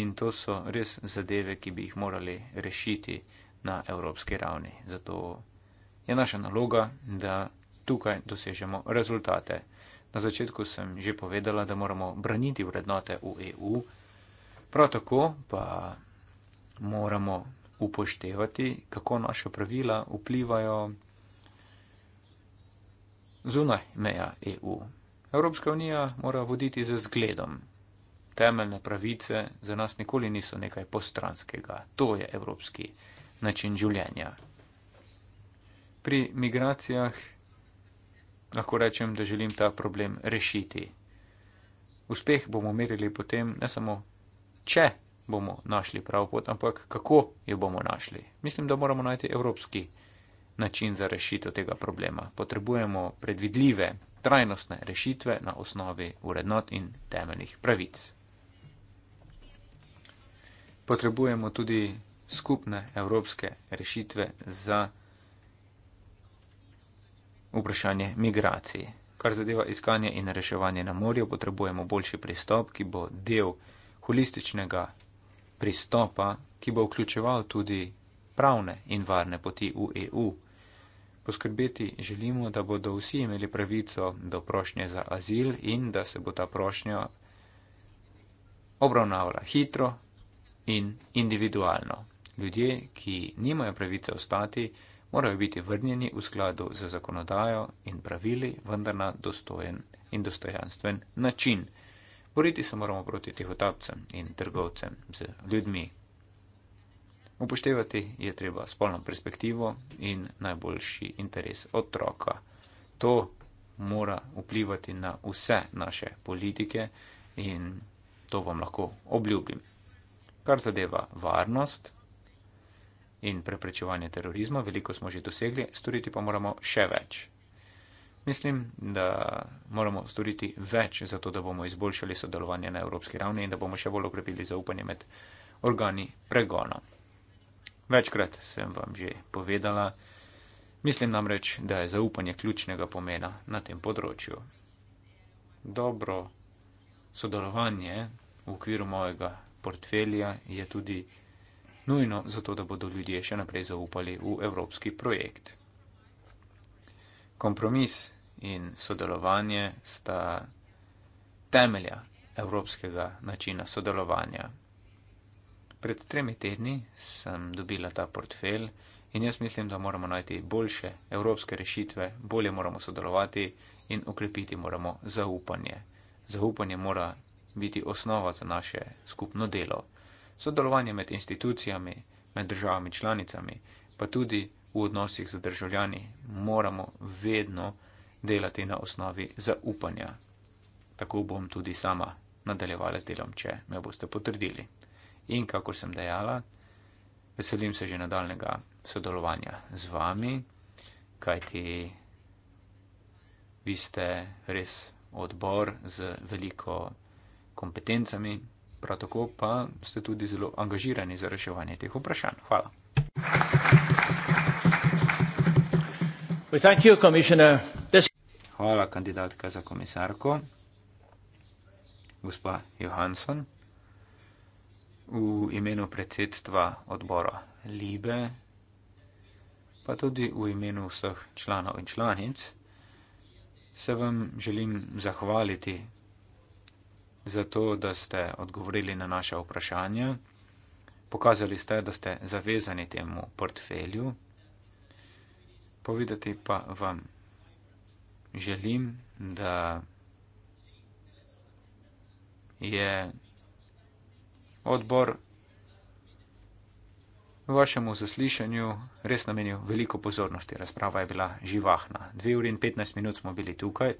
in to so res zadeve, ki bi jih morali rešiti na evropski ravni. Zato je naša naloga, da tukaj dosežemo rezultate. Na začetku sem že povedala, da moramo braniti vrednote v EU. Prav tako pa moramo upoštevati, kako naša pravila vplivajo zunaj meja EU. Evropska unija mora voditi za zgledom. Temeljne pravice za nas nikoli niso nekaj postranskega. To je evropski način življenja. Pri migracijah lahko rečem, da želim ta problem rešiti. Uspeh bomo merili potem ne samo če bomo našli pravo pot, ampak kako jo bomo našli. Mislim, da moramo najti evropski način za rešitev tega problema. Potrebujemo predvidljive, trajnostne rešitve na osnovi urednot in temeljnih pravic. Potrebujemo tudi skupne evropske rešitve za vprašanje migracije. Kar zadeva iskanje in reševanje na morju, potrebujemo boljši pristop, ki bo del holističnega pristopa, ki bo vključeval tudi pravne in varne poti v EU. Poskrbeti želimo, da bodo vsi imeli pravico do prošnje za azil in da se bo ta prošnja obravnavala hitro in individualno. Ljudje, ki nimajo pravice ostati, morajo biti vrnjeni v skladu z zakonodajo in pravili, vendar na dostojen in dostojanstven način. Boriti se moramo proti tihotapcem in trgovcem z ljudmi. Upoštevati je treba spolno perspektivo in najboljši interes otroka. To mora vplivati na vse naše politike in to vam lahko obljubim. Kar zadeva varnost in preprečevanje terorizma, veliko smo že dosegli, storiti pa moramo še več. Mislim, da moramo storiti več za to, da bomo izboljšali sodelovanje na evropski ravni in da bomo še bolj okrepili zaupanje med organi pregona. Večkrat sem vam že povedala, mislim namreč, da je zaupanje ključnega pomena na tem področju. Dobro sodelovanje v okviru mojega portfelja je tudi nujno zato, da bodo ljudje še naprej zaupali v evropski projekt. Kompromis in sodelovanje sta temelja evropskega načina sodelovanja. Pred tremi tedni sem dobila ta portfelj in jaz mislim, da moramo najti boljše evropske rešitve, bolje moramo sodelovati in ukrepiti moramo zaupanje. Zaupanje mora biti osnova za naše skupno delo. Sodelovanje med institucijami, med državami članicami, pa tudi v odnosih z državljani moramo vedno delati na osnovi zaupanja. Tako bom tudi sama nadaljevala z delom, če me boste potrdili. In kako sem dejala, veselim se že nadaljnega sodelovanja z vami, kajti vi ste res odbor z veliko kompetencami, prav tako pa ste tudi zelo angažirani za reševanje teh vprašanj. Hvala. We thank you, Commissioner. Hvala, kandidatka za komisarko. Gospa Johansson, v imenu predsedstva odbora Libe, pa tudi v imenu vseh članov in članic, se vam želim zahvaliti za to, da ste odgovorili na naše vprašanja. Pokazali ste, da ste zavezani temu portfelju. Povedati pa vam želim, da je odbor vašemu zaslišanju res namenil veliko pozornosti. Razprava je bila živahna. Dve uri in 15 minut smo bili tukaj.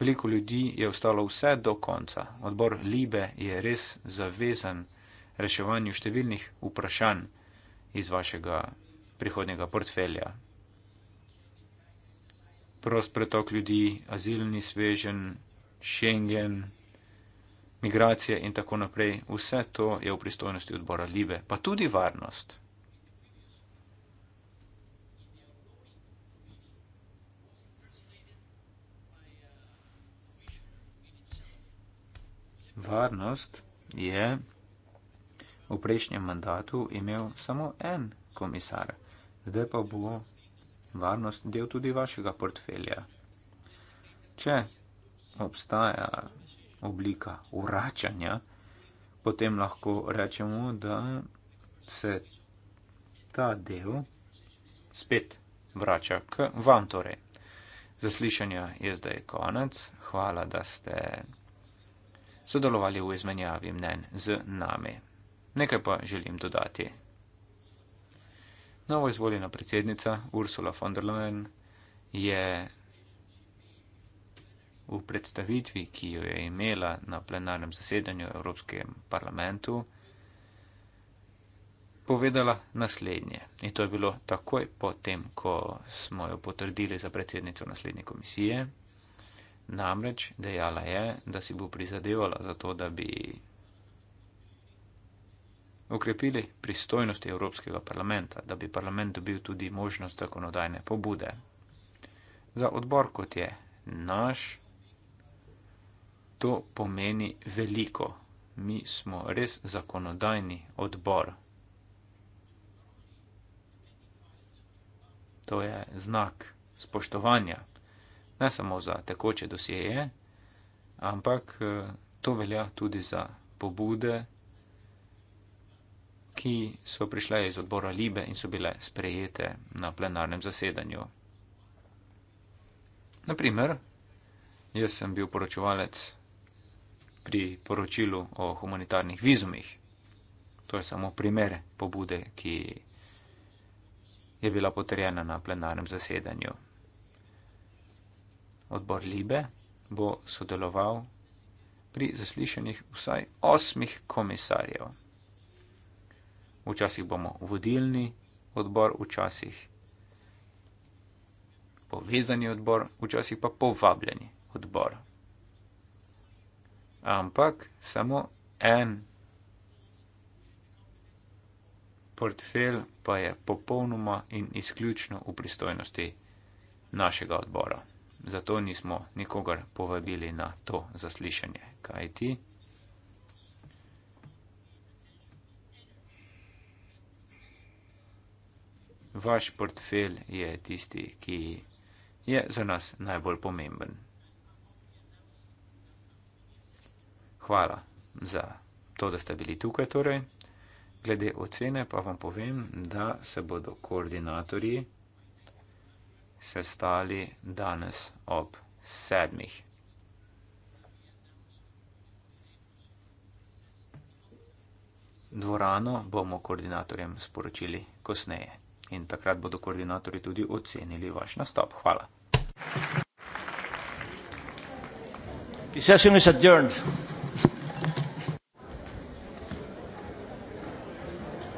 Veliko ljudi je ostalo vse do konca. Odbor Libe je res zavezan reševanju številnih vprašanj iz vašega prihodnega portfelja prost pretok ljudi, azilni svežen, Schengen, migracije in tako naprej. Vse to je v pristojnosti odbora Libe, pa tudi varnost. Varnost je v prejšnjem mandatu imel samo en komisar, zdaj pa bo varnost del tudi vašega portfelja. Če obstaja oblika vračanja, potem lahko rečemo, da se ta del spet vrača k vam. Torej. Zaslišanja je zdaj konec. Hvala, da ste sodelovali v izmenjavi mnen z nami. Nekaj pa želim dodati novo izvoljena predsednica Ursula von der Leyen je v predstavitvi, ki jo je imela na plenarnem zasedanju v Evropskem parlamentu, povedala naslednje. In to je bilo takoj potem, ko smo jo potrdili za predsednico naslednje komisije. Namreč dejala je, da si bo prizadevala za to, da bi okrepili pristojnosti Evropskega parlamenta, da bi parlament dobil tudi možnost zakonodajne pobude. Za odbor, kot je naš, to pomeni veliko. Mi smo res zakonodajni odbor. To je znak spoštovanja, ne samo za tekoče dosjeje, ampak eh, to velja tudi za pobude ki so prišle iz odbora Libe in so bile sprejete na plenarnem zasedanju. Naprimer, jaz sem bil poročevalec pri poročilu o humanitarnih vizumih. To je samo primer pobude, ki je bila potrjena na plenarnem zasedanju. Odbor Libe bo sodeloval pri zaslišanjih vsaj osmih komisarjev včasih bomo vodilni odbor, včasih povezani odbor, včasih pa povabljeni odbor. Ampak samo en portfelj pa je popolnoma in izključno v pristojnosti našega odbora. Zato nismo nikogar povabili na to zaslišanje. Kaj ti? vaš portfelj je tisti, ki je za nas najbolj pomemben. Hvala za to, da ste bili tukaj. Torej. Glede ocene pa vam povem, da se bodo koordinatorji sestali danes ob sedmih. Dvorano bomo koordinatorjem sporočili kasneje in takrat bodo koordinatorji tudi ocenili vaš nastop. Hvala. The session is adjourned.